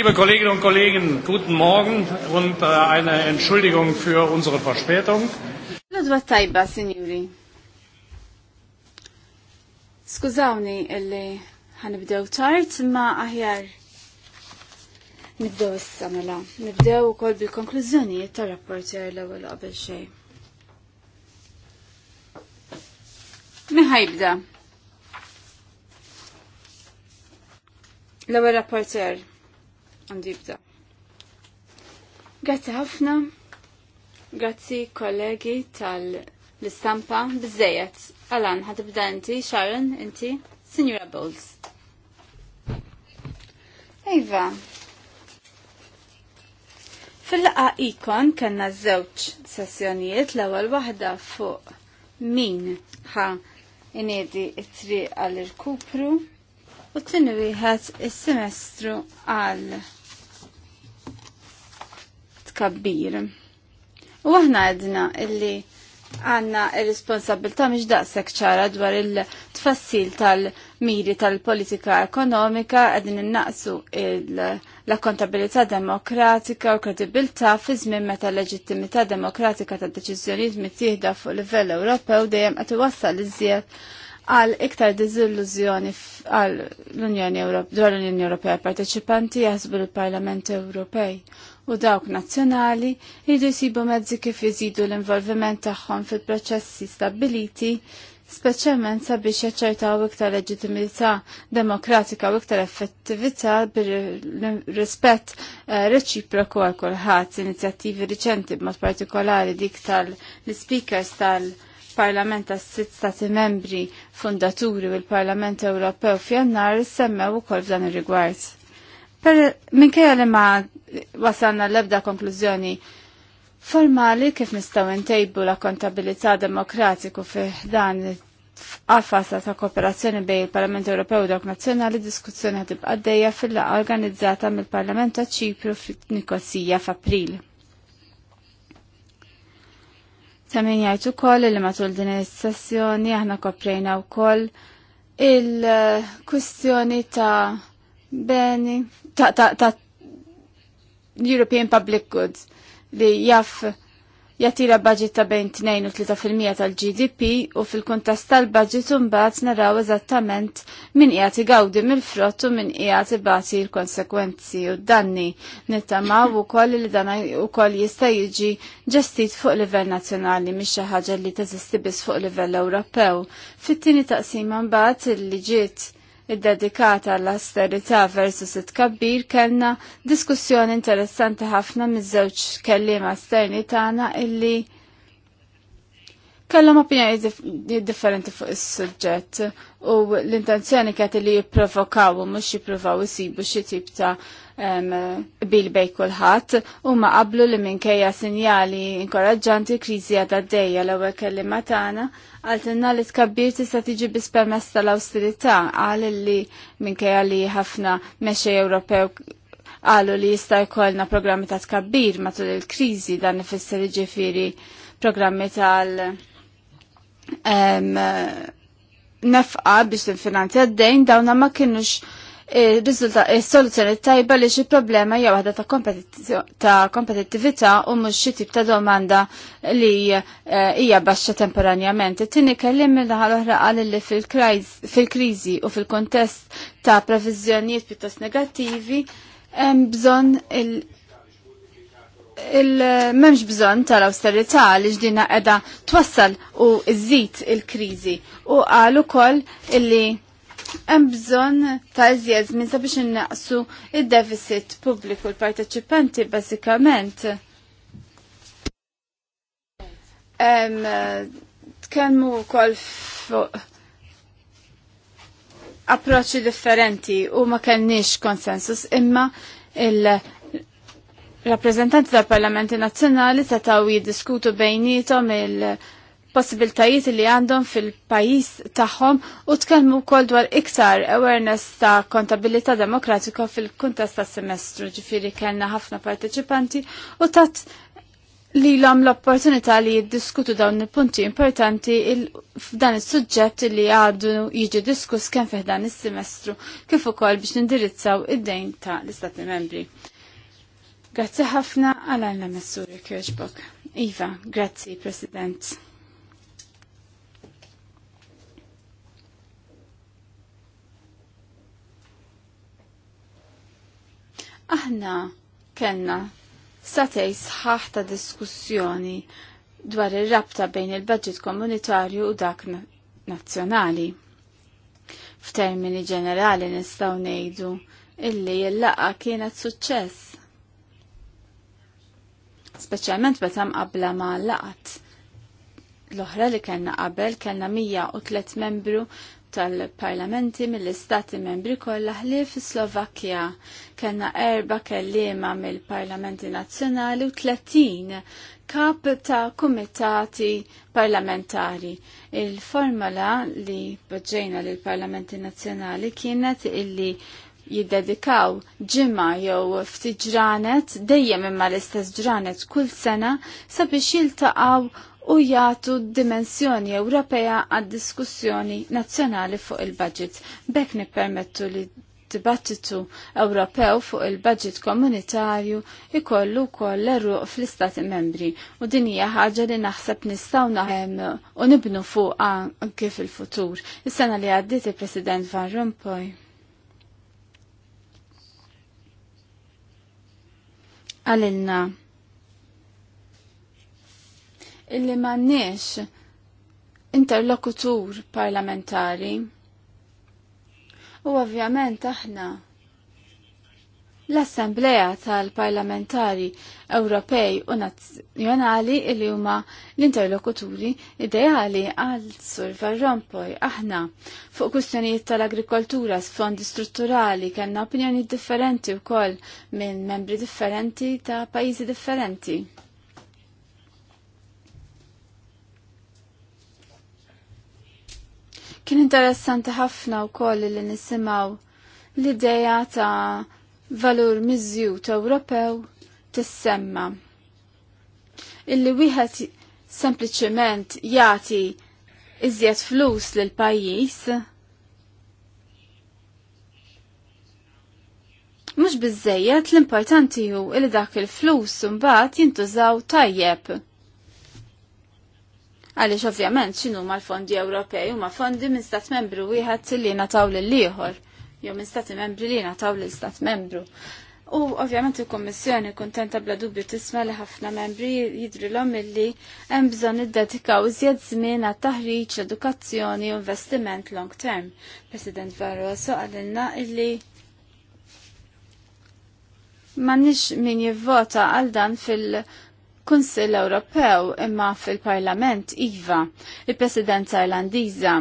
Liebe Kolleginnen und Kollegen, guten Morgen und äh, eine Entschuldigung für unsere Verspätung. tajba, signori. Skużawni illi ħanibdew tard ma aħjar nibdew issa mela. Nibdew ukoll bil-konklużjonijiet tar-rapporter l-ewwel qabel xejn. ħajbda? L-ewwel rapporter għandi jibda. Grazzi ħafna, grazzi kollegi tal-istampa bizzejet. Alan, ħatibda inti, Sharon, inti, Signora Bowles. Ejva. fil-laqa ikon kanna żewġ sessjonijiet l-ewwel waħda fuq min ħa inedi it-triq għal irkupru u t-tini wieħed is-semestru għal, kabbir. U aħna għedna illi għanna il-responsabilta miex daqsek ċara dwar il-tfassil tal-miri tal-politika ekonomika għedin innaqsu l-akkontabilità demokratika u kredibilta fi żmien meta leġittimità demokratika ta' deċiżjonijiet mittieħda fuq livell Ewropew dejjem qed iwassal iżjed għal iktar diżillużjoni għal l-Unjoni Ewropea dwar l-Unjoni Ewropea parteċipanti jaħsbu l-Parlament Ewropej u dawk nazzjonali jridu jsibu mezzi kif iżidu l-involviment tagħhom fil-proċessi stabiliti speċjalment sabiex jaċċertaw iktar leġitimità demokratika u iktar effettività bir-rispett eh, reċiproku għal kulħadd inizjattivi riċenti b'mod partikolari dik tal-speakers tal parlament tas sitt stati membri fundaturi u l-Parlament Ewropew f'jannar semmew ukoll f'dan ir-rigward. Per minkejja li ma wasalna l-ebda konklużjoni formali kif nistgħu ntejbu la kontabilità demokratiku fi dan għalfasa ta' kooperazzjoni bej il-Parlament Ewropew u nazjonali nazzjonali diskussjoni għadib għaddejja fil-laqgħa organizzata mill-Parlament ta' Ċipru fit-Nikosija f'April. Tamin jgħid ukoll li matul din is-sessjoni aħna koprejna wkoll il-kwistjoni ta' beni ta', ta, ta European Public Goods li jaff jatira budget ta' bejn 2 u 3% tal-GDP u fil-kuntest tal-budget mbagħad naraw eżattament min qiegħed gawdi mill-frott u min qiegħed ibati l-konsekwenzi u d-danni nittamaw ukoll li dan ukoll jista' jiġi ġestit fuq livell nazzjonali mhix xi ħaġa li teżisti biss fuq livell Ewropew. Fit-tieni taqsima mbagħad li ġiet id-dedikata l asterita versus it-kabbir kellna diskussjoni interessanti ħafna miż-żewġ kellima sterni tagħna illi kellhom opinjoni differenti fuq is-suġġett u l-intenzjoni kienet li jipprovokaw u mhux jippruvaw isibu xi tip ta' bil bej kulħadd u ma qablu li minkejja sinjali inkoraġġanti kriżi għadha dejja l-ewwel kellima tagħna għaltinna li tkabbir tista' tiġi biss permess tal-awsterità għal li minkejja li ħafna mexxej Ewropew qalu li jista' jkollna programmi ta' tkabbir matul il-kriżi dan ifisser ġifiri programmi tal nefqa biex tinfinanzja d-dejn dawna ma kienux il-soluzzjoni tajba li xi problema hija waħda ta' kompetittività u mhux xi tip ta' domanda li eh, hija baxxa temporanjament. it kellim il-daħal oħra qal li fil-kriżi u fil-kontest ta' previżjonijiet pjuttost negattivi hemm bżonn il- il-memx bżon tal austerita li ġdina edha twassal u iżid il-krizi u għal ukoll illi hemm bżonn ta' iżjed minn sabiex innaqsu id-deficit pubbliku l-parteċipanti bażikament. Tkellmu wkoll fuq approċċi differenti u ma kellniex konsensus imma il- Rappresentanti tal-Parlamenti Nazzjonali setgħu jiddiskutu bejnietom il- possibiltajiet li għandhom fil-pajis tagħhom u tkellmu wkoll dwar iktar awareness ta' kontabilità demokratika fil-kuntest ta' semestru ġifiri kellna ħafna parteċipanti u tat li l-om l-opportunità li jiddiskutu dawn il-punti importanti f'dan is-suġġett li għadu jiġi diskuss kemm fih dan is-semestru kif ukoll biex nindirizzaw id-dejn ta' l-Istati membri. Grazzi ħafna għal għalna messuri Kirchbock. Iva, grazzi President. Aħna kenna satej sħaħ ta' diskussjoni dwar ir-rabta bejn il-budget komunitarju u dak nazzjonali. F'termini ġenerali nistgħu ngħidu illi l-laqgħa kienet suċċess. Speċjalment meta mqabbla ma' laqat l-oħra li kellna qabel kellna 103 membru tal-parlamenti mill-istati membri kollha ħlief Slovakkja kellna erba kellima mill-parlamenti nazzjonali u 30 kap ta' kumitati parlamentari. Il-formula li bħġejna lill parlamenti nazzjonali kienet illi jiddedikaw ġimma jew ftit ġranet dejjem imma l-istess ġranet kull sena sabiex jiltaqgħu u jagħtu dimensjoni Ewropea għad-diskussjoni nazzjonali fuq il-budget. Bekk nippermettu li dibattitu Ewropew fuq il-budget komunitarju ikollu wkoll l-eruq fl-istati membri u din hija ħaġa li naħseb nistgħu naħem u nibnu fuq anke fil-futur. Is-sena li għaddiet il-President Van Rompuy. Għalilna illi m'għandniex interlokutur parlamentari. U ovvjament aħna l assemblea tal-Parlamentari Ewropej u Nazzjonali li huma l-interlokuturi ideali għal Sur Varrompoj aħna fuq kustjonijiet tal-agrikoltura, s-fondi strutturali, kellna opinjoni differenti wkoll minn membri differenti ta' pajjiżi differenti. Kien interessanti ħafna wkoll li nisimgħu l-idea ta' valur miżjut Ewropew tissemma. Illi wieħed sempliċement jagħti iżjed flus lil pajjiż Mhux biżejjed l-importanti hu li dak il-flus mbagħad jintużaw tajjeb Għaliex ovvjament xinu ma l-fondi Ewropej huma fondi minn stat membru wieħed li nataw lil ieħor jew minn stati membri li nataw l stat membru. U ovvjament il-Kommissjoni kontenta bla dubju tisma li ħafna membri jidrilhom illi hemm bżonn iddedikaw iżjed żmien għat taħriġ edukazzjoni u investiment long term. President Barroso għalilna illi m'għandniex min jivvota għal dan fil- Kunsill Ewropew imma fil-Parlament Iva, il-Presidenza Irlandiża.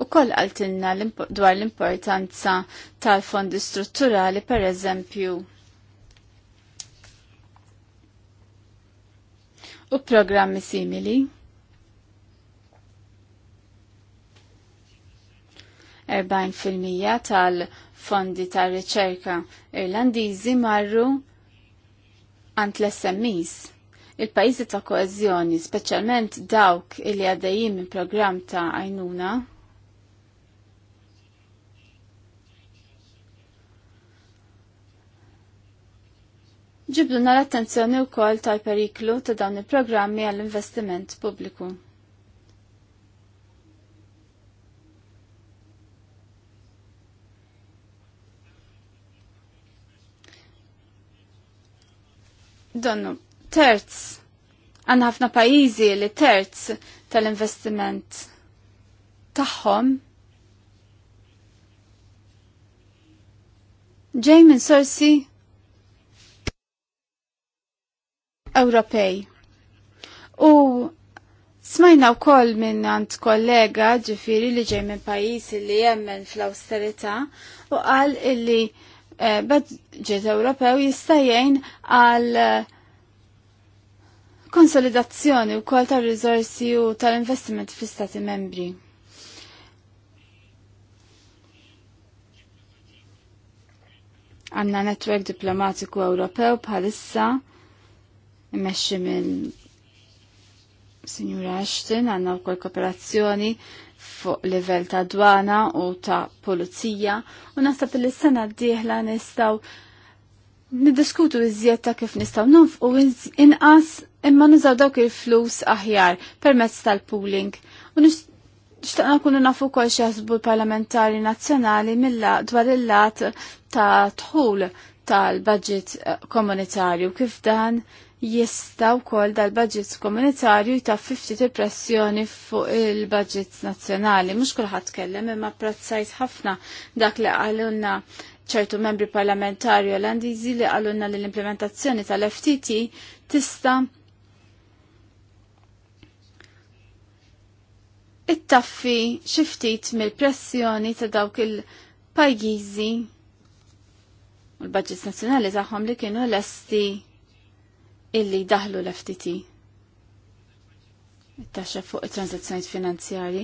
U koll għaltinna dwar l-importanza tal-fondi strutturali per eżempju. U programmi simili. fil-mija tal-fondi tal-riċerka irlandiżi marru għand l-SMEs. Il-pajizi ta' koezjoni, speċjalment dawk li għaddejjin minn programm ta' għajnuna, Ġibdu l-attenzjoni u kol tal-periklu ta' dawn il-programmi għall-investiment pubbliku. donnu terz għanna ħafna pajizi li terz tal-investiment tagħhom ġej minn sorsi Ewropej. U smajna wkoll minn għand kollega ġifiri li ġej minn pajjiż li jemmen fl austerita u qal illi Eh, budget Ewropew jista' jgħin għal eh, konsolidazzjoni wkoll tar rizorsi u tal-investiment fl stati membri. għanna netwerk diplomatiku Ewropew bħalissa imexxi minn Signora Ashton għanna u kol kooperazzjoni fuq livell ta' dwana u ta' pulizija u nasab li s-sena d-dieħla nistaw niddiskutu iżjed ta' kif nistaw u inqas imma nużaw dawk il-flus aħjar permezz tal-pooling u nixtaqna kunu nafu kol xieħsbu parlamentari nazzjonali milla dwar il-lat ta' tħul tal-budget eh, komunitarju kif dan jista wkoll dal budgets komunitarju jtaffi ftit il-pressjoni fuq il budgets nazzjonali. Mhux kulħadd kellem imma apprezzajt ħafna dak li għalunna ċertu membri parlamentari olandiżi li għalunna li l-implementazzjoni tal-FTT tista' it-taffi xiftit mill-pressjoni ta' dawk il-pajjiżi u l-budgets nazzjonali tagħhom li kienu lesti illi daħlu l-FTT it-taxxa fuq it-transazzjonijiet finanzjarji.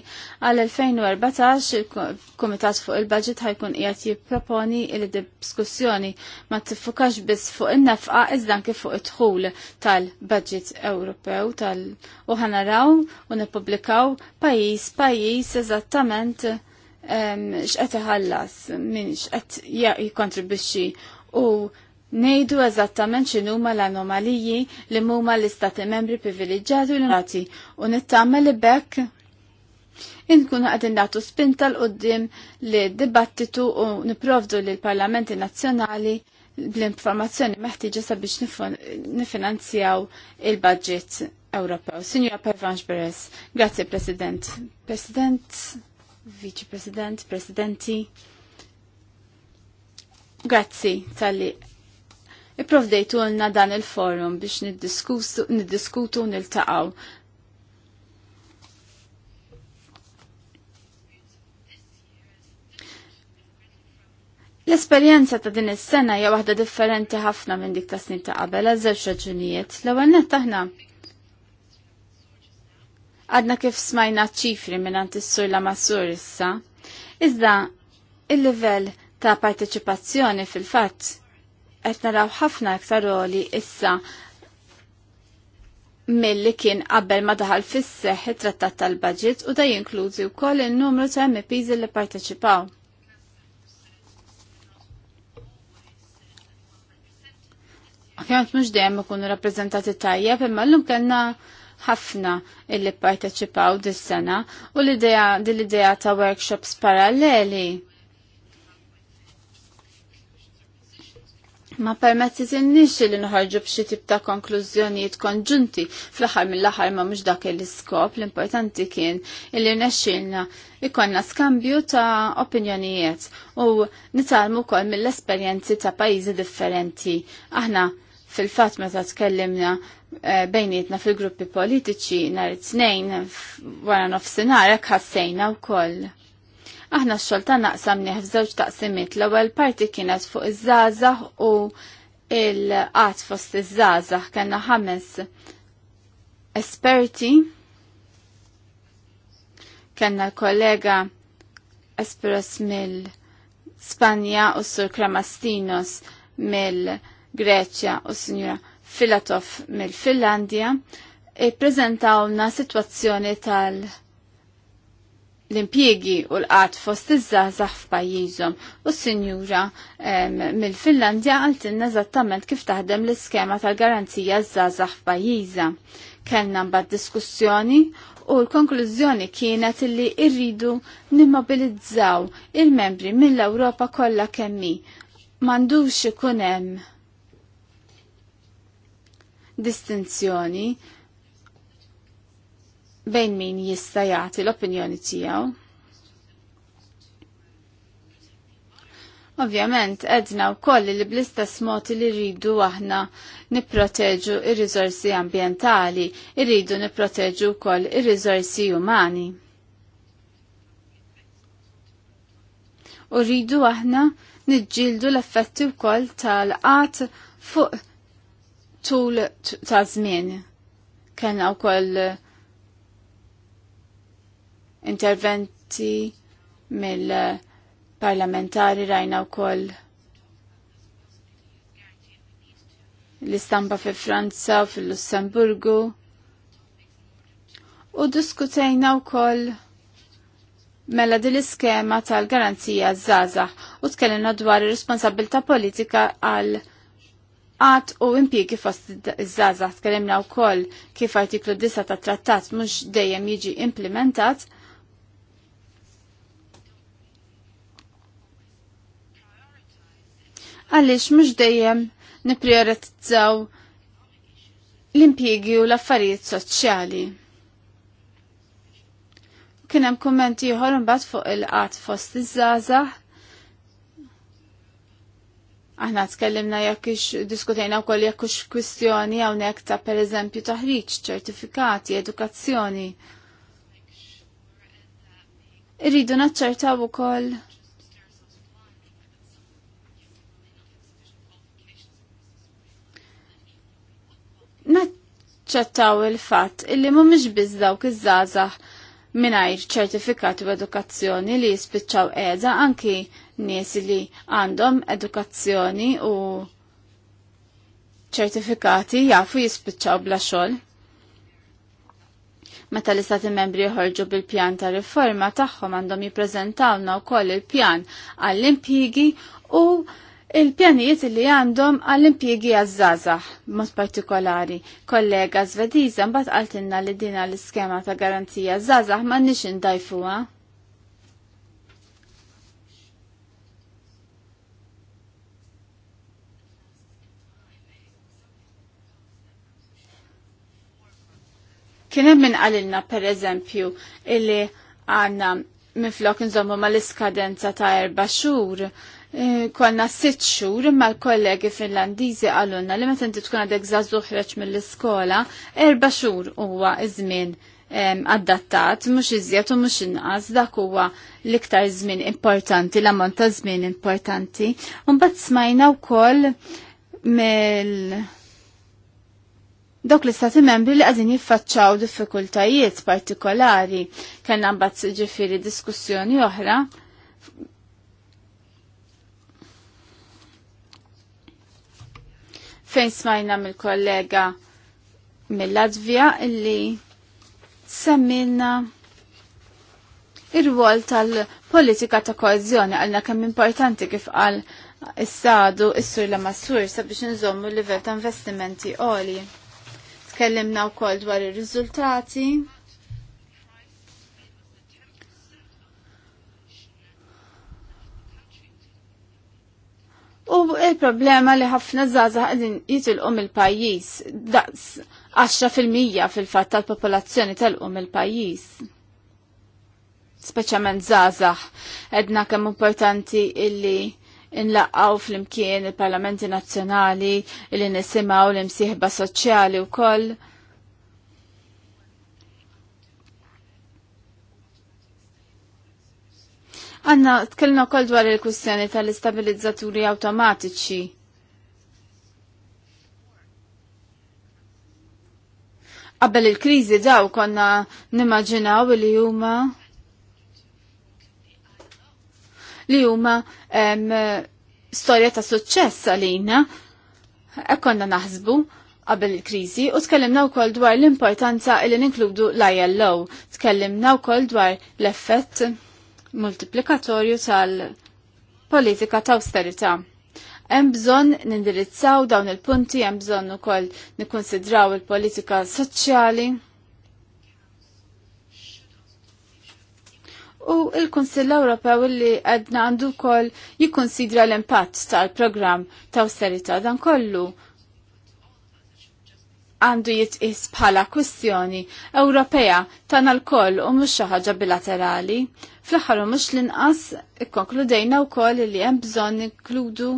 Għal 2014 il-Kumitat fuq il-Budget ħajkun qiegħed jipproponi il diskussjoni ma tiffukax biss fuq in-nefqa iżda anke fuq id-dħul tal-Budget Ewropew tal u ħanaraw u nippubblikaw pajjiż pajjiż eżattament x'qed iħallas min x'qed jikkontribwixxi u Nejdu eżattament x'inhu huma l-anomaliji li huma l-istati membri privileġġjati l nati u nittamel li bekk inkunu għadin nagħtu spinta l qoddim li dibattitu u niprovdu l parlamenti nazzjonali bl-informazzjoni meħtieġa sabiex nifinanzjaw il-budget Ewropew. Sinjora Pervanx Beres, grazie President. President, Vice President, Presidenti. Grazzi tal-li Iprovdejtu għalna dan il-forum biex niddiskutu nil-taqaw. L-esperjenza ta' din is-sena hija waħda differenti ħafna minn dik ta' snin ta' qabel għal żewġ raġunijiet. L-ewwel nett għadna kif smajna ċifri minn għant is-sur la issa. Iżda il-livell ta' parteċipazzjoni fil-fatt qed naraw ħafna iktar roli issa mill-li kien qabel ma daħal fis-seħ it-trattat tal-budget u da jinkluzi wkoll in-numru ta' MPs li parteċipaw. Ovvjament mhux dejjem ikunu rappreżentati tajjeb, imma llum kellna ħafna illi parteċipaw dis-sena u l-idea din l-idea ta' workshops paralleli Ma permetti tinnix li nħarġu b'xi tip ta' konklużjonijiet konġunti fl-aħħar mill-aħħar ma mux dak l-iskop, l-importanti kien illi nexxilna ikonna skambju ta' opinjonijiet u nitalmu wkoll mill-esperjenzi ta' pajjiżi differenti. Aħna fil-fatt meta tkellimna eh, bejnietna fil-gruppi politiċi nhar it-tnejn wara nofsinhar hekk ħassejna wkoll. Aħna x-xolta naqsam neħf f'żewġ taqsimiet. L-ewwel parti kienet fuq iż-żgħażagħ u il-qat fost iż-żgħażagħ kellna ħames esperti. Kellna kollega Esperos mill-Spanja u Sur Kramastinos mill-Greċja u Sinjura Filatov mill-Finlandja. prezentawna sitwazzjoni tal- l-impjiegi u l-qat fost iż-żazax f'pajjiżhom u s-sinjura mill-Finlandja għaltinna eżattament kif taħdem l-iskema tal-garanzija żazax f'pajjiża. Kellna mbagħad diskussjoni u l-konklużjoni kienet li irridu nimmobilizzaw il-membri mill-Ewropa kollha kemmi. M'għandux ikun hemm distinzjoni bejn min jista' jagħti l-opinjoni tiegħu. Ovvjament, edna u koll li bl-istess mod li rridu aħna nipproteġu ir-riżorsi ambientali, irridu nipproteġu wkoll ir-riżorsi umani. U rridu aħna niġġieldu l-effetti wkoll tal-qat fuq tul ta' żmien. Kellna wkoll interventi mill-parlamentari rajna wkoll l-istampa fi Franza u fil-Lussemburgu u diskutejna wkoll mela din l-iskema tal-garanzija zaza u tkellimna dwar ir-responsabilità politika għal għat u impjegi fost iż-żaza tkellimna wkoll kif artiklu 9 tat trattat mhux dejjem jiġi implementat għaliex mhux dejjem niprioritizzaw l-impjiegi u l-affarijiet soċjali. Kien hemm jħor ieħor imbagħad fuq il qat fost iż-żgħażagħ. Aħna tkellimna jekk diskutejna wkoll jekk hux kwistjoni hawnhekk ta' pereżempju taħriġ, ċertifikati, edukazzjoni. Irridu naċċertaw ukoll naċċettaw il-fatt illi mhumiex biss dawk iż-żgħażagħ mingħajr ċertifikat u edukazzjoni li jispiċċaw qiegħda anki nies li għandhom edukazzjoni u ċertifikati jafu jispiċċaw bla xogħol. Meta l-istati membri joħorġu bil-pjan ta' riforma tagħhom għandhom jippreżentawna wkoll il-pjan għall-impjigi u il-pjanijiet li għandhom għall-impjegi għazzazax, mod partikolari. Kollega Zvediza mbagħad qaltilna li dina l-iskema ta' garanzija żgħażagħ ma nix indajfuha. Kien hemm min qalilna pereżempju illi għandna flok nżommu mal-iskadenza ta' erba' xhur Eh, konna sitt xhur imma l-kollegi Finlandiżi għalunna li meta inti tkun għadek zazuħreċ mill-iskola, erba' xhur huwa iż-żmien adattat, mhux iżjed u mhux inqas, dak huwa l-iktar żmien importanti, l-ammont ta' żmien importanti. Mbagħad smajna wkoll mill Dok l-istati membri li għazin jiffaċċaw diffikultajiet partikolari, kellna mbagħad ġifiri diskussjoni oħra fejn smajna mill-kollega mill-Latvija illi semmilna ir-rwol tal-politika ta' koezjoni għalna kemm importanti kif qal is-sadu is-sur la massur sabiex nżommu l-livell ta' investimenti għoli. Tkellimna wkoll dwar ir-riżultati U il-problema li ħafna zaza għadin jitilqu il pajis daqs 10% fil-fat tal-popolazzjoni tal-qu mill-pajis. Speċjalment zazax, edna kemm importanti illi inlaqgħu fl-imkien il-parlamenti nazzjonali, illi nisimaw l-imsieħba soċjali u koll Għanna, tkellna kol dwar il kustjoni tal-istabilizzaturi automatiċi. Qabel il-krizi daw konna nimmaġinaw li huma li huma storja ta' suċċess għalina, ekkonna naħsbu, qabel il-krizi u tkellimna wkoll dwar l-importanza li ninkludu l-ILO, tkellimna wkoll dwar l-effett multiplikatorju tal-politika ta' austerita. Hemm bżonn nindirizzaw dawn il-punti, hemm bżonn ukoll nikkonsidraw il-politika soċjali. U il-Kunsill Ewropew li għedna għandu wkoll jikkonsidra l-impatt tal-programm ta' austerità dan kollu għandu jitqis bħala kwistjoni Ewropea tan l-koll u mhux xi ħaġa bilaterali. Fl-aħħar u mhux l-inqas ikkonkludejna wkoll li hemm bżonn inkludu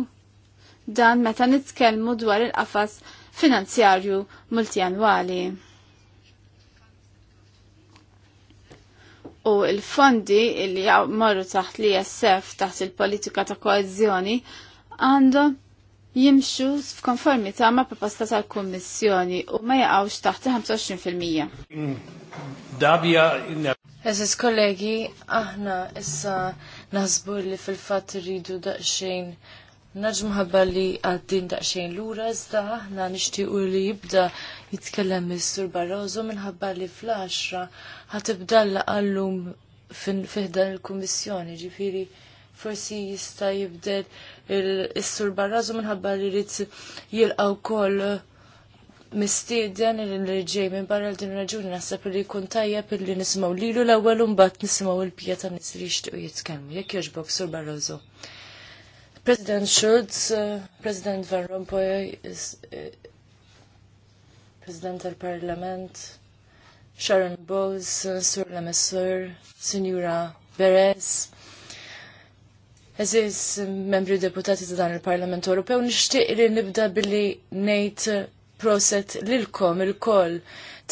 dan meta nitkellmu dwar il-qafas finanzjarju multianwali. U il-fondi li marru taħt l-ISF taħt il-politika ta' koezzjoni għandhom jimxu f'konformità ma' proposta tal-Kummissjoni u ma jaqgħux taħt 25%. Dabja. Eżis kollegi, aħna issa naħsbu li fil-fatt rridu daqsxejn Naġmuħabba li għaddin daqxejn l-ura, zda ħna nishtiqu li jibda jitkellem Mr. Barroso minħabba li fl-10 ħatibda l-għallum fiħdan il-Kommissjoni, ġifiri forsi jista' jibdel is-sur barrażu minħabba li rrit jilqgħu kol mistiedjan il reġej minn barra din raġuni naħseb li jkun tajjeb illi nisimgħu lilu l-ewwel u mbagħad nisimgħu l-bija ta' nies li jixtiequ jitkellmu jekk jogħġbok sur Barroso. President Schulz, eh, President Van Rompuy, eh, President tal-Parlament, Sharon Bowles, eh, Sur Lamessur, Signora Perez, Eżis membri deputati ta' dan il-Parlament Ewropew nixtieq li nibda billi ngħid proset lilkom il-koll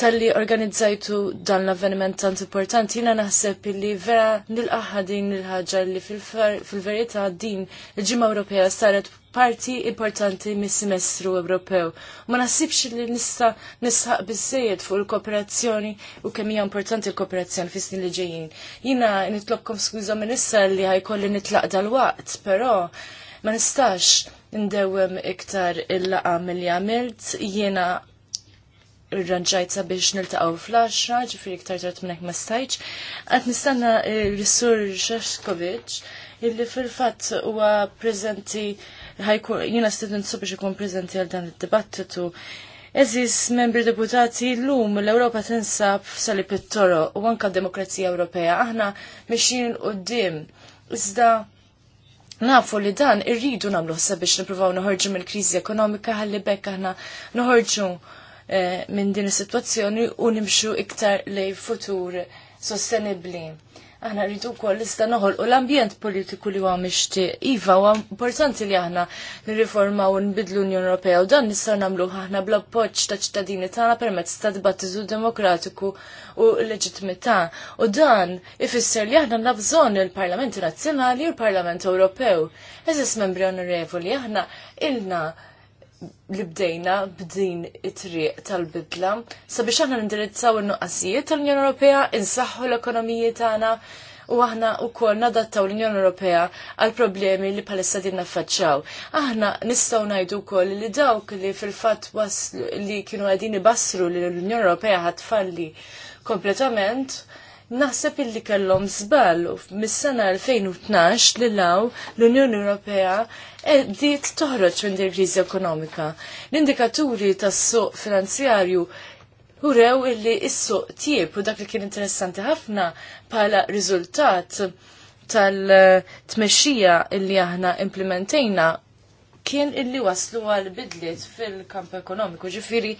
tal-li organizzajtu dan l-avveniment tant importanti. Jina naħseb li vera nil-qaħħa din il-ħagġa li fil-verità din il-ġimma Ewropea saret parti importanti mis-semestru Ewropew. Ma naħsibx li nista nisħaq bizzejed fuq il-kooperazzjoni u kemm hija importanti l-kooperazzjoni fis li ġejjin. Jina nitlobkom skuża minn issa li ħajkolli nitlaq dal-waqt, però ma nistax ndewwem iktar il-laqa mill-li għamilt jiena rranġajt sabiex niltaqgħu fl-10, ġifieri iktar tard minn hekk ma stajtx. Qed nistenna l-Sur Shashkovic illi fil fat huwa preżenti ħajkun jiena student biex ikun preżenti għal dan id-dibattitu. Eżis membri deputati l-lum l-Ewropa tinsab f'sali pittoro u anka demokrazija Ewropea. Aħna d-dim. Iżda nafu li dan irridu nagħmlu sabiex niprofaw noħorġu mill-kriżi ekonomika ħalli bekk aħna noħorġu Eh, minn din is-sitwazzjoni u nimxu iktar lej futur sostenibbli. Aħna rridu wkoll noħol noħolqu l-ambjent politiku li huwa mixtieq. Iva huwa importanti li aħna nirriformaw u nbidlu l-Unjoni Ewropea u dan nistgħu nagħmlu aħna bl-appoġġ ta' ċittadini tagħna permezz ta' dibattitu demokratiku u leġittimità. U dan ifisser li aħna nabżon il-Parlamenti Nazzjonali u l-Parlament Ewropew. Eżis membri onorevoli aħna ilna li bdejna b'din it-triq tal-bidla sabiex aħna nindirizzaw in-nuqqasijiet tal-Unjoni Ewropea, insaħħu l-ekonomiji tagħna u aħna wkoll nadattaw l-Unjoni Ewropea għal problemi li palissa din naffaċċaw. Aħna nistgħu ngħidu wkoll li dawk li fil-fat li kienu qegħdin ibassru li l-Unjoni Ewropea ħatfalli kompletament Naħseb illi kellhom żball mis-sena 2012 li law l-Unjoni Ewropea qdiet toħroġ minn din kriżi ekonomika. L-indikaturi tas-suq finanzjarju urew illi s-suq tieb u dak li kien interessanti ħafna bħala riżultat tal-tmexxija illi aħna implementejna kien illi waslu għal bidliet fil-kamp ekonomiku. Ġifiri,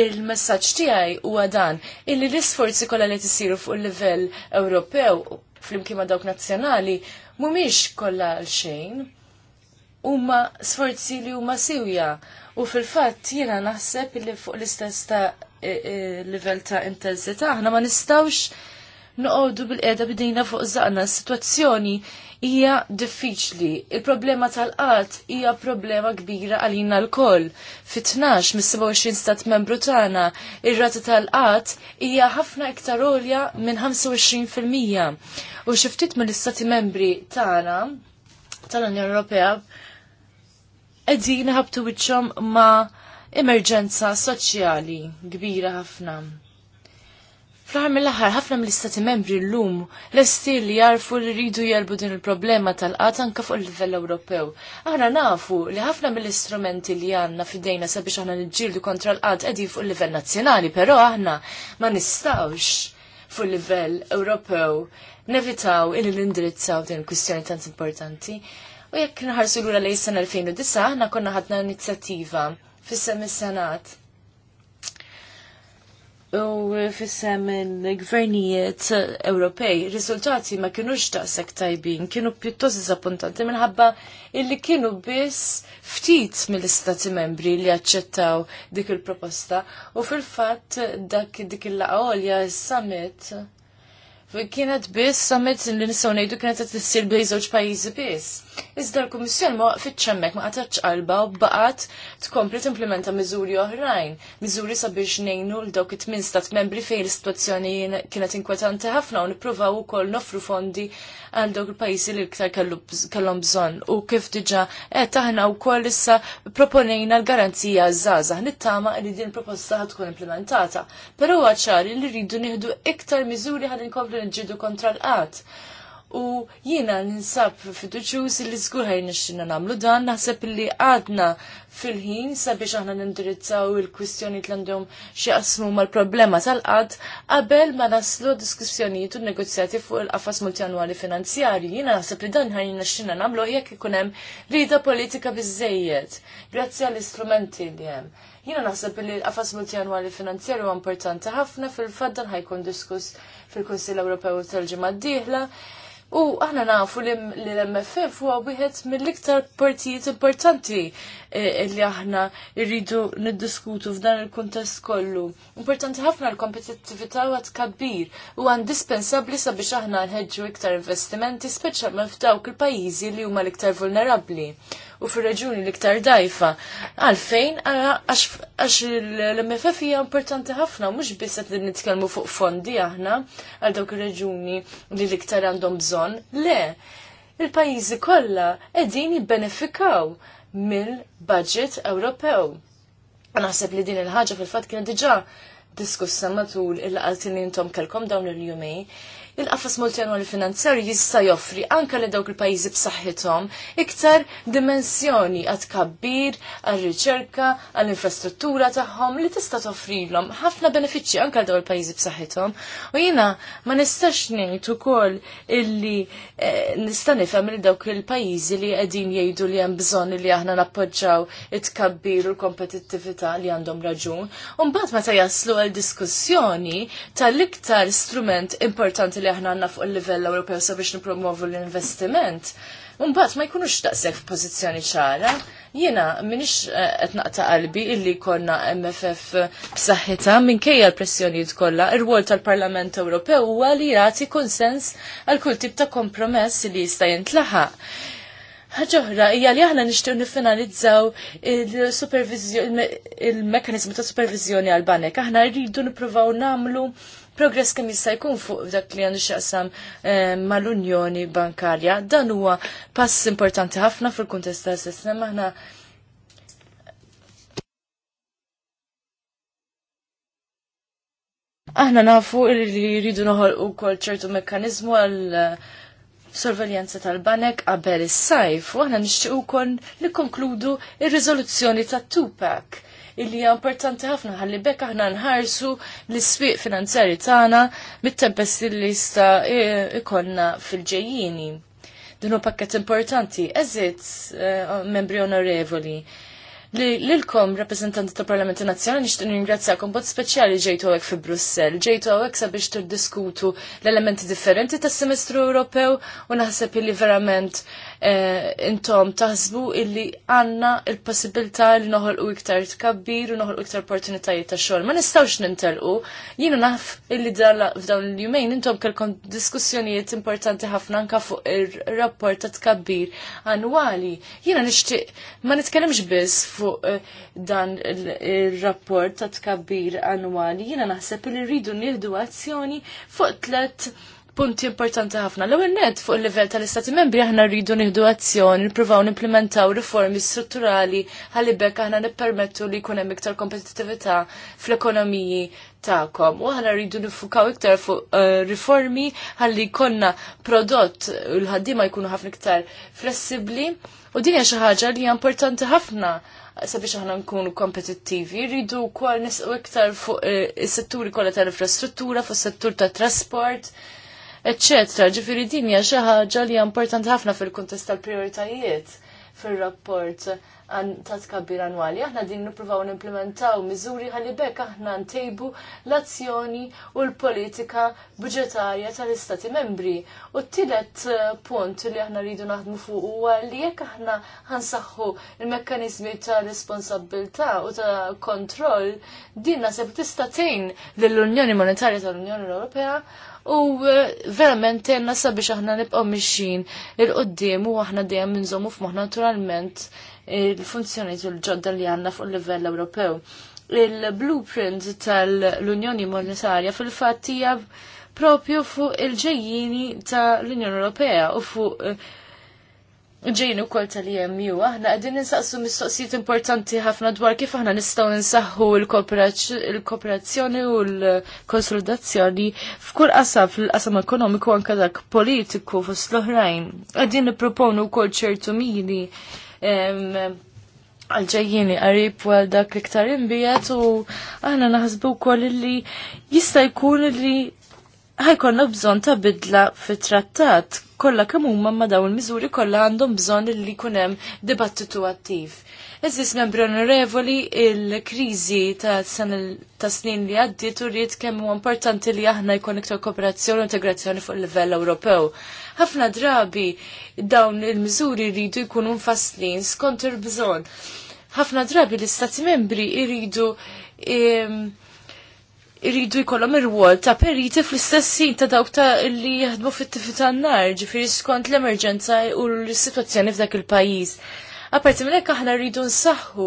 il-messagġ tiegħi huwa dan illi l-isforzi kollha li t-siru fuq il-livell Ewropew flimkien ma' dawk nazzjonali mhumiex kollha l xejn. Huma sforzi li huma siwja u fil-fatt jiena naħseb illi fuq l-istess ta' e, e, livell ta' intensità aħna ma nistawx noqogħdu bil-qiegħda bidejna fuq żaqna situazzjoni hija diffiċli. Il-problema tal qat hija problema kbira għalina l-koll. Fit-12 mis-27 stat membru tagħna ir-rata tal qat hija ħafna iktar olja minn 25%. U xi ftit mill-istati membri tagħna tal-Unjoni Ewropea qegħdin ħabtu wiċċhom ma' emerġenza soċjali kbira ħafna fl ħarmi l ħar ħafna mill-istati membri l-lum l-esti li jarfu li rridu jelbu din il-problema tal qatan anka fuq il-livell Ewropew. Aħna nafu li ħafna mill-istrumenti li għanna fidejna sabiex aħna nġildu kontra l-qat edin fuq il-livell nazzjonali, pero aħna ma nistawx fuq il-livell Ewropew nevitaw il l-indirizzaw din kwistjoni tant importanti. U jekk nħarsu l li jissan 2009, aħna konna ħadna inizjattiva fis-semi senat u fissem il-gvernijiet Ewropej, riżultati ma kienux taqsek tajbin, kienu pjuttost zappuntanti minħabba illi kienu biss ftit mill-istati membri li għacċettaw dik il-proposta u fil-fatt dak dik il-laqolja summit kienet biss summit li nisaw nejdu kienet t-sir bejn żewġ pajjiżi biss. Iżda l-Kummissjoni ma waqfitx hemmhekk ma qatatx qalba u baqgħet tkompli timplementa miżuri oħrajn, miżuri sabiex ngħinu l dawk it-tmien stat membri fejn l istwazzjoni kienet inkwetanti ħafna u nippruvaw ukoll nofru fondi għal dawk il-pajjiżi li iktar kellhom bżonn. U kif diġà qed aħna wkoll issa proponejna l-garanzija żgħażagħ nittama li din proposta ħad tkun implementata. Però huwa ċari li rridu nieħdu iktar miżuri ħalli inkomplu nġidu kontra l-qatt u jiena ninsab fiduċjuż li żgur ħajn nixxinna nagħmlu dan naħseb li għadna fil-ħin sabiex aħna nindirizzaw il-kwistjoni l-għandhom qasmu mal-problema tal-qad qabel ma naslu diskussjonijiet u negozjati fuq il-qafas multjanwali finanzjari. Jiena naħseb li dan ħajn nixxinna nagħmlu jekk ikun hemm rida politika bizzejiet, grazzi għall-istrumenti li hemm jina naħseb li l-qafas finanzjari finanzjeru importanti ħafna fil-faddan ħajkun diskus fil-Konsil Ewropew tal-ġimgħa d-dieħla U aħna nafu li l-MFF huwa wieħed mill-iktar partijiet importanti eh, li aħna rridu niddiskutu f'dan il-kuntest kollu. Importanti ħafna l-kompetittività huwa tkabbir u indispensabbli sabiex aħna nħeġġu iktar investimenti speċjalment f'dawk il-pajjiżi li huma l-iktar vulnerabbli u fir-reġuni l-iktar dajfa. Għalfejn għax l-MFF hija importanti ħafna mhux biss qed nitkellmu fuq fondi aħna għal dawk ir-reġuni li l-iktar għandhom bżonn. Le, il-pajjiżi kollha qegħdin jibbenefikaw mill-budget Ewropew. Naħseb li din il-ħaġa fil-fatt kienet diġà diskussa matul il-qaltin intom kelkom dawn il-jumej il-qafas multjanwali finanzjarju jista' joffri anke li dawk il-pajjiżi b'saħħithom iktar dimensjoni għad kabbir, għal-riċerka, għall-infrastruttura tagħhom li tista' toffrilhom ħafna benefiċċji anke għal dawn il-pajjiżi b'saħħithom. U jiena ma nistax ngħid ukoll illi eh, nista' nifhem li dawk il-pajjiżi li qegħdin jgħidu li hemm bżonn li aħna nappoġġaw it-tkabbir u l-kompetittività li għandhom raġun. U mbagħad meta jaslu għal diskussjoni tal-iktar strument importanti li aħna għanna fuq il-livell Ewropew sabiex nippromovu l-investiment, Mbagħad ma jkunux daqshekk f'pożizzjoni ċara. Jiena m'iniex eh, qed naqta' qalbi illi konna MFF b'saħħitha minkejja l-pressjonijiet kollha, ir-wol tal-Parlament Ewropew huwa li jagħti konsens għal kull tip ta' kompromess li jista' jintlaħaq. Ħaġoħra, hija li aħna nixtiew nifinalizzaw il-mekanizmu ta' supervizjoni għal banek. Aħna rridu nippruvaw nagħmlu progress kem jista' jkun fuq dak li għandu x'jaqsam eh, mal-Unjoni Bankarja. Dan huwa pass importanti ħafna fil-kuntest tal sistema aħna Aħna nafu li jridu noħol u kol ċertu mekkanizmu għal eh, sorveljanza tal-banek qabel is-sajf u aħna nixtiequ wkoll nikkonkludu ir-riżoluzzjoni tat-Tupac illi hija importanti ħafna ħalli bekk aħna nħarsu l-isfiq finanzjari tagħna mit-tempesti li jista' ikollna fil-ġejjini. Dinu pakket importanti, eżitt eh, membri onorevoli. Lilkom rappresentanti ta' Parlamenti Nazzjonali nixtieq ningrazzjakom bot speċjali ġejtu hawnhekk fi Brussel. Ġejtu hawnhekk sabiex tiddiskutu l-elementi differenti tas-semestru Ewropew u naħseb li verament Eh, intom taħsbu illi għanna il-possibilità li noħolqu iktar tkabbir u noħolqu iktar opportunitajiet ta' xogħol. Ma nistgħux nintelqu. Jiena naf illi f'dawn il-jumejn intom kelkom diskussjonijiet importanti ħafna anka fuq ir-rapport ta' tkabbir annwali. Jiena nixtieq ma nitkellimx biss fuq eh, dan ir-rapport ta' tkabbir annwali. Jiena naħseb li rridu nieħdu azzjoni fuq tlet punti importanti ħafna. L-ewwel net fuq il-livell tal-Istati Membri aħna rridu nieħdu azzjoni, nippruvaw nimplementaw riformi strutturali ħalibek aħna nippermettu li jkun hemm iktar kompetittività fl-ekonomiji tagħkom. U aħna rridu nifukaw iktar fuq eh, riformi ħalli konna prodott l-ħaddiema jkunu ħafna iktar flessibbli. U din hija xi ħaġa li hija importanti ħafna sabiex aħna nkunu kompetittivi, rridu wkoll nisqu iktar fuq eh, is-setturi kollha tal-infrastruttura, fuq settur tat trasport, eccetera. Ġifiri din hija xi ħaġa li hija importanti ħafna fil-kuntest tal-prioritajiet fir-rapport ta' kabbir annwali. Aħna din nippruvaw nimplementaw miżuri ħalli bekk aħna ntejbu l-azzjoni u l-politika budġetarja tal-Istati membri. U t-tielet eh, punt li aħna rridu naħdmu fuq huwa li jekk aħna ħansaħħu il-mekkaniżmi ta' responsabilità u ta' kontroll, din naħseb tista' tgħin lill-Unjoni Monetarja tal-Unjoni Ewropea U eh, verament tenna sabiex aħna nibqgħu mixin il-qoddim u aħna dejjem inżommu f'moħħ naturalment il-funzjoni tul-ġodda li għanna fuq livell Ewropew. Il-blueprint tal-Unjoni Monetarja fil-fatt hija propju fuq il-ġejjini tal-Unjoni Ewropea u fuq eh, ġejn u kol tal imu aħna għedin nisaqsu mistoqsijiet importanti ħafna dwar kif aħna nistaw ninsaħħu l-kooperazzjoni u l-konsolidazzjoni f'kull qasam fil-qasam ekonomiku anke dak politiku fost l-oħrajn. Għedin nipproponu kol ċertu mili għalġajjini qarib għal dak iktar imbijat u aħna naħsbu wkoll li jista' jkun li ħajkonna bżonn ta' bidla fit-trattat kollha kemm huma ma' dawn il-miżuri kollha għandhom bżonn li jkun hemm dibattitu attiv. Eżis membri onorevoli il-kriżi ta' snin li għaddiet u rrid kemm huwa importanti li aħna jkun iktar kooperazzjoni u integrazzjoni fuq il livell Ewropew ħafna drabi dawn il-miżuri jridu jkunu mfasslin skont il-bżonn. Ħafna drabi l-istati membri jridu irridu jkollhom ir-wol ta' periti fl-istess sin ta' dawk ta' li jaħdmu fit-tifi tan-nar, ġifieri skont l-emerġenza u l-sitwazzjoni f'dak il-pajjiż. Aparti minn hekk aħna rridu nsaħħu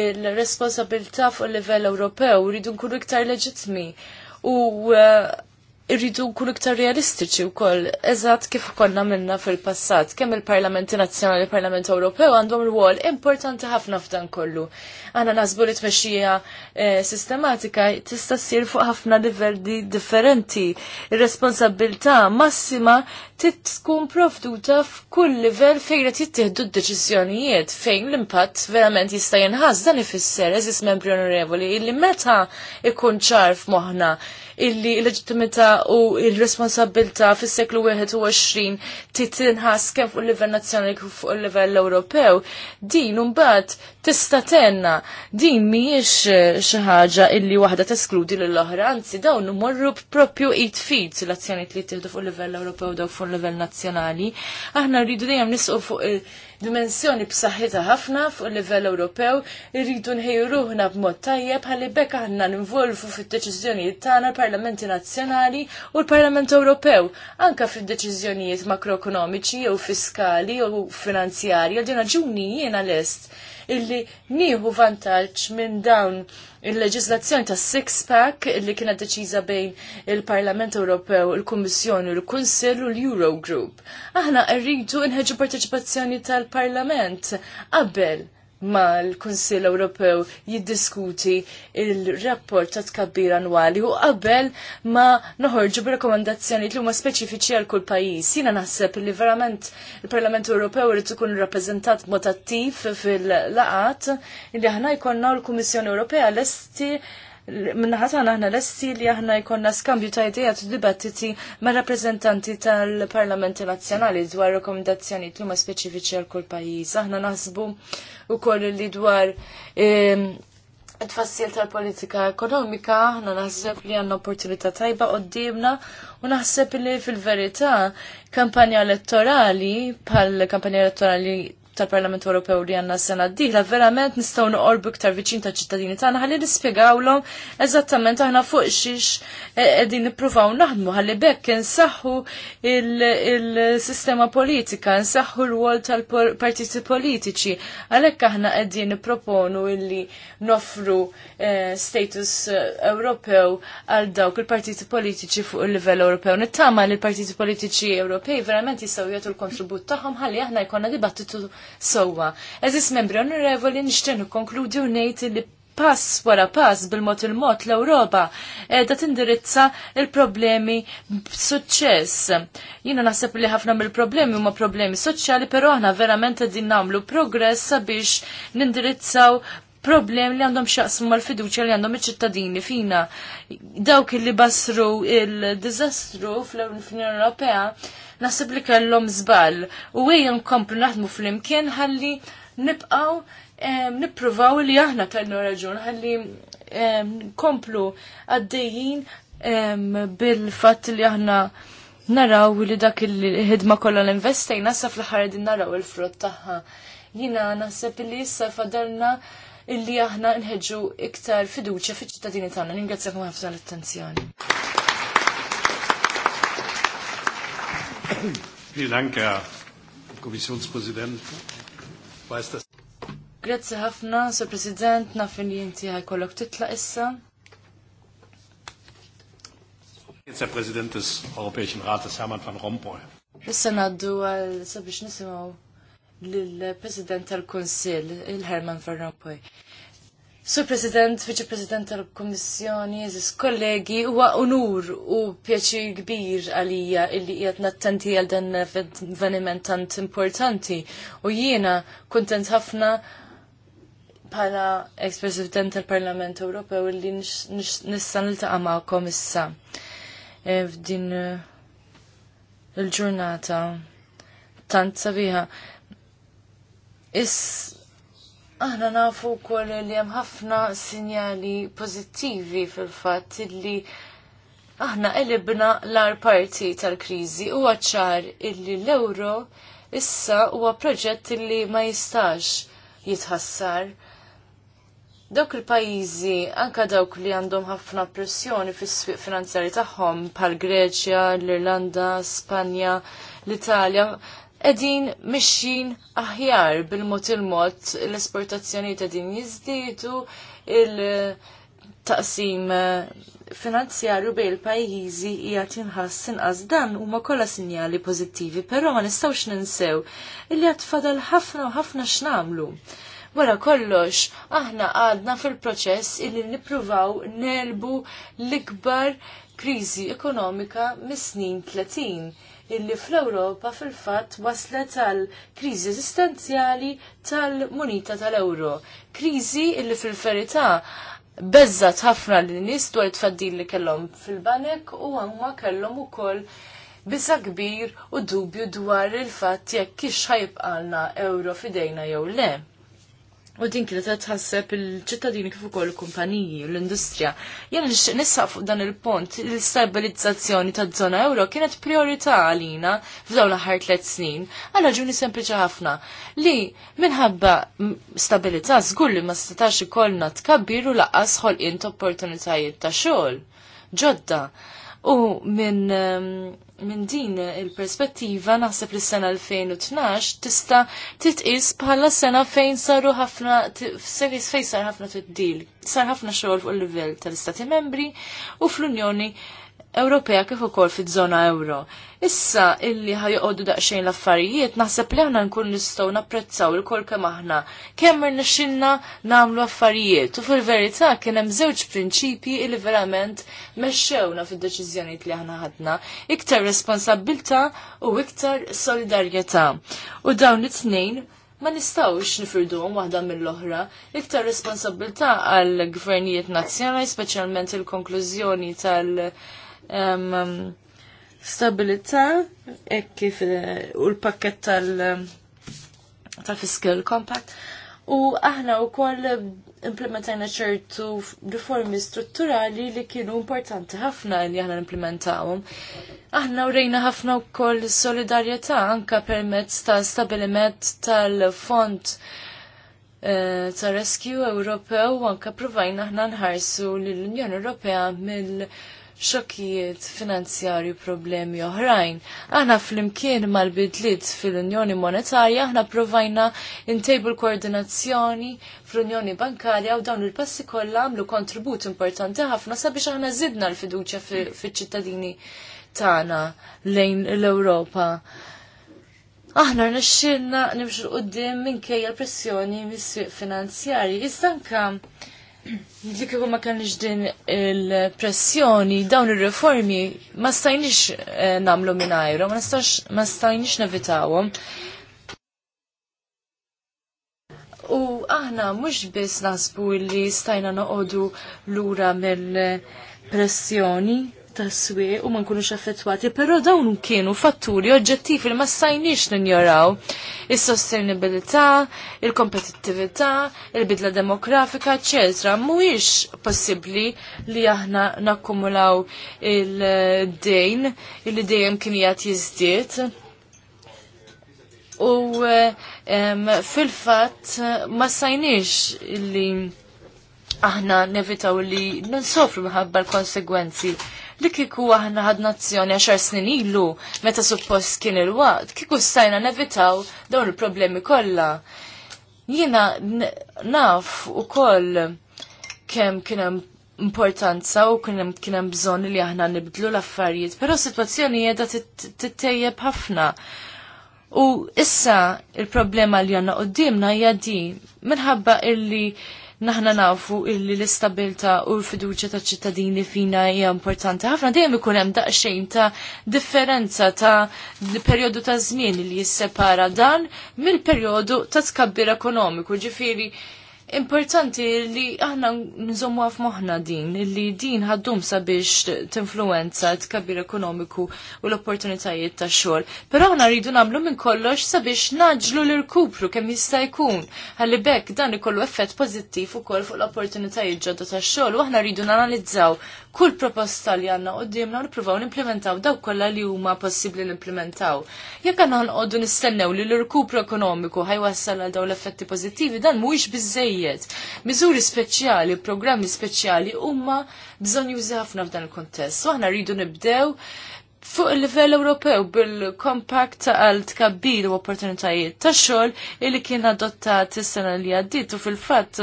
l-responsabilità fuq il livell Ewropew, rridu nkunu iktar leġitmi. U eh, irridu nkunu iktar realistiċi wkoll eżatt kif konna minna fil-passat, kemm il-Parlamenti Nazzjonali, il-Parlament Ewropew għandhom rwol importanti ħafna f'dan kollu. Għana nasbu li tmexxija eh, sistematika tista' ssir fuq ħafna livelli differenti. Ir-responsabilità massima tkun provduta f'kull livell fejn qed jittieħdu d-deċiżjonijiet fejn l-impatt verament jista' jinħass dan ifisser eżis membri onorevoli li meta ikun ċar f'moħħna illi l-leġittimità u il responsabilità fis-seklu 21 titinħas kemm fuq il-livell nazzjonali kif fuq il-livell Ewropew, din mbagħad tista' tenna din mhijiex eh, xi ħaġa illi waħda teskludi lill oħra anzi dawn morru propju it fit l-azzjonijiet li jittieħdu fuq livell Ewropew daw fuq livell nazzjonali. Aħna rridu dejjem nisqu fuq eh, dimensjoni b'saħħitha ħafna fuq livell Ewropew, irridu nħejju ruħna b'mod tajjeb ħalli bekk aħna ninvolvu fid-deċiżjonijiet tagħna l-Parlamenti Nazzjonali u l-Parlament Ewropew, anka fid-deċiżjonijiet makroekonomiċi jew fiskali jew finanzjarji għal din raġuni jiena lest illi nieħu vantaġġ minn dawn il-leġislazzjoni tas six pack illi kienet deċiża bejn il-Parlament Ewropew, il-Kummissjoni, il-Kunsill u l-Eurogroup. Aħna rridu nħeġġu parteċipazzjoni tal-Parlament qabel mal-Kunsill Ewropew jiddiskuti il-rapport ta' tkabbir annwali u qabel ma noħorġu b'rakkomandazzjoni li huma speċifiċi għal kull pajjiż. Jiena naħseb li verament il-Parlament Ewropew irid ikun rappreżentat mod attiv fil-laqat li aħna jkollna l-Kummissjoni Ewropea lesti minnaħatana aħna l-essi li aħna jkonna skambju ta' idejat u dibattiti ma' rappresentanti tal-Parlamenti Nazzjonali dwar rekomendazzjoni li huma speċifiċi għal kull pajjiż. Aħna naħsbu ukoll li dwar ehm, tfassil tal-politika ekonomika, aħna naħseb li għandna opportunità tajba qoddimna u naħseb li fil-verità kampanja elettorali, bħal kampanja elettorali tal-Parlament Ewropew li għanna s-sena d verament nistaw noqorbu ktar viċin ta' ċittadini tagħna ħalli nispjegawlhom eżattament aħna fuq xiex eh, qegħdin nippruvaw naħdmu ħalli bekk insaħħu il-sistema politika, nsaħħu l-wol tal-partiti politiċi. Għalhekk aħna qegħdin nipproponu illi nofru eh, status eh, Ewropew għal dawk il-partiti politiċi fuq il-livell Ewropew. Nittama li l-partiti politiċi Ewropej verament jistgħu jagħtu l-kontribut tagħhom ħalli aħna jkollna dibattitu sowa. Eżis membri onorevoli nixtenu konkludi unajt li pass wara pass bil-mod il-mod l-Ewropa da tindirizza il-problemi b'suċċess. Jiena naħseb li ħafna mill-problemi huma problemi soċjali, però aħna verament qegħdin nagħmlu progress sabiex nindirizzaw problem li għandhom xaqsmu mal-fiduċja li għandhom iċ-ċittadini fina. Dawk li basru il-dizastru fl-Unjoni Ewropea nasib li kellhom żball u ejja nkomplu naħdmu fl-imkien ħalli nibqgħu nippruvaw li aħna kellna raġun ħalli nkomplu għaddejjin bil-fatt li aħna naraw li dak il-ħidma kollha l-investejna sa fl-ħar din naraw il-frott tagħha. Jina naħseb li issa fadalna illi aħna nħeġġu iktar fiduċja fiċ-ċittadini tagħna. Ningrazzjakom ħafna l-attenzjoni. Grazzi ħafna, Sir President, naf li inti kollok titla' issa. Jetzt der Präsident des Europäischen Rates, Hermann van Rompuy. Issa naddu għal sabiex nisimgħu lill-President tal-Kunsill, il-Herman Van Rompuy. Sur President, Vice President tal-Kommissjoni, eżis kollegi, huwa unur u pjaċi kbir għalija illi qiegħed nattenti għal dan avveniment tant importanti. U jiena kuntent ħafna bħala ex-President tal-Parlament Ewropew illi nista' niltaqa' ma' issa e, f'din e, il-ġurnata tant sabiħa. Is Aħna nafu kol li hemm ħafna sinjali pozittivi fil-fatt illi aħna elibna l-ar parti tal-kriżi u ċar illi l-euro issa huwa proġett illi ma jistax jitħassar. Dawk il-pajjiżi anka dawk li għandhom ħafna pressjoni fis-swieq finanzjari tagħhom pal Greċja, l-Irlanda, Spanja, l-Italja, edin mixin aħjar bil mot il-mod l-esportazzjoni ta' din jizdidu il-taqsim eh, finanzjarju bej il-pajjiżi hija tinħass inqas dan huma kollha sinjali pożittivi, però ma nistgħux ninsew illi qed fadal ħafna u ħafna x'namlu. Wara kollox, aħna għadna fil-proċess illi nippruvaw nelbu l-ikbar kriżi ekonomika mis-snin 30 illi fl-Ewropa fil-fatt waslet tal kriżi esistenzjali tal-munita tal-euro. Kriżi illi fil-verità bezzat ħafna l-nies dwar tfaddil li kellhom fil-banek u huma kellhom ukoll bisa kbir u dubju dwar il-fatt jekk kix ħajbqalna euro fidejna jew le. U din kienet qed tħasseb il-ċittadini kif ukoll il-kumpaniji u l-industrija. Jien nixtieq nissaq fuq dan il-pont l-istabilizzazzjoni ta' żona euro kienet priorità għalina f'dawn l-aħħar tliet snin għal raġuni sempliċi ħafna li minħabba stabilità żgur li ma setax ikollna tkabbir u laqqas ħolqien opportunitajiet ta' xogħol ġodda. U minn ehm, minn din il-perspettiva naħseb li s-sena 2012 tista' titqis bħala sena fejn saru ħafna fejn sar ħafna t-dil. Sar ħafna xogħol fuq il-livell tal-Istati Membri u fl-Unjoni Ewropea kif ukoll fiż-żona euro. Issa illi ħajoqogħdu daqsxejn l-affarijiet naħseb li aħna nkun nistgħu napprezzaw il kemm aħna kemm irnexxilna nagħmlu affarijiet u fil-verità kien hemm żewġ prinċipji li verament mexxewna fid-deċiżjonijiet li aħna ħadna, iktar responsabbilta u iktar solidarjetà. U dawn it-tnejn ma nistawx nifirduhom waħda mill-oħra. Iktar responsabilta għal gvernijiet nazzjonali, speċjalment il-konklużjoni tal- um, stabilità e kif u l-pakket tal tal-fiscal compact u aħna u koll implementajna ċertu riformi strutturali li kienu importanti ħafna li aħna implementawum. Aħna rejna ħafna wkoll solidarjetà anka permezz ta' stabiliment tal-fond eh, ta' Rescue Ewropew anka provajna aħna nħarsu lill unjoni Ewropea mill- xokkijiet finanzjarju problemi oħrajn. Aħna fl-imkien mal-bidliet fil-Unjoni Monetarja, aħna provajna intejbu l-koordinazzjoni fl-Unjoni Bankarja u dawn il-passi kollha għamlu kontribut importanti ħafna sabiex aħna zidna l-fiduċja fiċ-ċittadini tagħna lejn l-Ewropa. Aħna rnexxilna nimxu l-qudiem minkejja pressjoni mis-swieq finanzjarji. Iżda dik ma kellix din il-pressjoni, dawn ir-riformi ma stajniex nagħmlu eh, namlu mingħajru, ma nistax ma stajniex nevitawhom. U aħna mhux biss naħsbu li stajna noqogħdu lura mill-pressjoni tas u ma nkunux affettwati, però dawn kienu fatturi oġġettivi li ma stajniex ninjoraw. Is-sostenibilità, il-kompetittività, il-bidla demografika, eċetera. Mhuwiex possibbli li aħna nakkumulaw il-dejn li dejjem kien qiegħed jiżdied. U fil-fatt ma stajniex li aħna nevitaw li ninsofru minħabba l-konsegwenzi li kiku aħna għad nazzjoni għaxar snin ilu meta suppost kien il-waqt, kiku stajna nevitaw dawn il-problemi kollha. Jiena naf u koll kem kienem importanza u kienem kienem bżon li aħna nibdlu l-affarijiet, pero situazzjoni jeda tittejjeb ħafna. U issa il-problema li għanna qoddimna hija di minħabba illi naħna nafu illi l-istabilta u l-fiduċa ta' ċittadini fina hija importanti. ħafna dejjem ikun hemm daqsxejn ta' differenza ta' perjodu ta' żmien li jissepara dan mill-perjodu ta' tkabbir ekonomiku. Ġifieri importanti li aħna nżommu għaf moħna din, li din ħaddum sabiex t-influenza t-kabir ekonomiku u l-opportunitajiet ta' xol. Pero aħna rridu namlu minn kollox sabiex naġlu l-irkupru kemm jista' jkun. Għalli bekk dan ikollu effett pozittiv u koll fuq l-opportunitajiet ġodda ta' xol u aħna rridu nanalizzaw kull proposta li għanna qoddimna n-implementaw daw kollha li huma possibbli implementaw Jekk għandna nqogħdu nistennew li l-irkupru ekonomiku ħajwassal għal daw l-effetti pozittivi, dan mhuwiex bizzejiet. Miżuri speċjali, programmi speċjali huma bżonn jużi ħafna f'dan il-kontest. So aħna rridu nibdew fuq il-livell Ewropew bil-kompakt għal tkabbir u opportunitajiet ta' xogħol illi kien adottat is-sena li għaddiet u fil-fatt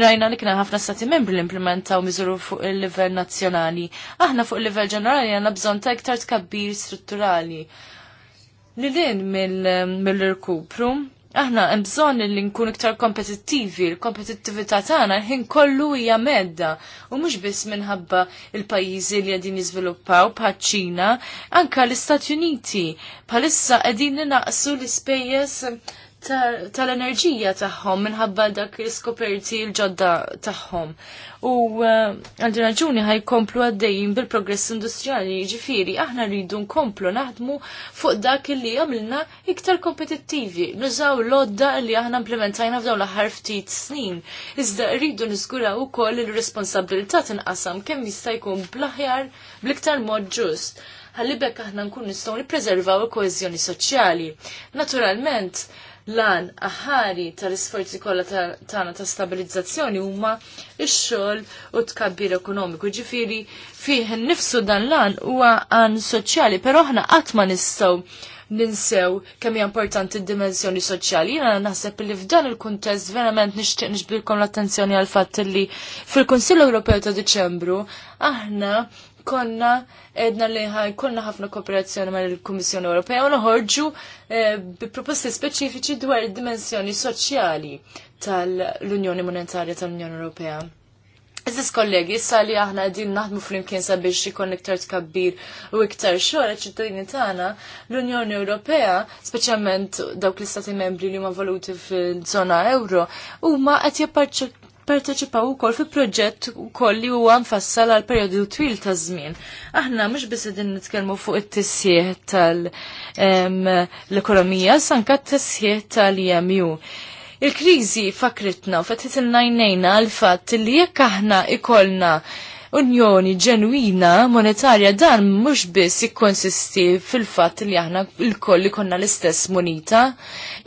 rajna li kien ħafna stati membri li implementaw miżuru fuq il-livell nazzjonali. Aħna fuq il-livell ġenerali għandna bżonn ta' iktar tkabbir strutturali. Lilin mill-irkupru aħna hemm bżonn li nkunu iktar kompetittivi, l-kompetittività tagħna ħin kollu hija medda u mhux biss minħabba il-pajjiżi li qegħdin jiżviluppaw bħal Ċina, anka l-Istati Uniti bħalissa qegħdin naqsu l-ispejjeż tal-enerġija tagħhom minħabba dak iskoperti l-ġodda tagħhom. U eh, għandu raġuni ħajkomplu għaddejjin bil-progress industrijali ġifiri, aħna rridu nkomplu naħdmu fuq dak li għamilna iktar kompetittivi. Nużaw l-odda li aħna implementajna f'dawn l-aħħar ftit snin. Iżda rridu niżguraw ukoll il-responsabilità tinqasam kemm jista' jkun bl-aħjar bl-iktar mod ġust ħallibek aħna nkun nistgħu nippreservaw il-koeżjoni soċjali. Naturalment, lan aħari tal-isforzi kollha tagħna ta' stabilizzazzjoni huma ix xogħol u tkabbir ekonomiku. Ġifieri fih nifsu dan lan huwa għan soċjali, però aħna qatt ma nistgħu ninsew kemm hija importanti d-dimensjoni soċjali. Jiena naħseb li f'dan il-kuntest verament nixtieq nixbilkom l-attenzjoni għal fatt li fil-Kunsill Ewropew ta' Diċembru aħna Konna edna li konna ħafna kooperazzjoni ma' l kummissjoni Ewropea u noħorġu eh, bi proposti speċifiċi dwar id-dimensjoni soċjali tal-Unjoni Monetarja tal-Unjoni Ewropea. Eżis kollegi, issa li aħna għedin naħdmu fl-imkien sabiex ikon iktar tkabbir u iktar xogħol ċittadini tagħna, l-Unjoni Ewropea, speċjalment dawk l-istati membri li ma voluti fil-żona euro, huma qed parteċipaw ukoll fi proġett ukoll li huwa mfassal għal perjodu twil ta' żmien. Aħna mhux biss qegħdin nitkellmu fuq it-tisjieħ tal-ekonomija, sanka t-tisjieħ tal-EMU. Il-kriżi fakritna u fetħitilna jnejna għal fatt li jekk aħna ikollna unjoni ġenwina monetarja dan mhux biss jikkonsisti fil-fatt li aħna l-koll konna l-istess monita,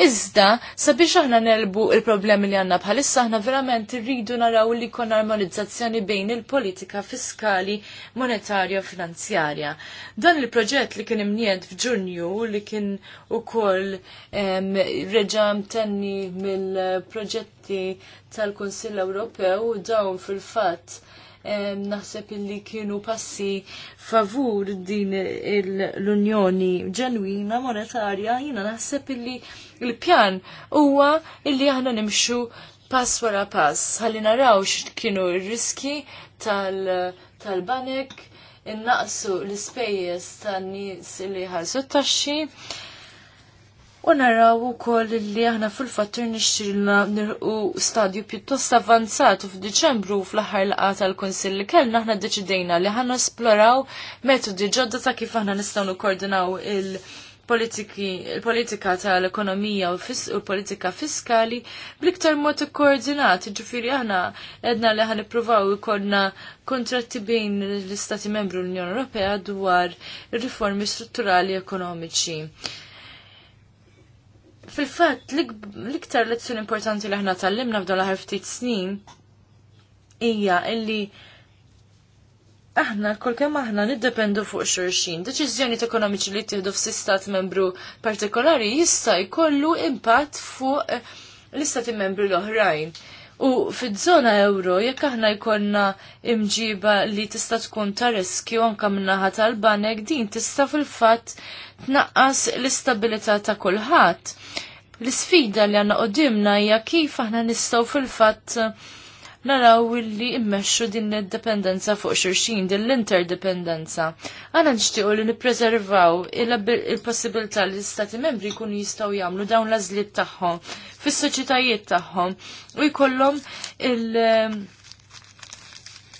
iżda sabiex aħna nelbu il-problemi li għandna bħalissa aħna verament irridu naraw li konna armonizzazzjoni bejn il-politika fiskali, monetarja u finanzjarja. Dan il-proġett li kien imniet f'Ġunju li kien ukoll reġa' mtenni mill-proġetti tal-Kunsill Ewropew dawn fil-fatt naħseb illi kienu passi favur din l-Unjoni ġenwina monetarja, jina naħseb illi l pjan huwa illi aħna nimxu pass wara pass, ħalli naraw kienu r-riski tal-banek, tal innaqsu l-ispejjeż tan-nies li ħarsu t-taxxi, u naraw ukoll li aħna fil-fattur nixtrilna nirqu stadju pjuttost avanzat u f'Diċembru fl-aħħar laqgħa tal konsil li kellna aħna deċidejna li ħanna esploraw metodi ġodda ta' kif aħna nistgħu nikkoordinaw il- il-politika tal-ekonomija u l-politika fiskali bliktar mod koordinat. Ġifiri aħna edna li ħan ipruvaw ikodna kontratti bejn l-Istati membru l-Unjoni Ewropea dwar riformi strutturali ekonomiċi fil-fatt l-iktar lezzjoni importanti li aħna tallimna f'dan l-aħħar ftit snin hija illi aħna l-kol aħna niddependu fuq xurxin. Deċiżjoni ekonomiċi li tieħdu f'sistat membru partikolari jista' jkollu impatt fuq eh, l-istati membru l-oħrajn. U fid-żona euro, jekk aħna jkollna imġiba li tista' tkun ta' riskju anke minnaħa tal-banek, din tista' fil-fatt tnaqqas l-istabilità ta' kulħadd. L-isfida li għanna qodimna hija kif aħna nistgħu fil-fatt naraw illi immexxu din id-dependenza fuq xurxin, din l-interdependenza. Għana nixtiequ li nippreservaw il-possibilità li l-Istati membri jkunu jistgħu jagħmlu dawn l-għażliet tagħhom fis-soċjetajiet tagħhom u jkollhom il-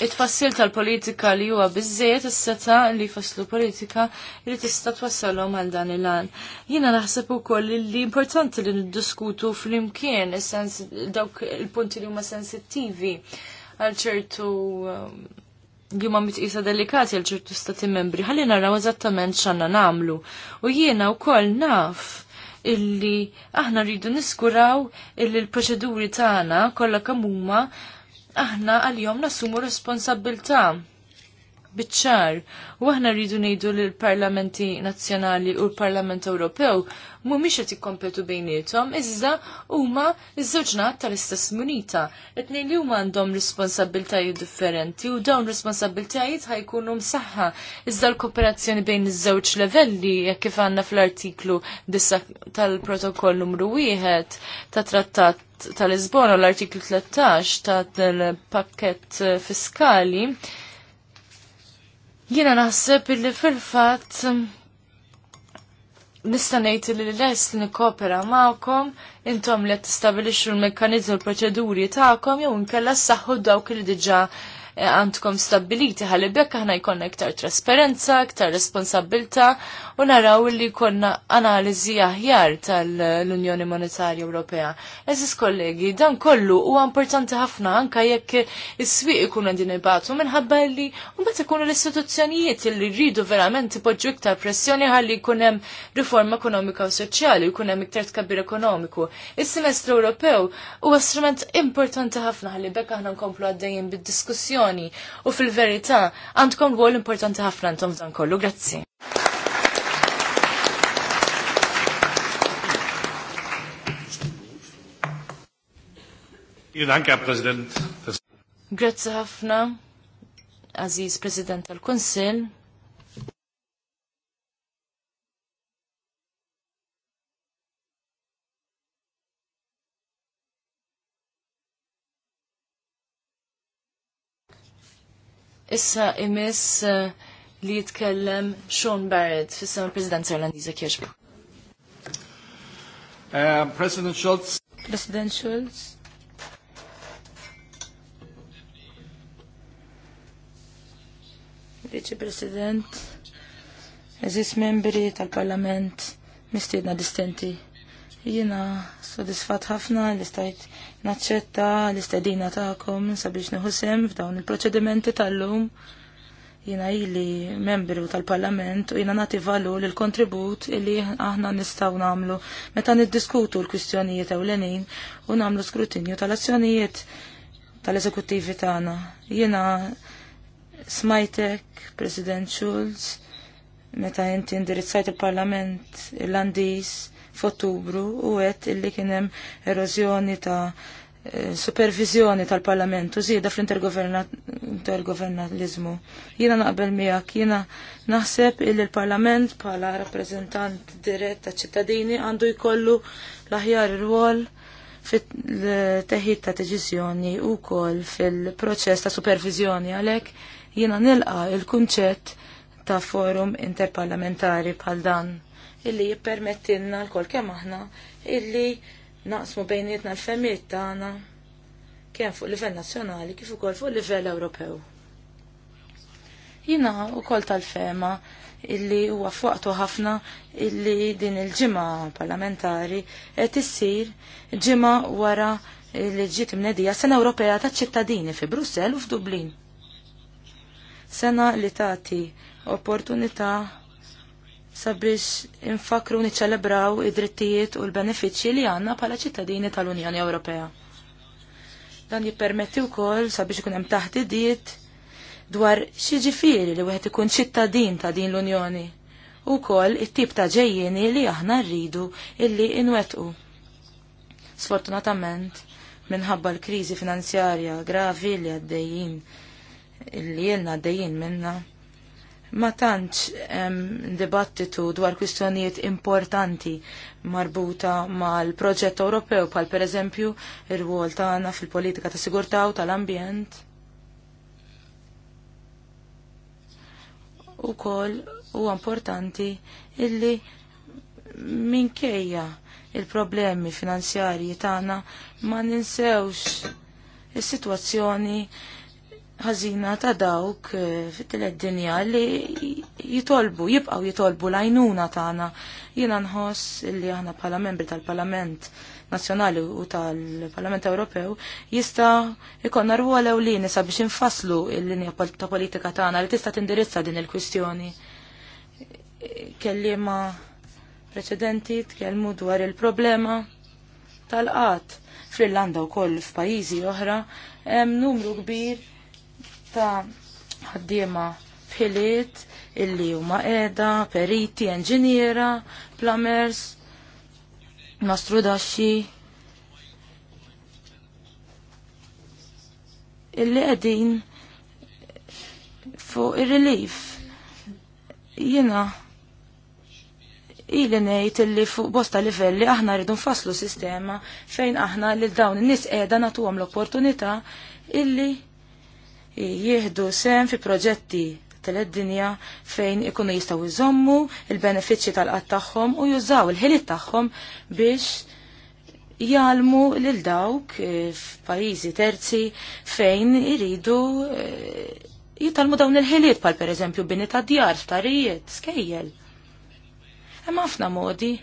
it-fassil tal-politika li huwa biżżejjed is-seta li faslu politika li tista' twassalhom għal dan il-għan. Jiena naħseb ukoll li importanti li niddiskutu flimkien is-sens dawk il-punti li huma sensittivi għal ċertu jumma mitqisa delikati għal ċertu stati membri, ħalli naraw eżattament xanna namlu. U jiena u koll naf illi aħna rridu niskuraw illi l-proċeduri tagħna kollha kemm huma aħna għal-jom nassumu responsabilta bitċar. U aħna rridu nejdu l-parlamenti nazjonali u l-parlament Ewropew mhumiex qed ikkompetu bejniethom, iżda huma iż-żewġ naħat tal-istess munita. It-tnejn li huma għandhom responsabiltajiet differenti u dawn responsabiltajiet ħajkunu msaħħa. Iżda l-kooperazzjoni bejn iż-żewġ levelli jekk kif għandna fl-artiklu tal-protokoll numru wieħed ta' trattat tal-Lisbona l-artiklu 13 tal-pakket fiskali, jiena naħseb li fil-fatt nista' ngħid li lest nikkopera magħkom intom li tistabilixxu l-mekkaniżmu l-proċeduri tagħkom jew inkella ssaħħu dawk li diġà għandkom stabiliti ħalli bekk aħna jkollna iktar trasparenza, iktar responsabilta u naraw li jkollna analiżi aħjar tal-Unjoni Monetarja Ewropea. Eżis kollegi, dan kollu huwa importanti ħafna anka jekk is-swieq ikun għandin ibatu minħabba li bat ikunu l-istituzzjonijiet li rridu verament ipoġġu iktar pressjoni ħalli jkun hemm riforma ekonomika u soċjali, jkun hemm iktar tkabbir ekonomiku. Is-semestru Ewropew huwa strument importanti ħafna ħalli bekk aħna nkomplu għaddejjin bid-diskussjoni tal u fil-verità għandkom rwol importanti ħafna għandhom dan kollu. Grazzi. Grazzi ħafna, Aziz President tal-Konsil. Issa imis eh, li jitkellem Sean Barrett, fissam il president Irlandiza kiex. Uh, eh, President Schultz. President Schultz. Vice President. Eżis membri tal-Parlament mistiedna distinti. Jiena sodisfat ħafna li stajt naċċetta l-istedina tagħkom sabiex nħusem f'dawn il-proċedimenti tal-lum. Jiena ili membru tal-Parlament u jiena nagħti valu l kontribut li aħna nistgħu nagħmlu meta niddiskutu l-kwistjonijiet ewlenin u nagħmlu skrutinju tal-azzjonijiet tal-eżekuttivi tagħna. Jiena smajtek, President Schulz, meta inti indirizzajt il-Parlament Irlandiż f'Ottubru u għet illi kienem erozjoni ta' eh, supervizjoni tal-parlamentu zida fl-intergovernalizmu. Jina naqbel miegħek, jina naħseb illi l-parlament bħala rappreżentant dirett ta' ċittadini għandu jkollu l-aħjar ir-rwol fit-teħid ta' deċiżjoni u kol fil-proċess ta' supervizjoni għalhekk jina nilqa il-kunċett ta' forum interparlamentari bħal dan illi jippermettilna l-kol kem aħna illi naqsmu bejnietna l-femijiet tagħna kemm fuq livell nazzjonali kif ukoll fuq livell Ewropew. Jina ukoll tal-fema illi huwa fuqtu ħafna illi din il-ġimgħa parlamentari qed issir ġimgħa wara li ġiet imnedija Sena Ewropea taċ-ċittadini fi Brussell u f'Dublin. Sena li tagħti opportunità sabiex infakru niċċelebraw id-drittijiet u l-benefiċċji li għandna bħala ċittadini tal-Unjoni Ewropea. Dan jippermetti wkoll sabiex ikun hemm taħdidiet dwar xi ġifieri li wieħed ikun ċittadin ta' din l-Unjoni u wkoll it-tip ta' ġejjeni li aħna rridu illi inwetqu. Sfortunatament, minħabba l-kriżi finanzjarja gravi li għaddejjin illi jilna għaddejjin minna ma tantx dibattitu dwar kwistjonijiet importanti marbuta mal-proġett Ewropew bħal pereżempju ir-rwol tagħna fil-politika ta' sigurtà u tal-ambjent. Ukoll huwa importanti illi minkejja il-problemi finanzjarji tagħna ma ninsewx is-sitwazzjoni il ħażina ta' dawk eh, fit-tielet dinja li jitolbu, jibqaw jitolbu lajnuna tagħna. Jiena nħoss li aħna bħala membri tal-Parlament Nazzjonali u tal-Parlament Ewropew jista' jkollna rwol ewlieni sabiex infasslu l-linja ta' politika tagħna li tista' tindirizza din il-kwistjoni. Kelliema preċedenti tkellmu dwar il-problema tal-qatt fl-Irlanda u koll f'pajjiżi oħra hemm numru kbir ta' ħaddiema f'iliet illi huma qiegħda, periti, enġiniera, plumbers, mastrudaxxi. Illi qegħdin fuq ir-relief. Jiena ili ngħid illi fuq bosta livelli aħna rridu nfasslu sistema fejn aħna lil dawn in-nies qiegħda nagħtuhom l-opportunità illi jieħdu sem fi proġetti tal-dinja fejn ikunu jistaw iżommu il-benefiċċji tal-qatt tagħhom u jużaw il-ħiliet tagħhom biex jalmu lil dawk eh, f'pajjiżi terzi fejn iridu eh, jitalmu dawn il-ħiliet pal pereżempju bini ta' djar, tarijiet, skejjel. Hemm ħafna modi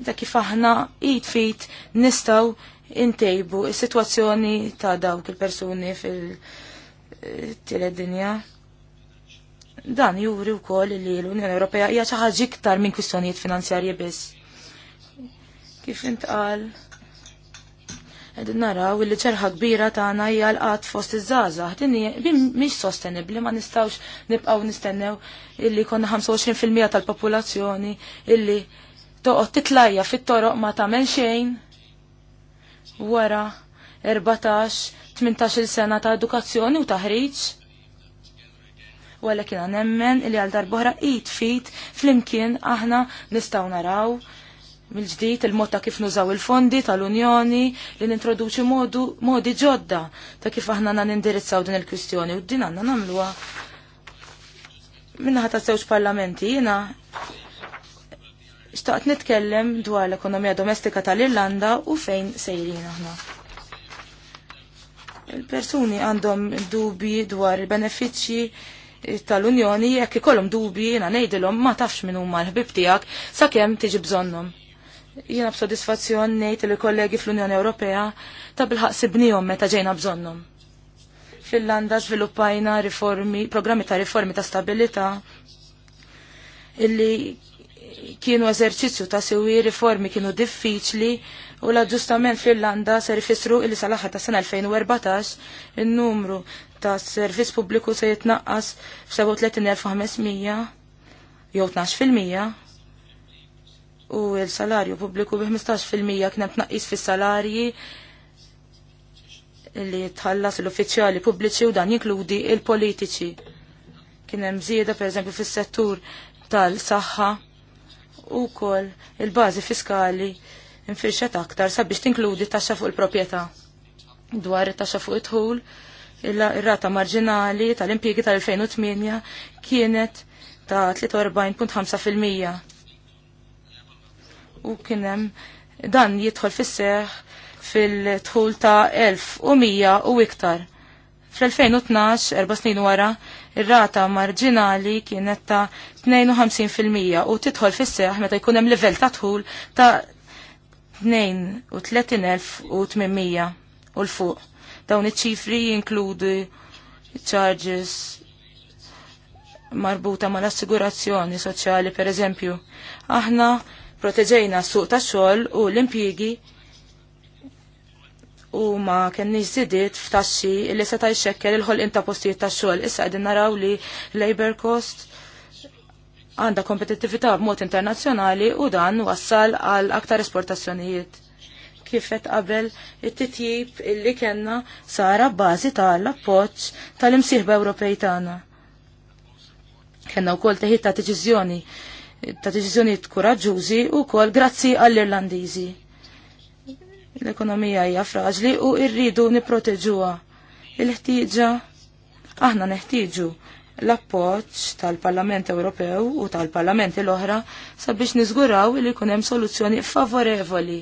da kif aħna id nistgħu intejbu s sitwazzjoni ta' dawk il-persuni fil-tielet dinja. Dan juri wkoll li l-Unjoni Ewropea hija xi ħaġa iktar minn kwistjonijiet finanzjarji biss. Kif intqal? Qegħdin naraw li ċerħa kbira tagħna hija l-qatt fost iż-żgħażagħ. Din mhix sostenibbli ma nistgħux nibqgħu nistennew illi konna 25% tal-popolazzjoni illi toqgħod titlajja fit-toroq ma tagħmel xejn wara 14-18 sena ta' edukazzjoni u taħriġ. Walla kiena nemmen li għal darbohra id fit flimkien aħna nistaw naraw mill-ġdijt il-mod ta' kif nużaw il-fondi tal-Unjoni li nintroduċi modi ġodda ta' kif aħna nan nindirizzaw din il-kwistjoni u din għanna namluwa minna ħata sewċ parlamenti jina Xtaqt nitkellem dwar l-ekonomija domestika tal-Irlanda u fejn sejrin aħna. Il-persuni għandhom dubi dwar il-benefiċċji eh, tal-Unjoni jekk ikollhom dubi jiena ngħidilhom ma tafx minn huma l-ħbib tiegħek sakemm tiġi bżonnhom. Jiena b'sodisfazzjon ngħid li kollegi fl-Unjoni Ewropea ta' bilħaq meta ġejna bżonnhom. fil Fil-Landa żviluppajna riformi, programmi ta' riformi ta' stabilità illi kienu eżerċizzju ta' sewwie riformi kienu diffiċli u l-aġġustament fil irlanda ser ifissru illi sal ta' sena 2014 in-numru ta' servizz pubbliku se jitnaqqas f'37,500 jew 12% u l-salarju pubbliku bi 15% kien hemm tnaqqis fis-salarji li tħallas l-uffiċjali pubbliċi u dan jinkludi il-politiċi. Kien hemm żieda pereżempju fis-settur tal-saħħa u kol il-bazi fiskali infirxet aktar sabiex tinkludi taxxa fuq il-propieta dwar it-taxxa fuq it-ħul ir-rata marġinali tal impiegi tal-2008 kienet ta' 43.5% u kienem dan jidħol fis-seħ fil-tħul ta' 1100 u iktar. Fl-2012, erba' snin wara, ir-rata marġinali kienet ta' 52% u tidħol fis-seħ meta jkun hemm livell ta' tħul ta' 32,800 u l-fuq. Dawn iċ-ċifri jinkludi charges marbuta ma l-assigurazzjoni soċjali per eżempju. Aħna proteġejna suq ta' xogħol u l-impjiegi u ma kenniex zidiet f'taxxi li seta' jxekker il-ħolqien ta' postijiet tax-xogħol. Issa qegħdin naraw li labor cost għandha kompetitivita b'mod internazzjonali u dan wassal għal aktar esportazzjonijiet. Kifet qabel it-titjib illi kellna sara bbażi tal-appoġġ tal-imsieħba Ewropej tagħna. Kellna wkoll teħid ta' deċiżjoni ta' deċiżjonijiet kuraġġużi wkoll grazzi għall-Irlandiżi. L-ekonomija hija fraġli u rridu nipproteġuha. Il-ħtieġa aħna neħtieġu l-appoġġ tal-Parlament Ewropew u tal-Parlamenti l-oħra sabiex niżguraw li jkun hemm soluzzjoni favorevoli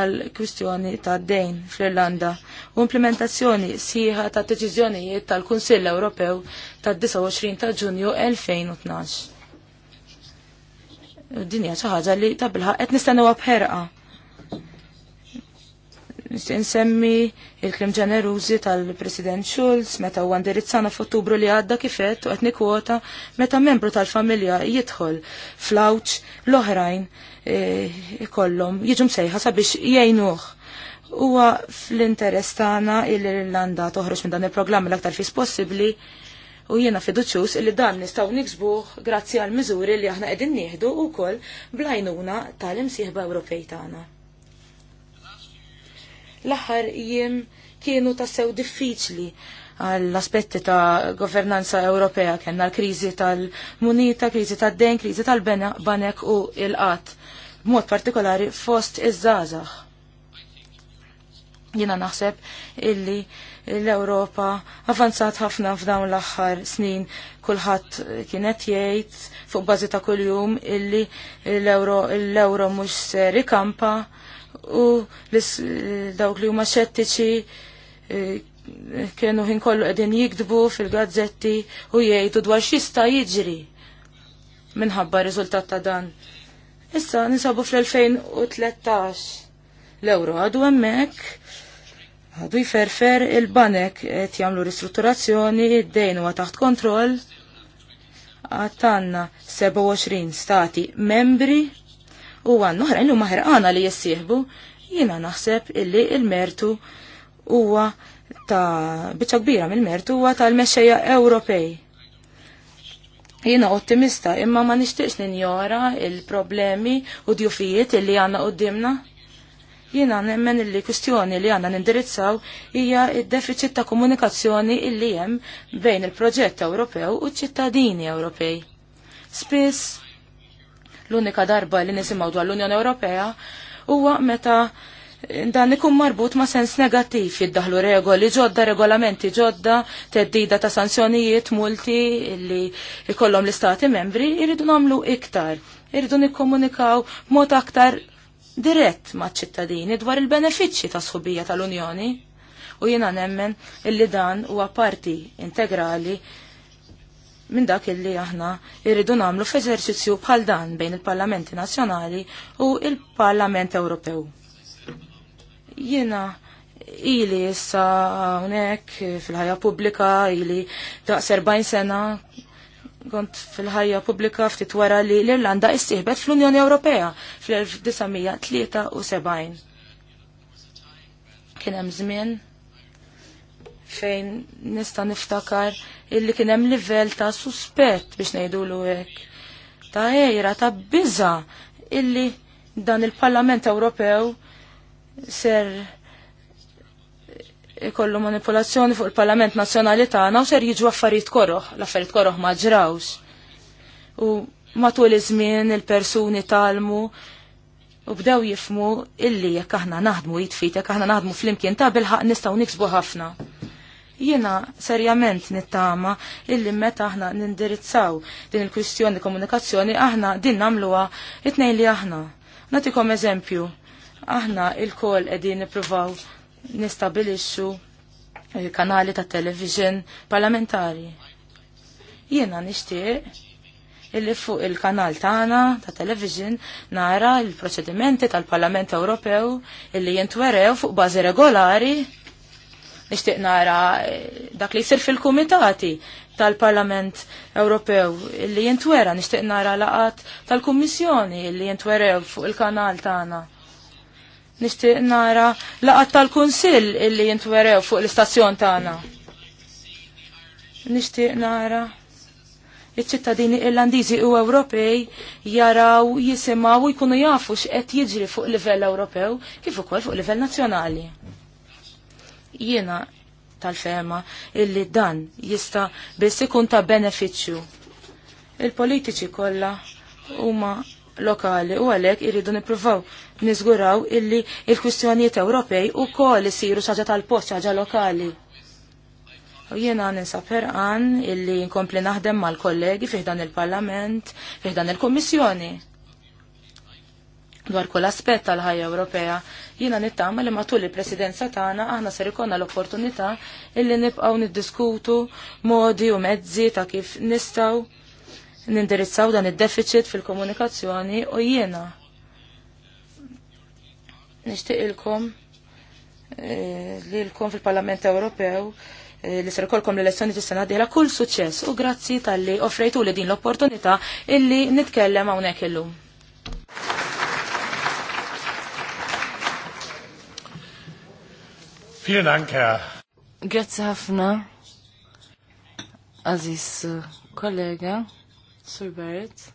għal kwistjoni ta' dejn fl-Irlanda u implementazzjoni sieħa ta' deċiżjonijiet tal-Kunsill Ewropew tad 29 ta' Ġunju 2012. Dinja xi ħaġa li ta' bilħaq qed nistennew bħerqa Nsemmi il-klim ġenerużi tal-President Schulz meta u għandirizzana f'Ottubru li għadda kifet u għetni kwota meta membru tal-familja jidħol flawċ l-oħrajn e, ikollhom jiġu msejħa sabiex jgħinuh. Huwa fl-interess tagħna l-Irlanda toħroġ minn dan il-programm l-aktar fis possibbli u jiena fiduċjuż li dan nistgħu niksbuh grazzi għal miżuri li aħna qegħdin nieħdu wkoll blajnuna tal-imsieħba Ewropej tagħna. L-aħħar jiem kienu tassew diffiċli għall-aspetti ta' governanza Ewropea kena l-krizi tal-munita, krizi tal-den, krizi tal-banek u il-qat. Mod partikolari fost iż-żazax. Jina naħseb illi l-Europa avanzat ħafna f'dawn l-aħħar snin kulħadd kienet jgħid fuq bażi ta' kuljum illi l-euro mhux rikampa. kampa u eh, dawk li huma xettiċi eh, kienu ħin kollu qegħdin jikdbu fil-gazzetti u jgħidu dwar xista jiġri minħabba riżultat ta' dan. Issa nisabu fl-2013. L-euro għadu hemmhekk għadu jferfer il-banek għet jamlu ristrutturazzjoni, id-dejn huwa taħt kontroll għatanna 27 stati membri u għan noħra illu għana li jessieħbu, jina naħseb illi il-mertu huwa ta' biċa kbira mill-mertu huwa tal mesċeja Ewropej. Jina ottimista imma ma nixtieqx ninjora il-problemi u djufijiet illi għandna dimna. jiena nemmen li kwistjoni li għanna nindirizzaw hija il deficit ta' komunikazzjoni illi hemm bejn il-proġett Ewropew u ċ-ċittadini Ewropej. Spiss L-unika darba li nisimgħu dwar l-Unjoni Ewropea huwa meta dan ikun marbut ma' sens negattiv jiddaħlu regoli ġodda, regolamenti ġodda, teddida ta' sanzjonijiet, multi li jkollhom l-istati membri, jridu nagħmlu iktar, jridu nikkomunikaw mod aktar dirett ma' ċittadini dwar il-benefiċċji ta' sħubija tal-Unjoni. U jiena nemmen illi dan huwa parti integrali minn dak illi aħna irridu nagħmlu f'eżerċizzju bħal dan bejn il-Parlamenti Nazzjonali u il-Parlament Ewropew. Jiena ili issa hawnhekk fil-ħajja pubblika ili ta' 40 sena kont fil-ħajja pubblika ftit wara li l-Irlanda issieħbet fl-Unjoni Ewropea fl-1973. Kien hemm żmien fejn nista niftakar illi kien hemm livell ta' suspett biex ngħidulu hekk. Ta' ejra ta' biża illi dan il-Parlament Ewropew ser ikollu manipolazzjoni fuq il-Parlament Nazzjonali tagħna u ser jiġu affarijiet koroħ, l-affarijiet koroħ ma ġrawx. U matul iż-żmien il-persuni talmu u bdew jifmu illi jekk aħna naħdmu jitfit, jekk aħna naħdmu flimkien ta' bilħaq nistgħu niksbu ħafna. Jiena serjament nittama illi meta aħna nindirizzaw din il-kwistjoni komunikazzjoni aħna din namluwa itnej li aħna. Natikom eżempju, aħna il-kol edin nipruvaw nistabilixxu kanali ta' television parlamentari. Jiena nixtieq illi fuq il-kanal tagħna ta' television nara il-proċedimenti tal-Parlament Ewropew illi jintwerew fuq bażi regolari nixtieq nara eh, dak li jsir fil-kumitati tal-Parlament Ewropew li jintwera nixtieq nara laqat tal-Kummissjoni li jintwerew fuq il-kanal tagħna. Nixtieq nara laqat tal-Kunsill li jintwerew fuq l-istazzjon tagħna. Nixtieq nara iċ-ċittadini irlandiżi u Ewropej jaraw, jisimaw u jkunu jafu x'qed jiġri fuq livell Ewropew kif ukoll fuq livell nazzjonali. Jiena tal ferma illi dan jista biss ikun ta' beneficju. Il-politiċi kollha huma lokali u għalhekk irridu nippruvaw niżguraw illi il-kwistjonijiet Ewropej ukoll isiru xaġa tal-post ħaġa lokali. U jiena ninsab ħerqan illi nkompli naħdem mal-kollegi fih dan il-Parlament, fih dan il-Kummissjoni. il parlament fiħdan il kummissjoni dwar kull aspett tal-ħajja Ewropea, jiena nittama li matul il-presidenza tagħna aħna ser ikonna l-opportunità illi nibqgħu niddiskutu modi u mezzi ta' kif nistgħu nindirizzaw dan id-deficit fil-komunikazzjoni u jiena Nixtieq ilkom eh, li lkom fil-Parlament Ewropew eh, li ser kolkom l-elezzjoni tis-sena dela kull suċċess u grazzi tal-li offrejtu li din l-opportunità illi nitkellem hawnhekk illum. Vielen Dank, Herr. Grazie ħafna, Aziz uh, kollega, Sir Barrett.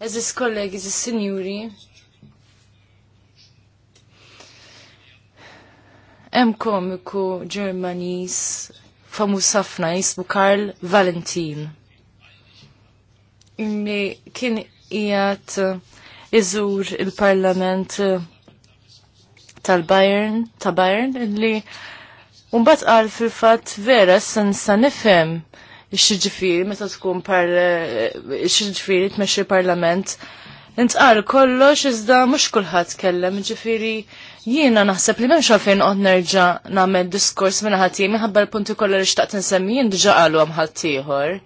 Aziz kollegi, aziz signori. Em komiku Ġermanis famuż ħafna jisbu Karl Valentin. Illi kien ijat... Uh, iżur il-Parlament eh, tal-Bayern, ta' Bayern, li unbat għal fil-fat vera s-sansa nifem xieġifiri, meta tkun par eh, xieġifiri t parlament. Intqal kollox iżda mux kullħat kellem, ġifiri jiena naħseb li memx għalfejn qod nerġa' nagħmel diskors minn ħadd jiem minħabba l-punti kollha li xtaqt insemmi jien diġà qalu hemm ħadd ieħor.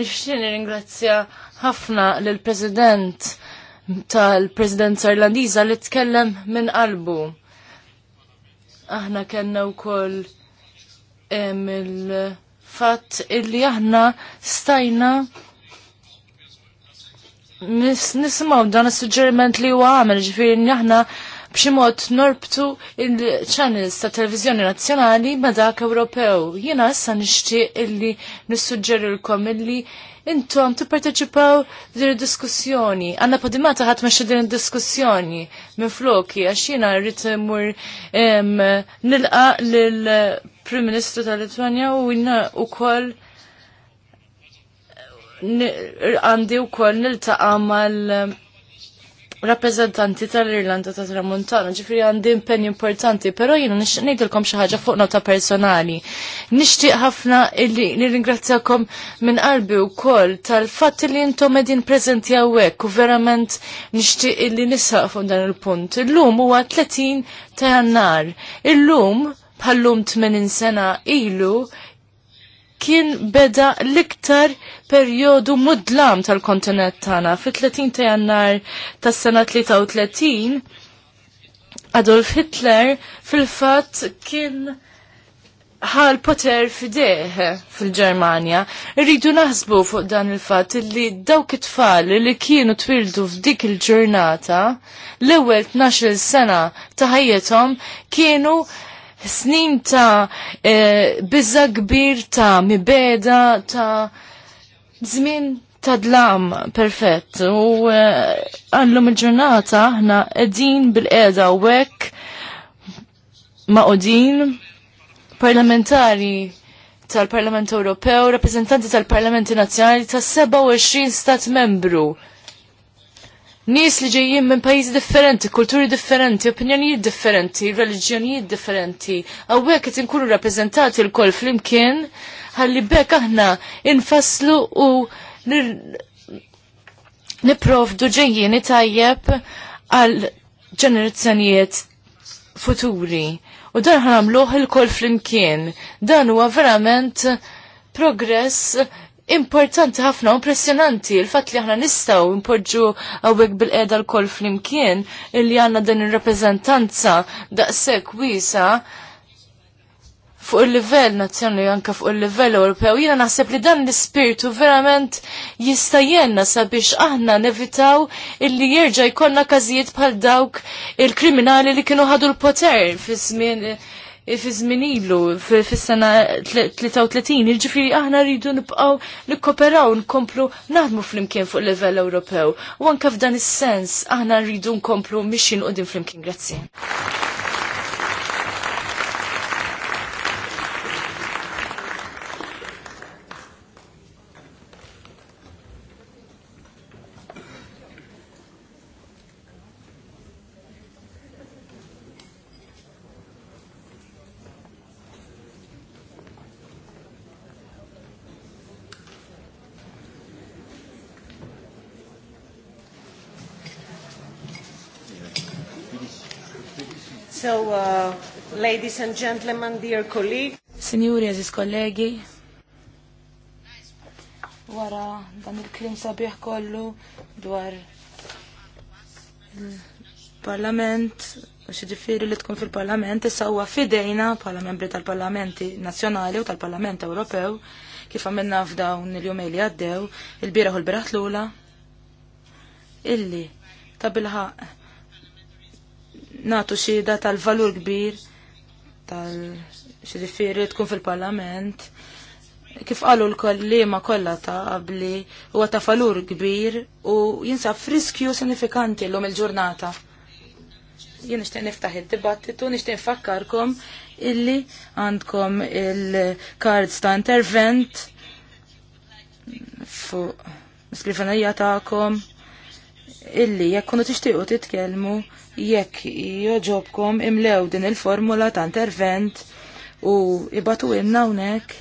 Nixtieq nirringrazzja ħafna lill-President tal-Presidenza Irlandiża li tkellem minn qalbu. Aħna kellna wkoll il-fatt illi aħna stajna nis nismaw dan is-suġġeriment li huwa għamel ġifieri aħna b'ximot norbtu il-channels ta' televizjoni nazzjonali ma' dak Ewropew. Jena issa nixtieq illi nissuġġerilkom illi intom tipparteċipaw din id-diskussjoni. Għanna podimata ħadd meċi din id-diskussjoni minn floki għax jiena rrid mur nilqa lill-Prim Ministru tal-Litwanja u jina wkoll għandi wkoll niltaqa' mal rappresentanti tal-Irlanda ta' Tramontana, ġifiri għandi impenn importanti, pero jiena nixtieq ngħidilkom xi ħaġa fuq nota personali. Nixtieq ħafna illi nirringrazzjakom minn qalbi wkoll tal fat li intom qegħdin prezenti għawek u verament nixtieq illi nisaq fuq dan il-punt. Illum huwa 30 ta' Jannar. Illum bħallum 80 sena ilu kien beda l-iktar perjodu mudlam tal-kontinent tagħna fit-30 ta' jannar tas-sena 33 Adolf Hitler fil-fatt kien ħal poter fideħ fil ġermania rridu naħsbu fuq dan il-fat li dawk it-tfal li kienu twildu f'dik il-ġurnata, l-ewel 12 sena ta' ħajjithom kienu snin ta' e, bizza kbir ta' mibeda ta' zmin ta' dlam perfett u eh, għallum il-ġurnata aħna edin bil-qeda u wek ma' odin parlamentari tal-Parlament Ewropew, rappresentanti tal-Parlamenti Nazzjonali ta' 27 stat membru Nies li ġejjin minn pajjiżi differenti, kulturi differenti, opinjonijiet differenti, reliġjonijiet differenti. Hawnhekk qed inkunu rappreżentati l-kol flimkien ħalli bekk aħna infasslu u niprovdu ġejjin itajjeb għal ġenerazzjonijiet futuri. U dan ħanamluħ il-kol flimkien. Dan huwa verament progress importanti ħafna, impressionanti, il-fat li ħna nistaw impoġġu għawek bil-qeda l-koll fl-imkien, illi għanna din il-reprezentanza daqsek wisa fuq il-livell nazzjonali anka fuq il-livell Ewropew, jiena naħseb li dan l-ispirtu verament jista' sabiex aħna nevitaw illi jirġa' jkollna każijiet bħal dawk il-kriminali li kienu ħadu l-poter fi żmien fi żmien ilu fis-sena 33, jiġifieri aħna rridu nibqgħu nikkoperaw nkomplu naħdmu flimkien fuq livell Ewropew. U anke f'dan is-sens aħna rridu nkomplu mixin qudiem flimkien. Grazzi. So, uh, ladies and gentlemen, dear colleagues. Signori, aziz kollegi. Wara dan il-klim sabiħ kollu dwar il-parlament, u xieġifiri li tkun fil-parlament, issa huwa fidejna bħala membri tal-parlamenti nazzjonali u tal-parlament Ewropew, kif għamilna f'dawn il-jumej li għaddew, il-biraħ u l-biraħ l-ula, illi ta' natu xida tal-valur kbir tal-xirifiri tkun fil-parlament kif qalu l-kollima kollha ta' għabli huwa ta' falur kbir u jinsab friskju sinifikanti l-lum il-ġurnata. Jien nixtieq niftaħ id-dibattitu, nixtieq nfakkarkom illi għandkom il-cards ta' intervent fuq skrivenija ta'kom illi jekk kunu tixtiequ titkellmu jekk joġobkom imlew din il-formula ta' intervent u ibatu inna unek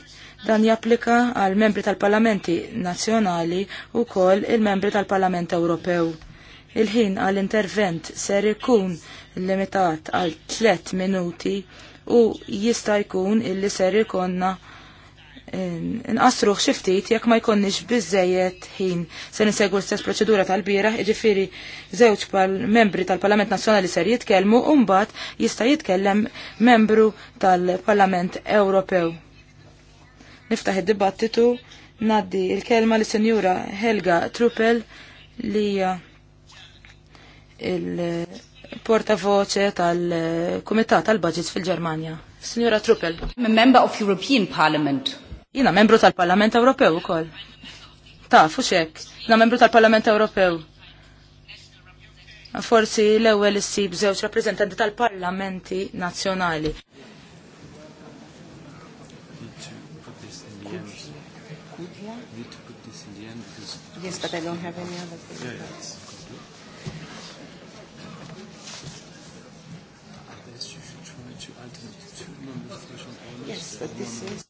dan japplika għal membri tal-Parlamenti Nazzjonali u kol il-membri tal-Parlament Ewropew. Il-ħin għal intervent ser ikun limitat għal 3 minuti u jista' jkun illi ser ikonna nqasruh xi ftit jekk ma jkollniex biżejjed ħin se nisegwu l-istess proċedura tal-bieraħ, jiġifieri żewġ membri tal-Parlament Nazzjonali ser jitkellmu u mbagħad jista' jitkellem membru tal-Parlament Ewropew. Niftaħ id-dibattitu naddi il-kelma li Senjura Helga Truppel li hija il-portavoce tal-Kumitat tal-Budgets fil-Ġermanja. Signora Truppel. Member of European Parliament. Jina membru tal-Parlament Ewropew ukoll. Ta, xek, jina membru tal-Parlament Ewropew. Forsi l-ewwel issib żewġ rappreżentanti tal-parlamenti nazzjonali. Yes, but I don't have any other thing. Yeah, yeah. Yes, but this is.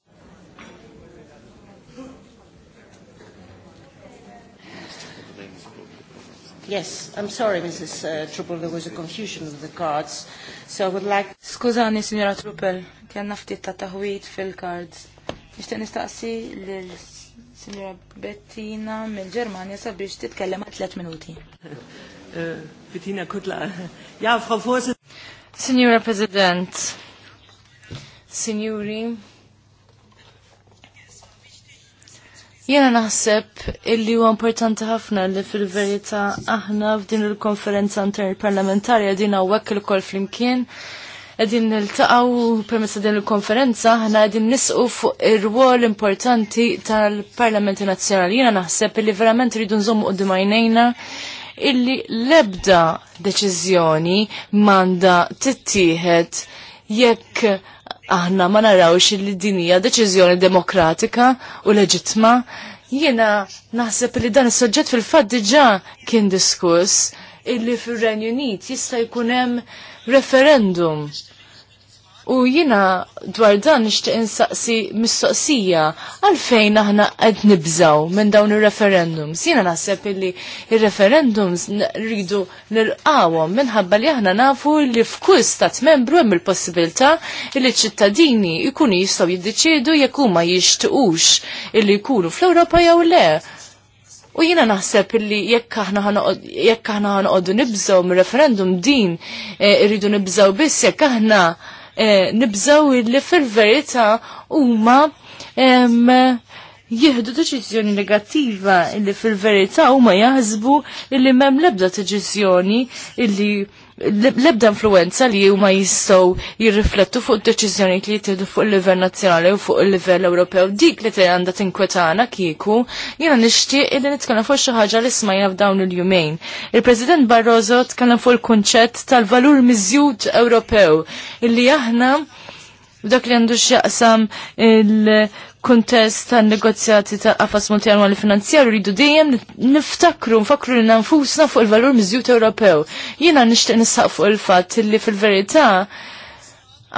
Yes, I'm sorry, Mrs. Uh, Truppel, there was a confusion of the cards. So I would like... Skużani, signora Truppel, kien naftit ta' taħwit fil-cards. Nishtiq nistaqsi l-signora Bettina mill-Germania sabiex titkellem għal tlet minuti. Eh, Bettina Kutla. Ja, Frau Vorsitz. Signora President, signori, Jena naħseb illi huwa importanti ħafna li fil-verità aħna f'din il-konferenza interparlamentarja din hawnhekk il-kol flimkien qegħdin niltaqgħu permezz permessa din il-konferenza, aħna qegħdin nisqu fuq ir-rwol importanti tal-Parlamenti Nazzjonali. Jena naħseb illi verament rridu nżommu qudiem għajnejna illi l-ebda deċiżjoni manda tittieħed jekk aħna ma narawx li dinija deċiżjoni demokratika u leġitma. Jiena naħseb li dan is-soġġett fil-fatt diġà kien diskuss illi fir-Renju Unit jista' jkun hemm referendum U jina dwar dan nixtieq insaqsi mistoqsija għalfejn aħna qed nibżaw minn dawn ir-referendums. Jiena naħseb illi ir-referendums rridu nilqawhom minħabba li aħna nafu li f'kull stat membru hemm il-possibilità li ċ-ċittadini jkunu jistgħu jiddeċiedu jekk huma jixtiequx illi jkunu fl-Ewropa jew le. U jina naħseb illi jekk aħna ħanoqogħdu nibżgħu mir-referendum din eh, irridu nibżgħu biss jekk aħna Eh, nibżaw li fil-verità huma jieħdu deċiżjoni negattiva li fil-verità huma jaħsbu illi m'hemm l-ebda deċiżjoni illi l-ebda influenza li huma jistgħu jirriflettu fuq deċiżjonijiet li jittieħdu fuq il-livell nazzjonali u fuq il-livell Ewropew. Dik li għandha tinkwetana kieku, jiena nixtieq illi nitkellem fuq xi ħaġa li smajna f'dawn il-jumejn. Il-President Barroso tkellem fuq il-kunċett tal-valur miżjud Ewropew illi aħna dak li għandu x'jaqsam il- kuntest tan negozjati ta' qafas multianwali finanzjaru rridu dejjem niftakru nfakru li nfusna fuq il-valur mizjut Ewropew. Jiena nixtieq nissaq fuq il-fatt li fil-verità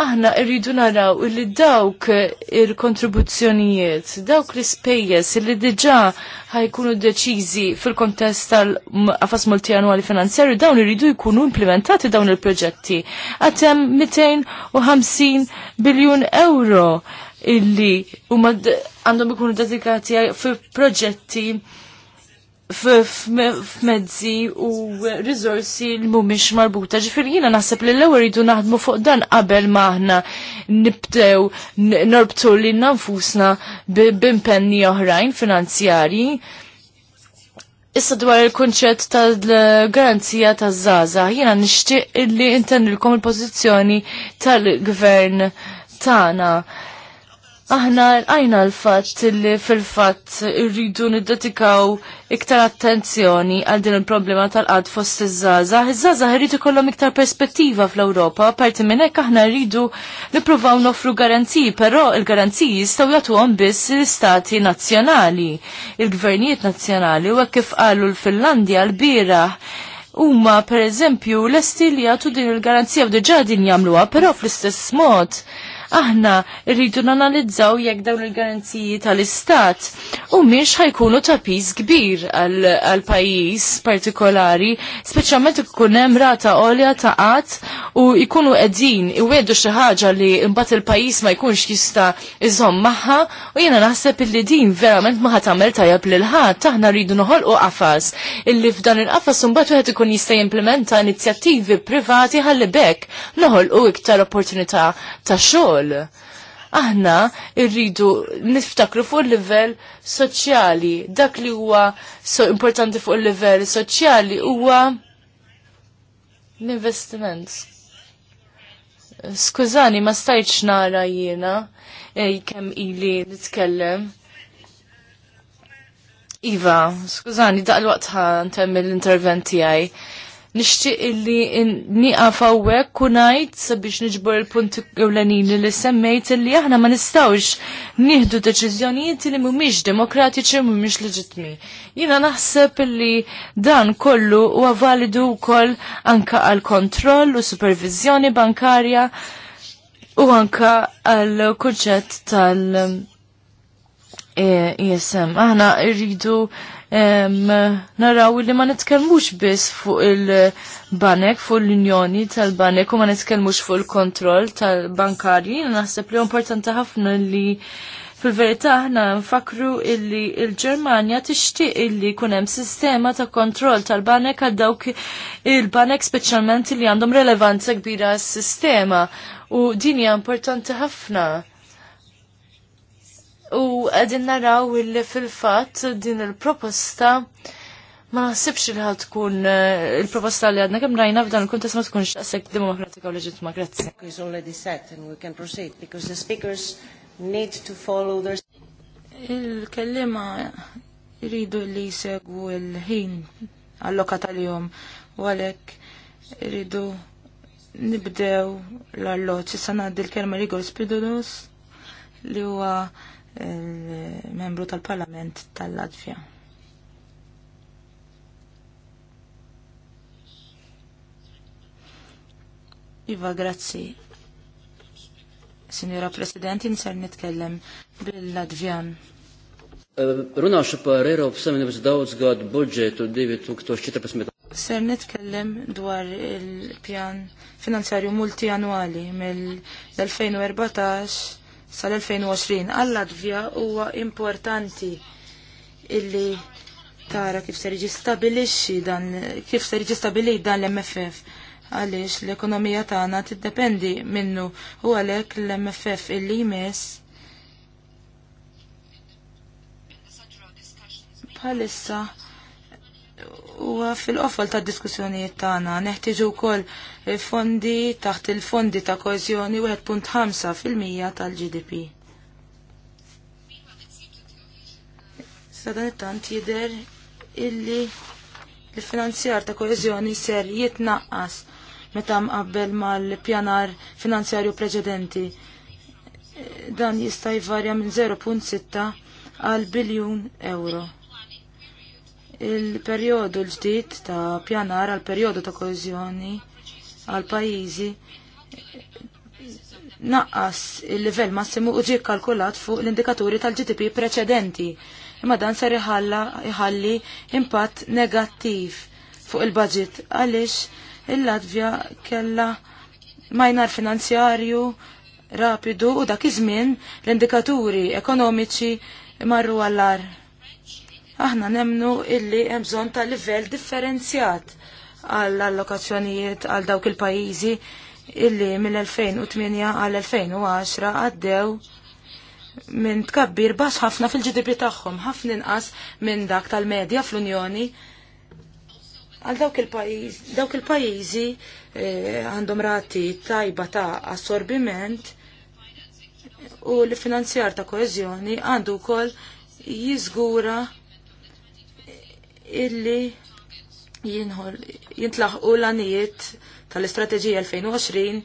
aħna rridu naraw li dawk il-kontribuzzjonijiet, dawk l-ispejjeż li diġà ħajkunu deċiżi fil-kontest tal-qafas multianwali finanzjaru dawn rridu jkunu implementati dawn il-proġetti. Għatem 250 biljun euro illi huma għandhom ikunu dedikati fi proġetti f'mezzi u rizorsi li mhumiex marbuta. Ġifir jiena naħseb li l-ewwel rridu naħdmu fuq dan qabel ma aħna nibdew norbtu lil nfusna b'impenni oħrajn finanzjarji. Issa dwar il-konċett tal-garanzija taż żaża jiena nixtieq illi intendilkom il-pożizzjoni tal-gvern tagħna Aħna għajna l-fat li fil-fat irridu niddetikaw iktar attenzjoni għal din il-problema tal-qad fost iż-żaza. Iż-żaza rridu kollom iktar perspettiva fl-Ewropa, parti minn hekk aħna rridu nippruvaw nofru garanziji, però il-garanziji jistgħu jagħtuhom biss l-istati nazzjonali, il-gvernijiet nazzjonali u hekk kif qalu l-Finlandja l bira Uma, per eżempju, l-estilja tu din il-garanzija u diġa din jamluwa, però fl-istess mod aħna rridu nanalizzaw jekk dawn il-garanziji tal-istat u miex ħajkunu ta' piż kbir għal pajjiż partikolari, speċjalment ikun hemm rata għolja ta' qatt u jkunu qegħdin iwedu xi ħaġa li mbagħad il-pajjiż ma jkunx jista' iżomm magħha u jiena naħseb illi din verament ma ħatamel tajjeb lil ħadd aħna rridu noħolqu qafas illi f'dan il-qafas mbagħad wieħed ikun jista' jimplementa inizjattivi privati ħalli bekk noħolqu iktar opportunità ta' xogħol ukoll. Aħna irridu niftakru fuq il-livell soċjali. Dak li huwa so importanti fuq il-livell soċjali huwa l-investiment. Skużani, ma stajċ nara jiena eh, kemm ili nitkellem. Iva, skużani, daqqa l-waqt ħan l-intervent tijaj. Nixtieq illi nieqaf hawnhekk u ngħid sabiex niġbor il-punti ewlenini li semmejt illi aħna ma nistgħux nieħdu deċiżjonijiet li mhumiex demokratiċi u mhumiex leġitmi. Jiena naħseb illi dan kollu huwa validu wkoll anka għal kontroll u supervizjoni bankarja u anka għal kunċett tal-ESM. Eh, e aħna rridu naraw li ma nitkellmux biss fuq il-banek, fuq l-unjoni tal-banek u ma nitkellmux fuq il-kontroll tal-bankarji. Naħseb li importanti ħafna li fil-verità aħna nfakru illi il-Ġermanja tixtieq illi jkun hemm sistema ta' kontroll tal-banek għal dawk il-banek speċjalment li għandhom relevanza kbira s-sistema u din hija importanti ħafna U għedin naraw illi fil-fat din il-proposta ma naħsibx li ħad tkun eh, il-proposta li għadna kemm rajna f'dan il-kuntest ma tkunx għasek demokratika u leġitma. Grazzi. Il-kellima jridu li jsegwu il-ħin għallokat għal jom u għalek jridu nibdew l-allot. Issa ngħaddi kelma kelma Rigor Spidolos li huwa il-membru tal-Parlament tal-Latvja. Iva, grazzi. Signora President, inser nitkellem bil-Latvjan. Runaxu par Europe Summit was daudz għad budget u divi Ser nitkellem dwar il-pjan finanzjarju multianwali mill-2014 sal-2020 għall-Latvja huwa importanti illi tara kif se jistabilixxi dan kif se jiġi dan l-MFF għaliex l-ekonomija tagħna tiddependi minnu u għalhekk l-MFF illi jmiss bħalissa huwa fil-qofol ta' diskussjonijiet tagħna neħtieġu wkoll fondi taħt il-fondi ta' koeżjoni 1.5 fil-mija tal-GDP. Sa it-tant jidher illi l-finanzjar ta' koeżjoni ser jitnaqqas meta mqabbel mal-pjanar finanzjarju preċedenti. Dan jista' jvarja minn 0.6 għal biljun euro il-perjodu l-ġdid ta' pjanar għal perjodu ta' koeżjoni għal pajjiżi naqqas il-livell massimu u ġie kalkulat fuq l-indikaturi tal-GDP preċedenti. Imma dan ser iħalli impatt negattiv fuq il-budget għaliex il-Latvja kella majnar finanzjarju rapidu u dak iż-żmien l-indikaturi ekonomiċi marru għallar. Aħna nemnu illi hemm bżonn ta' livell differenzjat għall allokazzjonijiet għal dawk il-pajjiżi illi mill-2008 għal 2010 għaddew minn tkabbir bas ħafna fil-ġidibri tagħhom, ħafna inqas minn dak tal-medja fl-Unjoni għal dawk il-pajjiżi dawk il-pajjiżi eh, għandhom rati tajba ta' assorbiment u l-finanzjar ta' koeżjoni għandu wkoll jiżgura illi jinħol jintlaħqu l għanijiet tal-istrateġija 2020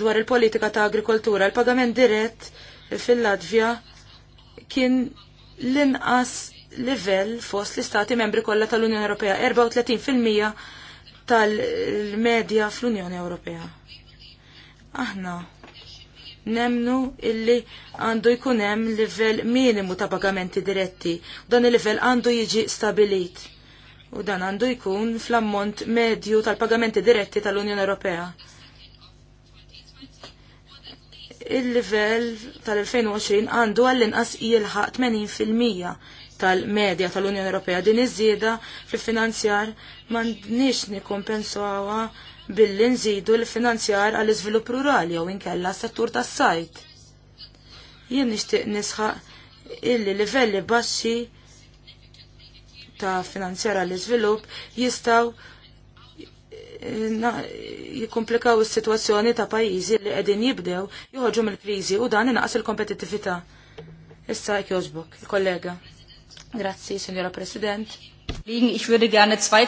dwar il-politika ta' agrikoltura. Il-pagament dirett fil-Latvja kien l-inqas livell fost l-istati membri kollha tal-Unjoni Ewropea, 34% tal-medja fl-Unjoni Ewropea. Aħna nemnu illi għandu jkun hemm livell minimu ta' pagamenti diretti. Dan il-livell għandu jiġi stabilit u dan għandu jkun fl-ammont medju tal-pagamenti diretti tal-Unjoni Ewropea. Il-livell tal-2020 għandu għall-inqas jilħaq 80% tal-medja tal-Unjoni Ewropea. Din iż-żieda fil-finanzjar m'għandniex nikkompensawha billi nżidu l-finanzjar għall-iżvilupp rurali jew inkella settur tas-sajt. Jien nixtieq nisħaq illi livelli baxxi ta' finanzjara li svilup jistaw eh, jikomplikaw is situazzjoni ta' pajizi li qegħdin jibdew joħorġu mill krizi u dan inaqas il kompetitivita Issa jogħġbok, il-kollega. Grazzi, Signora President. Ich würde gerne zwei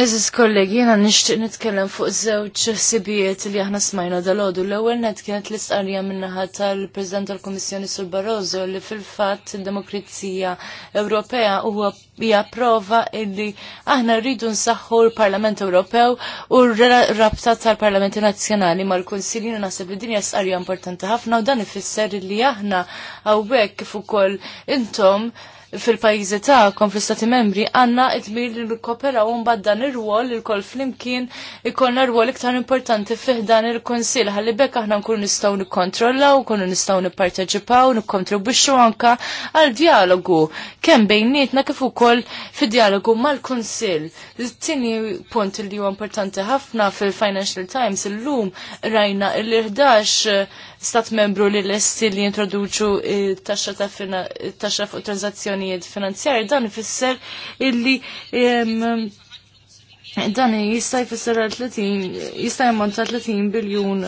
Eżis kollegi, jena nishtiq nitkellem fuq żewġ sibijiet li aħna smajna dal-ħodu. L-ewwel net kienet l-istqarrija minnaħa tal-President tal-Kummissjoni Sur Barroso li fil-fatt id-demokrazija Ewropea huwa hija prova illi aħna rridu nsaħħu l-Parlament Ewropew u r-rabta tal-Parlamenti Nazzjonali mal-Kunsilju naħseb li din hija importanti ħafna u dan ifisser li aħna hawnhekk kif ukoll intom fil-pajjiżi tagħkom fl-istati membri għandna qdmir li nikkoperaw mbagħad dan ir ruol il-kol flimkien ikollna rwol iktar importanti fih dan il konsil ħalli bekk aħna nkunu nistgħu nikkontrollaw, nkunu nistgħu nipparteċipaw, nikkontribwixxu anka għal dialogu kemm bejnietna kif ukoll fid-dialogu mal-Kunsill. It-tieni punt li huwa importanti ħafna fil-Financial Times illum rajna l-11 stat membru li l esti li introduċu eh, taxxa ta' taxxa fuq transazzjonijiet finanzjari, dan ifisser illi dan jista' jfisser 30 jista' jmonta' 30 biljun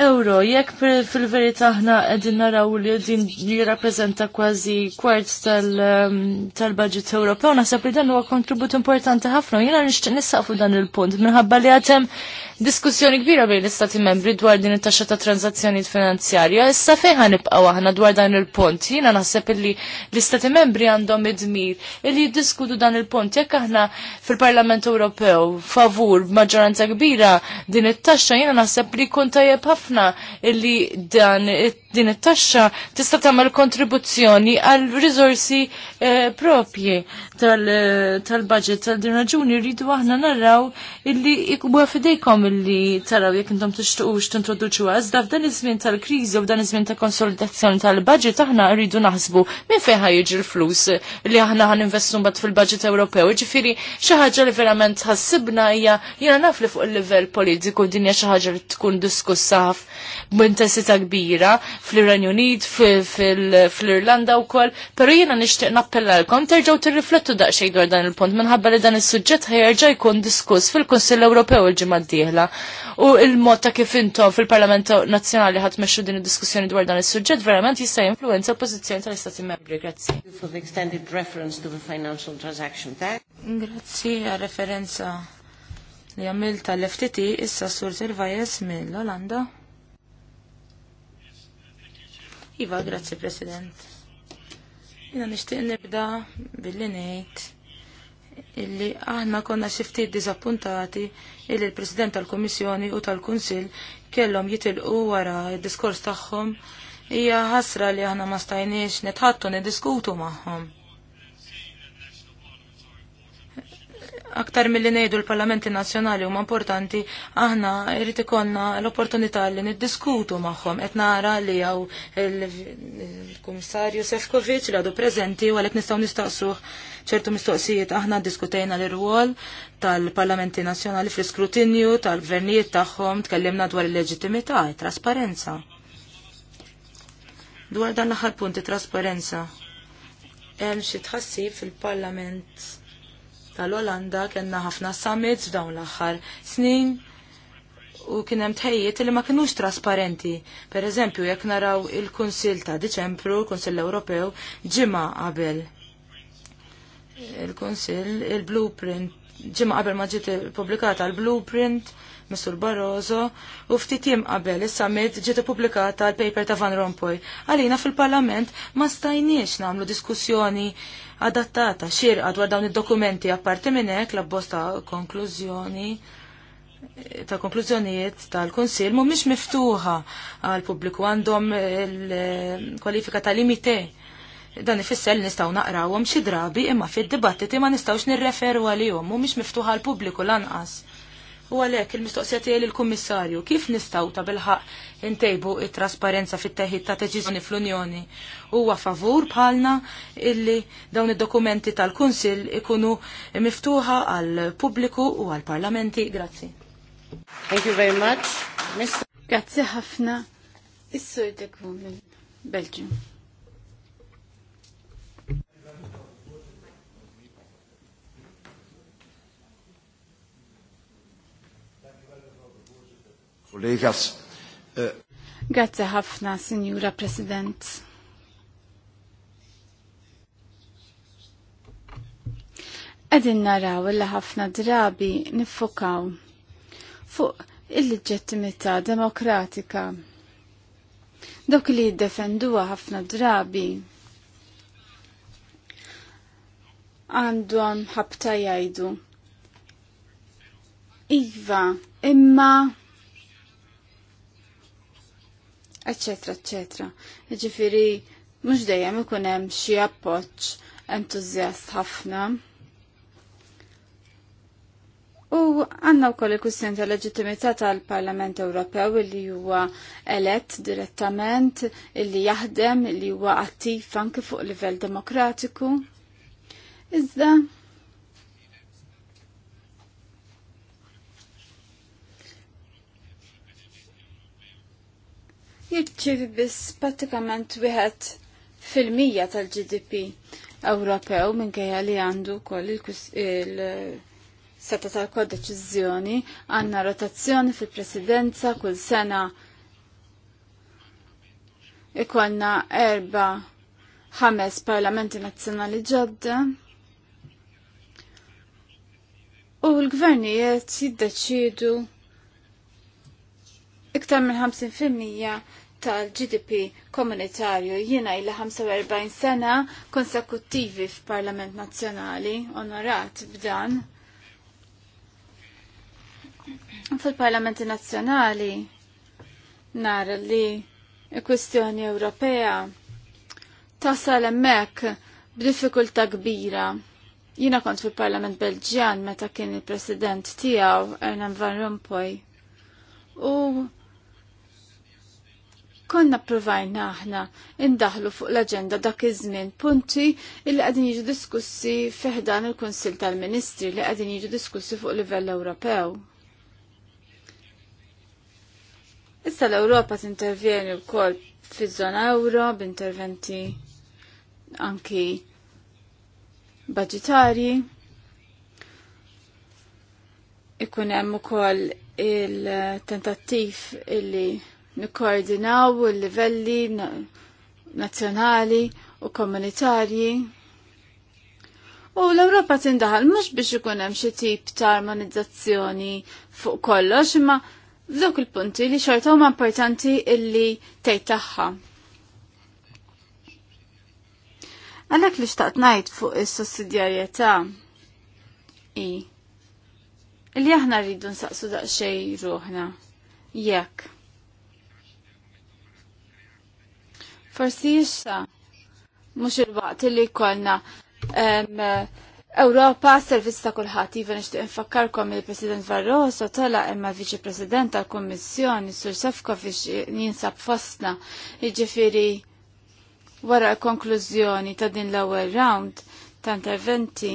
euro. Jekk fil-verità aħna qegħdin naraw li din jirrappreżenta kważi kwart um, tal-budget Ewropew, naħseb li dan huwa kontribut importanti ħafna. Jiena nixtieq nissaqfu dan il-punt minħabba li għatem diskussjoni kbira bejn l-istati membri dwar din it-taxxa ta' transazzjoni finanzjarja. Issa fejn ħanibqgħu aħna dwar dan il-punt. Jiena naħseb illi l-istati membri għandhom id-dmir illi jiddiskutu dan il-punt jekk aħna fil-Parlament Ewropew favur b'maġġoranza kbira din it-taxxa jiena naħseb li kun tajjeb ħafna ħafna illi dan din it-taxxa tista' tagħmel kontribuzzjoni għal riżorsi eh, propji eh, tal-budget tal din raġuni rridu aħna narraw illi huwa fidejkom illi taraw jekk intom tixtuqux tintroduċu għażda f'dan iż-żmien tal-kriżi u f'dan iż-żmien ta' konsolidazzjoni tal-budget aħna rridu naħsbu minn fejn ħajjiġi l-flus li aħna ħaninvestu mbagħad fil-budget Ewropew. Ġifieri xi ħaġa li verament ħassibna hija jiena naf li fuq il-livell politiku dinja xi ħaġa li tkun diskussa twaqqaf b'intensità kbira fl-Iran Unit, fl-Irlanda wkoll, però jiena nixtieq nappellalkom terġgħu tirriflettu daqsxejn dwar dan il-punt minħabba li dan is-suġġett ħajerġa' jkun diskuss fil-Kunsill Ewropew il-ġimgħa d-dieħla. U il-mod ta' kif intom fil-Parlament Nazzjonali ħat meċu din id-diskussjoni dwar dan is-suġġett verament jista' jinfluenza l-pożizzjoni tal-Istati Membri. Grazzi. Grazzi għal-referenza li għamilta l-FTT issa sur Servajes mill-Olanda. Iva, grazzi President. Jina nishtiq nibda billi ngħid illi aħna konna xi ftit illi l-President tal-Kummissjoni u tal-Kunsill kellhom jitilqu wara il diskors tagħhom hija ħasra li aħna ma stajniex netħattu niddiskutu magħhom. aktar mill-li nejdu l-parlamenti nazjonali huma importanti, aħna irrid ikonna l-opportunità li niddiskutu magħhom qed nara li jew il-Kummissarju Sefkovic li għadu preżenti u għalhekk nistgħu nistaqsuh ċertu mistoqsijiet aħna diskutejna l rwol tal-parlamenti nazjonali fl-iskrutinju tal-gvernijiet tagħhom, tkellimna dwar il-leġittimità, trasparenza. Dwar dan l-aħħar punti trasparenza. Hemm xi tħassib fil-Parlament tal-Olanda kellna ħafna summits f'dawn l-aħħar snin u kien hemm tħejjiet li ma kinux trasparenti. Per eżempju, jekk naraw il-Kunsill ta' Diċembru, il-Kunsill Ewropew, ġimgħa qabel il-Kunsill il-blueprint ġimma qabel ma ġiet pubblikata l-blueprint Mr. Barroso u ftit jim qabel is-summit ġiet publikata l-paper ta' Van Rompuy. Għalina fil-Parlament ma stajniex nagħmlu diskussjoni adattata xirqa dwar dawn id-dokumenti apparti minn hekk l-abbozz ta' konklużjoni ta' konklużjonijiet tal-Kunsil mhumiex miftuħa għal pubbliku għandhom il-kwalifika ta' limite. Dan ifisser nistgħu naqrawhom xi drabi imma fid-dibattiti ma nistgħux nirreferu għalihom mhumiex miftuħa għal pubbliku lanqas. U għalhekk il-mistoqsija tiegħi lill-Kummissarju kif nistgħu ta' bilħaq intejbu t trasparenza fit-teħid ta' deċiżjoni fl-Unjoni. Huwa favur bħalna illi dawn id-dokumenti tal-Kunsill ikunu miftuħa għal pubbliku u għal parlamenti. Grazzi. Thank you very much. Grazzi ħafna. Is-sur Belgium. kollegas. Eh, Grazie ħafna, Signora President. Għedin naraw illa ħafna drabi niffokaw fuq il-leġittimità demokratika. Dok li jiddefenduwa ħafna drabi għandhom ħabta jgħidu. Iva, imma eccetera, eccetera. Ġifiri, mux dejjem ikun hemm xi appoġġ entużjast ħafna. U għanna wkoll il-kwistjoni tal-leġittimità tal-Parlament Ewropew li huwa elett direttament, illi jaħdem, illi huwa attiv anke fuq livell demokratiku. Iżda, jirċievi biss pratikament wieħed fil-mija tal-GDP Ewropew minkejja li għandu wkoll il-seta tal-kodeċiżjoni għandna rotazzjoni fil-presidenza kull sena ikonna erba ħames parlamenti nazzjonali ġodda u l-gvernijiet jiddeċidu iktar minn 50% tal-GDP komunitarju jina il 45 sena konsekuttivi f'Parlament Nazzjonali, onorat b'dan. Fil-Parlamenti Nazzjonali nara li il-kwistjoni Ewropea tasal emmek b'diffikulta kbira. Jina kont fil-Parlament Belġjan meta kien il-President tiegħu Ernan Van Rompuy. U konna provajna aħna indaħlu fuq l-agenda dak iż-żmien punti illi qegħdin jiġu diskussi fiħdan il-Kunsill tal-Ministri li qegħdin jiġu diskussi fuq livell Ewropew. Issa l-Ewropa tintervjeni wkoll fiż-żona euro b'interventi anki budgetari. Ikun hemm ukoll il-tentattiv illi nikkoordinaw il-livelli nazzjonali u komunitarji. U l-Ewropa tindaħal mhux biex ikun hemm xi tip ta' armonizzazzjoni fuq kollox, imma f'dawk il-punti li xorta huma importanti illi tgħid tagħha. Għalhekk li xtaqt ngħid fuq is-sussidjarjetà i. li aħna rridu nsaqsu daqsxejn ruħna. Jekk Forsi issa mhux il-waqt li jkollna Ewropa servizz ta' kulħadd iva nixtieq infakkarkom il-President Varroso, tala imma viċi President tal-Kummissjoni Sur Sefkovic jinsab fostna jiġifieri wara l-konklużjoni ta' din l-ewwel round ta' interventi.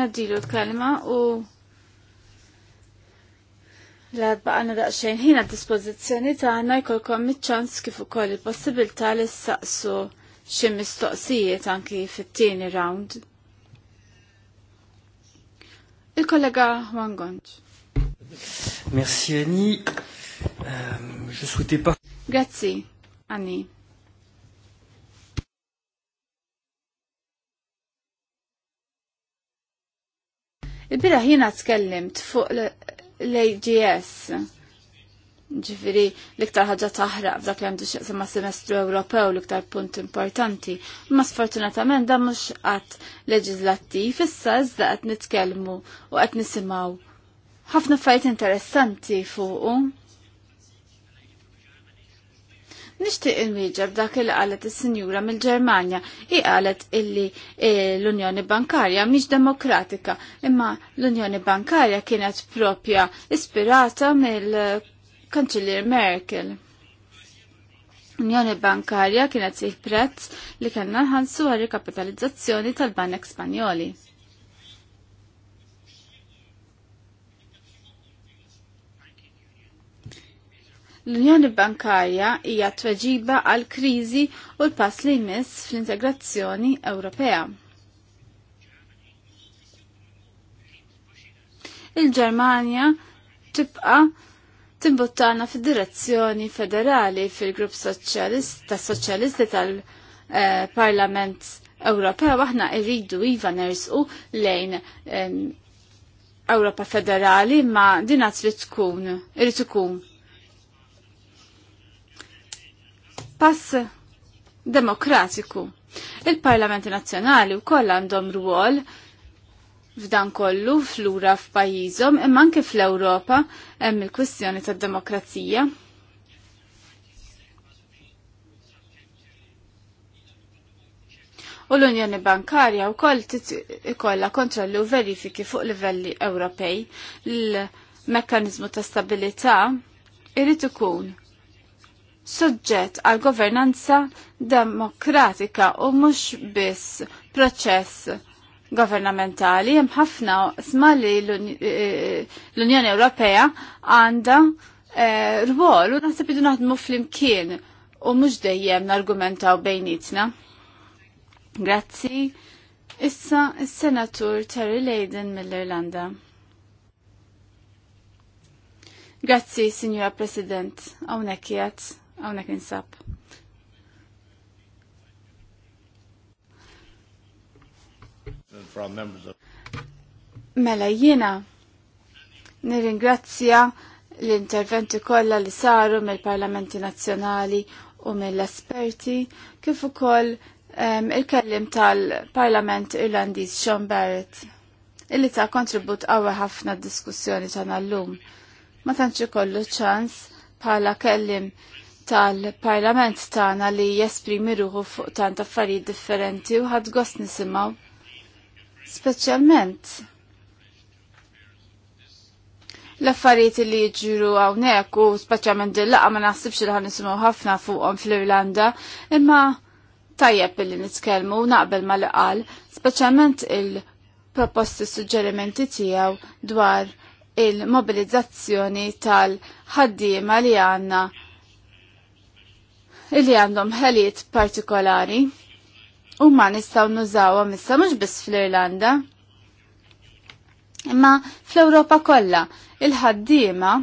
Nadilu l-kelma u L-arba għanna daqxajn ħina dispozizjoni għanna jkolkom mitċans kif ukoll il-possibilta li s-saqsu xie mistoqsijiet anki fit-tieni round. Il-kollega Juan Gonġ. Merci Ani. Euh, je souhaitais pas. Grazie Ani. Il-bira ħina tkellimt fuq l-AGS. Ġifiri, l-iktar ħagġa taħraq f'dak li għandu xaqsa semestru Ewropew l-iktar punt importanti. Ma sfortunatament da mux għat leġizlattiv, issa iżda għat nitkelmu u għat nisimaw ħafna fajt interessanti fuqu. Nixtieq il-miġa dak il qalet is-sinjura mill-Ġermanja i qalet illi eh, l-Unjoni Bankarja mhix demokratika, imma l-Unjoni Bankarja kienet propja ispirata mill-Kanċellier Merkel. Unjoni Bankarja kienet siħ prezz li kellna ħansu għal rikapitalizzazzjoni tal-Banek Spanjoli. L-Unjoni Bankarja hija tweġiba għal kriżi u l-pass li jmiss fl-integrazzjoni Ewropea. Il-Ġermanja tibqa' timbuttana fid-direzzjoni federali fil-Grupp Soċjalista Soċjalisti tal-Parlament Ewropew aħna rridu iva nersqu lejn Ewropa Federali ma dinat li tkun, irrid ikun pass demokratiku. Il-Parlamenti Nazzjonali wkoll għandhom ruol f'dan kollu flura f'pajjiżhom imma anke fl-Ewropa hemm il-kwistjoni tad-demokrazija. U l-Unjoni Bankarja wkoll kontrolli kontrollu verifiki fuq livelli Ewropej l mekkanizmu ta' stabilità irid ikun soġġett għal governanza demokratika u mhux biss proċess governamentali hemm ħafna sma li eh, eh, l-Unjoni Ewropea għandha eh, rwol u naħseb idu naħdmu flimkien u mhux dejjem nargumentaw bejnietna. Grazzi. Issa is-Senatur Terry Leiden mill-Irlanda. Grazzi, Signora President, hawnhekk hawnhekk insab. Mela jiena nirringrazzja l-interventi kollha li saru mill-Parlamenti Nazzjonali u mill-esperti kif ukoll il-kellim tal-Parlament Irlandiż Sean Barrett illi ta' kontribut għawa ħafna diskussjoni ta' nallum. Ma tantx ikollu ċans bħala kellim tal-parlament tagħna li jesprimi ruħu fuq tant affarijiet differenti u ħadd gost nisimgħu. Speċjalment l-affarijiet li jiġru hawnhekk u speċjalment il-laqgħa ma naħsibx li nisimgħu ħafna fuqhom fl-Irlanda, imma tajjeb li nitkellmu u naqbel ma li qal, speċjalment il-proposti suġġerimenti tiegħu dwar il-mobilizzazzjoni tal-ħaddiema li għandna illi għandhom ħeliet partikolari u ma nistaw nużawa missa mux biss fl-Irlanda imma fl-Europa kollha il-ħaddiema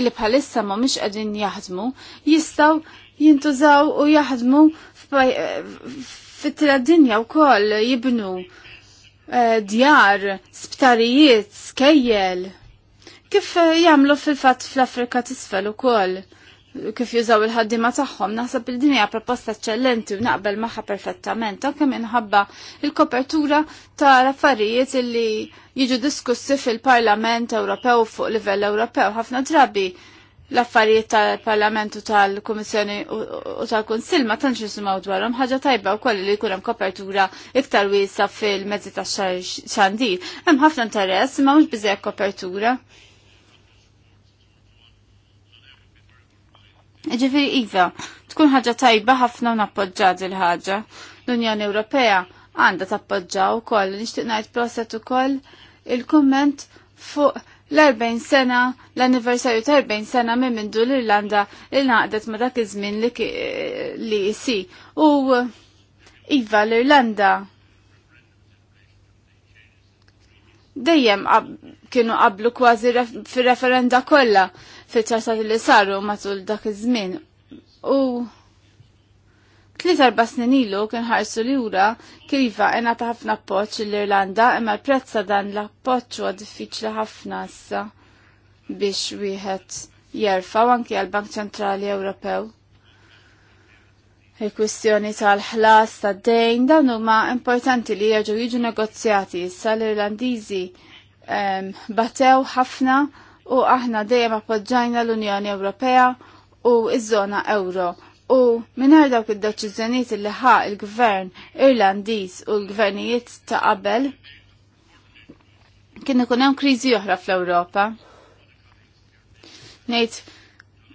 illi bħalissa ma mux qegħdin jaħdmu jistgħu jintużaw u jaħdmu fit-tila dinja wkoll jibnu eh, djar, sptarijiet, skejjel. Kif eh, jagħmlu fil-fatt fl-Afrika t'isfel ukoll. koll kif jużaw il-ħaddima tagħhom, naħseb il dinja proposta eċċellenti u naqbel magħha perfettament, anke minħabba il-kopertura ta' affarijiet illi jiġu diskussi fil-Parlament Ewropew fuq livell Ewropew. Ħafna drabi l-affarijiet tal-Parlament u tal-Kummissjoni u tal-Kunsill ma tantx nisimgħu dwarhom ħaġa tajba wkoll li jkun hemm kopertura iktar wiesa fil-mezzi tax-xandir. Hemm ħafna interess ma mhux biżejjed kopertura. Ġifiri Iva, tkun ħaġa tajba ħafna nappoġġa il ħaġa. L-Unjoni Ewropea għandha tappoġġa u nixtieq ngħid proset ukoll il-kumment fuq l-40 sena, l-anniversarju ta' 40 sena minn mindu l-Irlanda il naqdet ma dak iż-żmien li jisi. U Iva l-Irlanda dejjem kienu qablu kważi fir-referenda kollha fil-ċarsat li saru matul dak iż-żmien. U tliet arba snin ilu kien ħarsu li ura kiriva ena ta' ħafna appoġġ l-Irlanda imma l prezza dan l-appoġġ huwa diffiċli ħafna issa biex wieħed jerfa' anki għall-Bank Ċentrali Ewropew. Il-kwistjoni tal-ħlas tad-dejn dawn huma importanti li jerġgħu jiġu negozjati issa l-Irlandiżi batew ħafna u aħna dejjem appoġġajna l-Unjoni Ewropea u iż-żona euro. U minar dawk id-deċiżjonijiet li ħa il-Gvern Irlandiż u l-gvernijiet ta' qabel kien ikun hemm kriżi oħra fl-Ewropa. Ngħid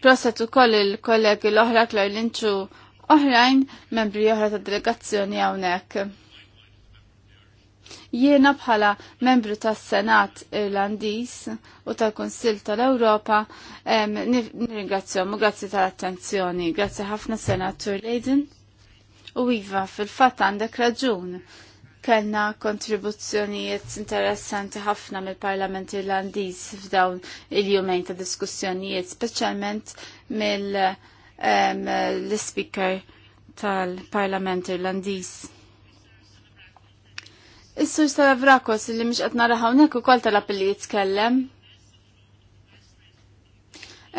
proset ukoll il-kollegi l-oħra Klar Linċu oħrajn membri oħra tad delegazzjoni hawnhekk. Jiena bħala membru tas-Senat Irlandiż u tal-Kunsill tal-Ewropa nirringrazzjahom u grazzi tal-attenzjoni. Grazzi ħafna Senatur Leiden. U iva, fil-fatt għandek raġun. Kellna kontribuzzjonijiet interessanti ħafna mill-Parlament Irlandiż f'dawn il-jumejn ta' diskussjonijiet, speċjalment mill- speaker tal-Parlament Irlandiż. Is-sur Salavrakos li mhux qed nara hawnhekk ukoll talab li jitkellem.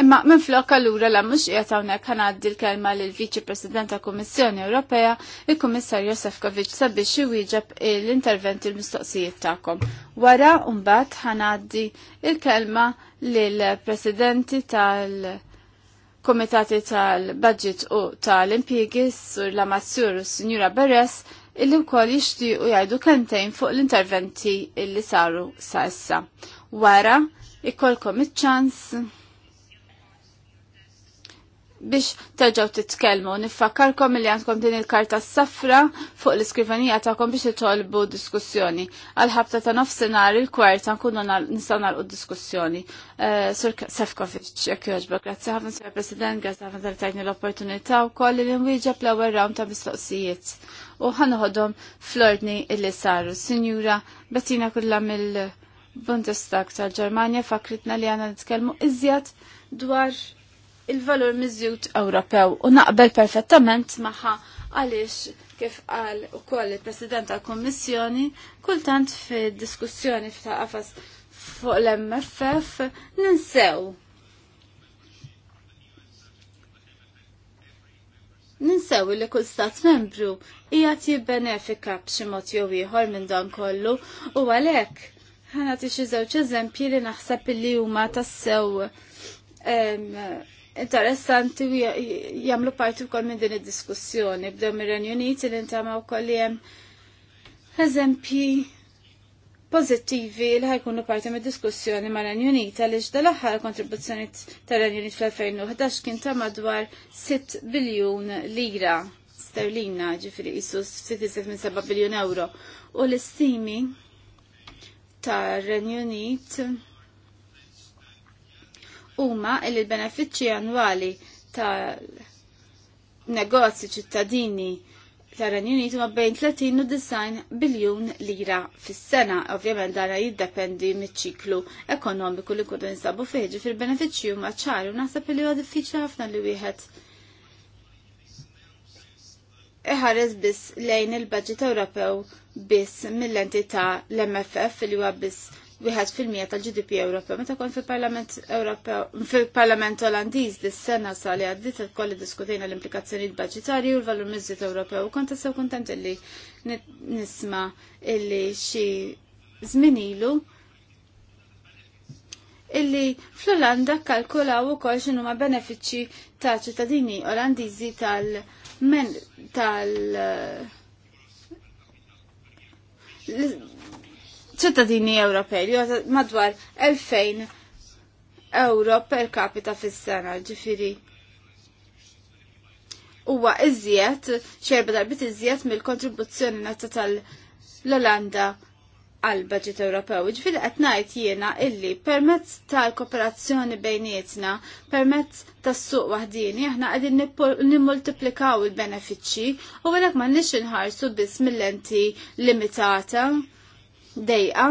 Imma minn flok allura la mhux qiegħed hawnhekk ħanaddi l-kelma lil Viċi President ta' Kummissjoni Ewropea, il Josef Kovic sabiex iwieġeb l-intervent il-mistoqsijiet tagħkom. Wara mbagħad ħanaddi l kelma lil Presidenti tal-Komitati tal-Budget u tal-Impjiegi Sur Lamassur u Sinjura Beres illi wkoll jixtiequ jgħidu kentejn fuq l-interventi illi saru sa issa. Wara, ikolkom iċ-ċans biex terġaw titkellmu. Nifakkarkom li għandkom din il-karta s-safra fuq l-iskrivanija ta'kom biex titolbu diskussjoni. Għal-ħabta ta' nofsinhar il-kwarta nkunu nistgħu nagħlqu diskussjoni. Eh, Sur Sefkovic, jekk jogħġbok, grazzi ħafna sir President, grazzi ħafna tal tajni l-opportunità wkoll li nwieġeb l-ewwel rawn ta' mistoqsijiet. U ħanoħodhom flordni illi saru. Sinjura Bettina kullha mill-Bundestag tal-Ġermanja fakritna li għandna nitkellmu iżjed dwar il-valur miżjut Ewropew u naqbel perfettament maħħa għaliex kif qal ukoll il-President tal-Kummissjoni kultant fid-diskussjoni f'ta' għafas fuq l-MFF ninsew. Ninsew li kull stat membru ijat jibbenefika b'xi mod jew ieħor minn dan kollu u għalhekk ħana tixi żewġ eżempji li naħseb li huma tassew interessanti jagħmlu parti wkoll minn din id-diskussjoni. Bdew mir-Renju Uniti li ntama wkoll hemm eżempji pozittivi li ħajkunu parti mid diskussjoni ma' Renju Unit għaliex dal-aħħar kontribuzzjoni ta' Renju Unit fl-2011 kien ta' madwar 6 biljun lira sterlina ġifiri qisu 7 biljun euro u l-istimi ta' Renju Unit huma li l-benefiċċji annwali tal negozji ċittadini tar-Renju Unit huma bejn 30 u 90 biljun lira fis-sena. Ovvjament dan jiddependi miċ-ċiklu ekonomiku li kull nsabu fih, fil-benefiċċji huma ċari u naħseb li huwa diffiċli ħafna li wieħed iħares biss lejn il baġit Ewropew biss mill-entità l-MFF li huwa biss wieħed fil-mija tal-GDP Ewropew. Meta kont fil-Parlament Ewropew fil-Parlament Olandiż dis-sena sali għaddit kolli diskutejna l-implikazzjonijiet budġetarji u l-valur miżjed Ewropew. Kont sew kuntent illi nisma illi xi żmien ilu illi fl-Olanda kalkulaw ukoll x'inhu ma' benefiċċji ta' ċittadini Olandiżi tal- tal ċittadini Ewropej li madwar 2000 euro per capita fis-sena, ġifiri. Huwa iżjed, xerba darbit iżjed mill-kontribuzzjoni netta tal-Olanda għal budget Ewropew. Ġifiri qed ngħid jiena illi permezz tal-kooperazzjoni bejnietna, permezz tas-suq waħdini, aħna qegħdin nimmultiplikaw il-benefiċċji u għalhekk m'għandniex inħarsu biss mill-lenti limitata dejqa,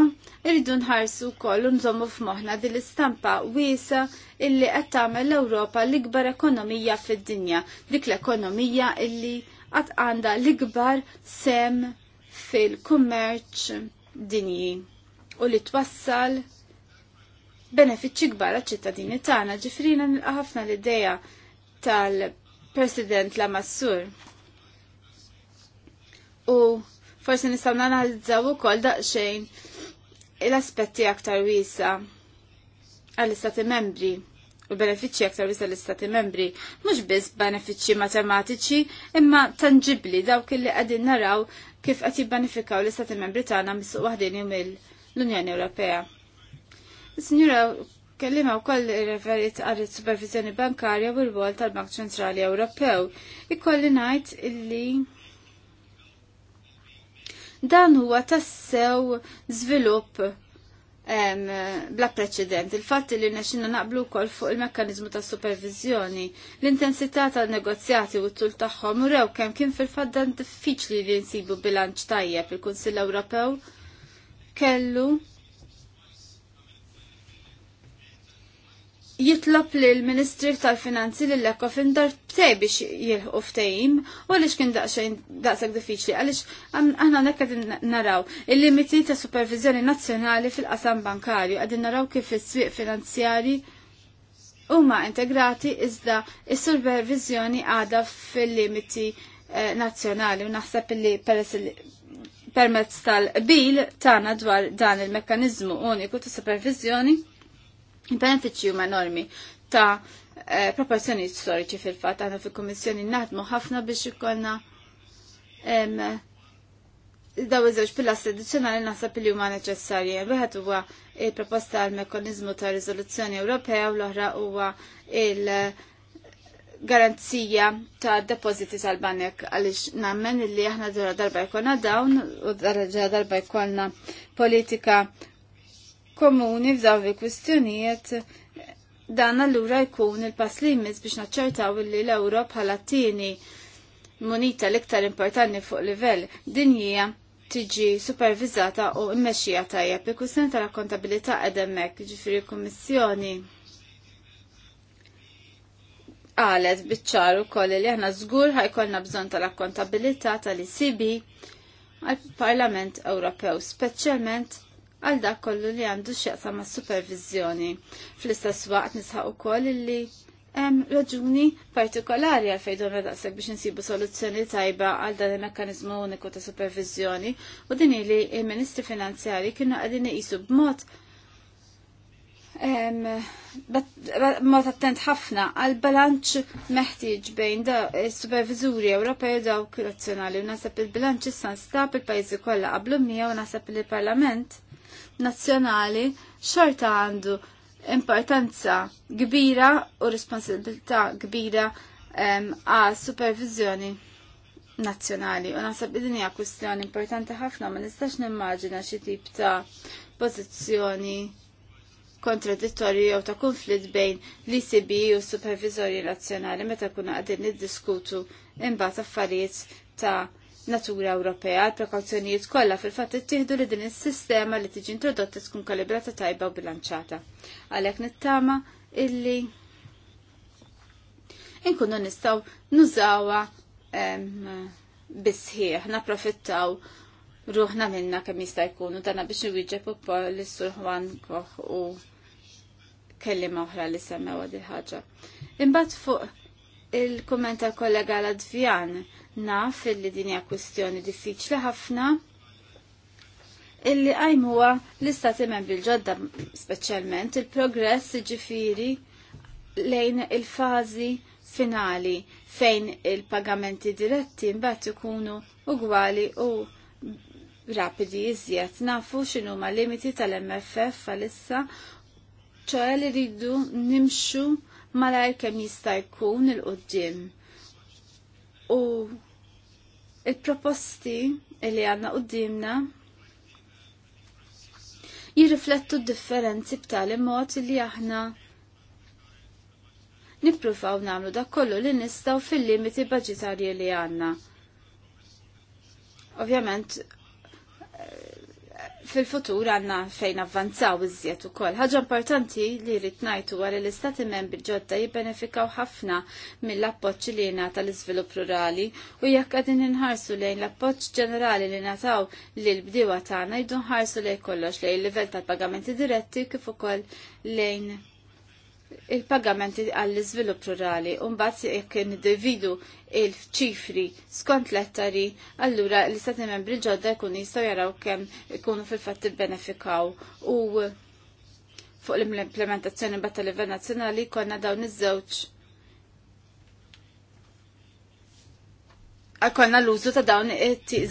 irridu nħarsu kollu nżommu f'moħna din l-istampa wiesa illi qed tagħmel l-Ewropa l-ikbar ekonomija fid-dinja, dik l-ekonomija illi qatt għandha l-ikbar sem fil-kummerċ dinji u li twassal benefiċċi kbar għaċ-ċittadini tagħna ġifrina nilqa' ħafna l-idea tal-President Lamassur. U forsi nistgħu nanalizzaw ukoll daqsxejn l-aspetti aktar wiesa għall-istati membri u benefiċċji aktar wiesa l-istati membri, mhux biss benefiċċji matematiċi imma tangibli dawk li qegħdin naraw kif qed jibbanifikaw l-istati membri tagħna missuq waħdin mill-Unjoni Ewropea. Signora, Kellima u koll referit għal supervizjoni bankarja u l-vol tal-Bank Ċentrali Ewropew. Ikolli najt illi Dan huwa tassew zvilup bla preċedent. Il-fatt li nexxinna naqblu kol fuq il-mekkanizmu ta' supervizjoni, l-intensità ta' negozjati u t-tul tagħhom u rew kemm kien fil dan diffiċli li nsibu bilanċ tajjeb il-Kunsill Ewropew kellu jitlob li l-Ministri tal-Finanzi li l-Ekofin btej biex jilħu ftejim, u għalix kien daqsxejn daqsak diffiċli, għalix għanna din naraw il-limiti ta' supervizjoni nazzjonali fil-qasam bankarju, għadin naraw kif il swieq finanzjari huma integrati iżda il supervizjoni għada fil-limiti eh, nazzjonali u naħseb li permezz tal-bil tagħna dwar dan il-mekkaniżmu uniku ta' supervizjoni Benefiċċju ma' normi ta' eh, proporzjoni storiċi fil-fat għanna fil-Komissjoni naħdmu ħafna biex ikollna daw iż-żewġ pillas addizzjonali naħseb li huma neċessarji. Wieħed huwa il-proposta għal mekkaniżmu ta' riżoluzzjoni Ewropea u l-oħra huwa il-garanzija ta' depożiti tal-banek għaliex nammen li aħna ġara darba jkollna dawn u ġara darba jkollna politika komuni f'daw il-kwistjonijiet dan allura jkun il-pass li jmiss biex naċċertaw li l-Ewro bħala tieni monita l-iktar importanti fuq livell dinjija tiġi supervizzata u mmexxija tajjeb il-kwistjoni tal-akkontabilità qedemmek ġifieri kummissjoni qalet biċċar ukoll li aħna żgur ħajkollna bżonn tal-akkontabilità tal icb għall-Parlament Ewropew, speċjalment għal dak kollu li għandu xieqsa ma' supervizjoni. Fl-istess waqt nisħaq ukoll li hemm raġuni partikolari għal fejn donna daqshekk biex insibu soluzzjoni tajba għal dan il-mekkaniżmu uniku ta' supervizjoni u din li il-Ministri Finanzjari kienu qegħdin iqisu b'mod mod attent ħafna għal balanċ meħtieġ bejn da supervizuri Ewropej u dawk nazzjonali u nasab il-bilanċ issa nstab il-pajjiżi kollha qablu miegħu nasab il-Parlament nazzjonali xorta għandu importanza kbira u responsabilità kbira għal supervizjoni nazzjonali u naħseb din hija kwistjoni importanti ħafna ma nistax nimmaġina xi tip ta' pożizzjoni kontradittorju jew ta' konflitt bejn l icb u s nazzjonali meta kuna għadin niddiskutu imbagħad affarijiet ta' natura Ewropea, l-prekawzjonijiet kollha fil-fatt ittieħdu li din is-sistema li tiġi introdotta tkun kalibrata tajba u bilanċata. Għalhekk nittama illi inkunu nistgħu nużawha ehm, bisħieħ, naprofittaw ruħna minna kemm jista' jkunu dana biex nwieġeb ukoll l-Sur Juan Koch u kellima oħra li semmewha di ħaġa. Imbagħad fuq il-kumment tal-kollega Ladvjan naf illi din hija kwistjoni diffiċli ħafna illi għajmuwa l-istati membri l-ġodda speċjalment il-progress ġifiri lejn il-fazi finali fejn il-pagamenti diretti mbagħad ikunu ugwali u rapidi iżjed nafu x'inhu ma limiti tal-MFF għalissa ċoħe li rridu nimxu malajr kemm jista' jkun il-qoddim U il-proposti li għanna dimna jirriflettu d-differenzi b'tali mod li aħna nippruvaw namlu dak kollu li nistaw fil-limiti budgetarji li għanna. Ovvjament, fil-futur għanna fejn avvanzaw iżjed ukoll. Ħaġa importanti li rrid ngħidu għal l-istati membri ġodda jibbenefikaw ħafna mill-appoġġ li jingħata l-iżvilupp rurali u jekk qegħdin inħarsu lejn l-appoġġ ġenerali li nataw lil bdiewa tagħna jdu nħarsu lejn kollox lejn il-livell tal-pagamenti diretti kif ukoll lejn il-pagamenti għall-iżvilupp rurali u mbagħad jekk individu il-ċifri skont lettari, allura l-istati membri ġodda jkunu jistgħu jaraw kemm ikunu fil-fatt ibbenefikaw u fuq l-implementazzjoni bat tal-livell nazzjonali konna dawn iż-żewġ għakonna l-użu ta' dawn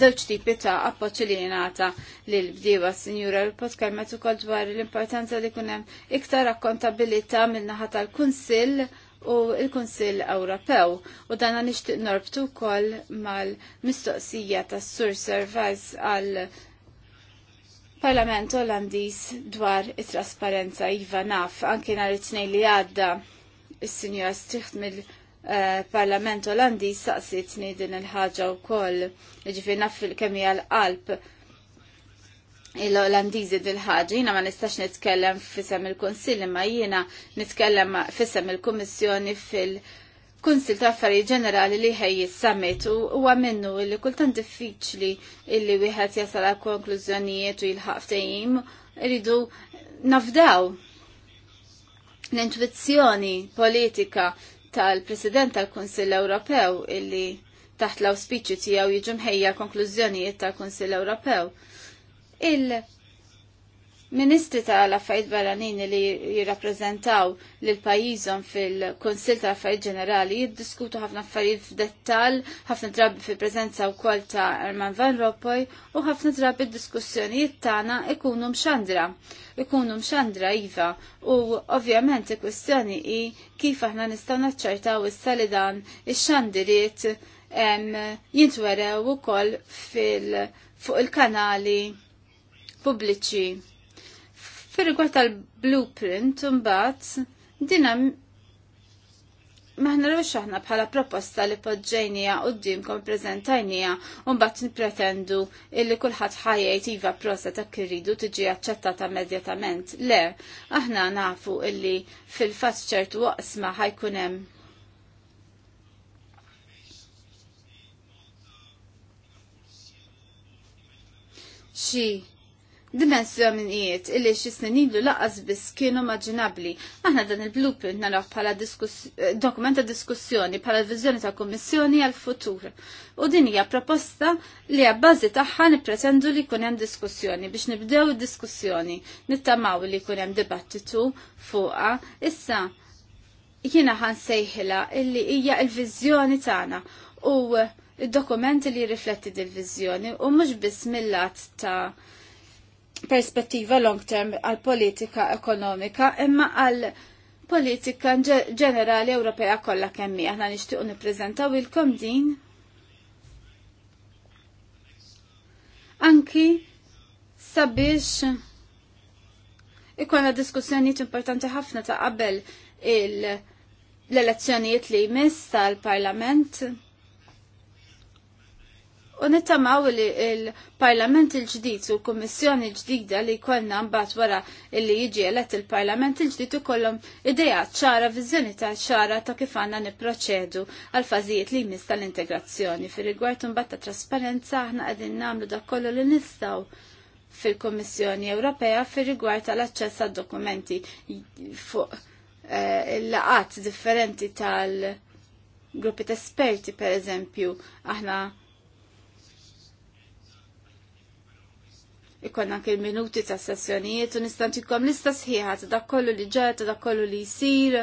żewġ tipi ta' appoċi li jingħata lil s sinjura l-pot kelmet ukoll dwar l-importanza li kunem hemm iktar akkontabilita min-naħa tal-Kunsill u l-Kunsill Ewropew u dan nixtieq norbtu wkoll mal-mistoqsija tas sur Service għal Parlament Olandiż dwar it-trasparenza iva naf anke nhar it-tnejn li għadda is-Sinjora Stricht mill- Eh, parlament Olandi saqsitni din il-ħaġa u koll, ġifir naf fil-kemija l-qalb il-Olandizi dil-ħagġa, jina ma nistax nitkellem fissem il-Konsil, ma jina nitkellem fissem il komissjoni fil-Konsil ta' Affarijiet Ġenerali li ħej summit u huwa minnu li kultan diffiċli illi wieħed jasal għal konklużjonijiet u jilħaq ftehim iridu nafdaw l-intuizzjoni politika tal-President tal-Kunsill Ewropew illi taħt l-auspiċu tiegħu jiġu mħejja konklużjonijiet tal-Kunsill Ewropew. Il- Ministri l affajt Barranini li jirrappreżentaw l pajjiżhom fil-Konsil tal-affajt ġenerali jiddiskutu ħafna affarijiet f'dettall, ħafna drabi fil u wkoll ta' Erman Van Rompuy u ħafna drabi d-diskussjonijiet tagħna ikunu mxandra. Ikunu mxandra iva u ovvjament il-kwestjoni hi kif aħna nistgħu naċċertaw issa li dan ix-xandiriet jintwerew ukoll fil fuq il-kanali pubbliċi Fir-rigward tal-blueprint, mbagħad dina maħna rux aħna bħala proposta li podġejnija u d-dimkom prezentajnija un bat nipretendu illi kullħat ħajajt iva prosa ta' kirridu tiġi accettata immedjatament. Le, aħna nafu illi fil-fat ċertu waqsma ħajkunem xie dimensjoniet illi xi snin laqqas laqas biss kienu maġinabli. Aħna dan il-blueprint naraw bħala eh, dokumenta ta' diskussjoni bħala viżjoni ta' kummissjoni għal futur. U din hija proposta li għabbażi tagħha nippretendu li jkun hemm diskussjoni biex nibdew id-diskussjoni, nittamaw li jkun hemm dibattitu fuqha. Issa jiena ħansejħilha illi hija l-viżjoni tagħna u il dokumenti li jirrifletti dil-viżjoni u mhux biss mill ta' perspettiva long term għal politika ekonomika imma għal politika ġenerali Ewropea kollha kemmi aħna nixtiequ nippreżentaw ilkom din anki sabiex ikonna diskussjonijiet importanti ħafna ta' qabel l-elezzjonijiet li jmiss tal-Parlament U nittamaw li il-Parlament il-ġdid u l-Kommissjoni ġdida li kollna mbagħad wara li jiġi elett il-Parlament il-ġdid ukollhom idea ċara viżjoni ta' ċara ta' kif għandna nipproċedu għal fażijiet li jmiss tal-integrazzjoni. Fir-rigward imbagħad ta' trasparenza aħna qegħdin nagħmlu dak kollu li nistgħu fil-Kommissjoni Ewropea fir-rigward tal-aċċess għad-dokumenti fuq eh, il-laqat differenti tal-gruppi ta' esperti, per eżempju, aħna ikon anke il-minuti ta' sessjonijiet u nistantikom lista sħiħa ta' dak kollu li ġar, ta' dak kollu li jisir.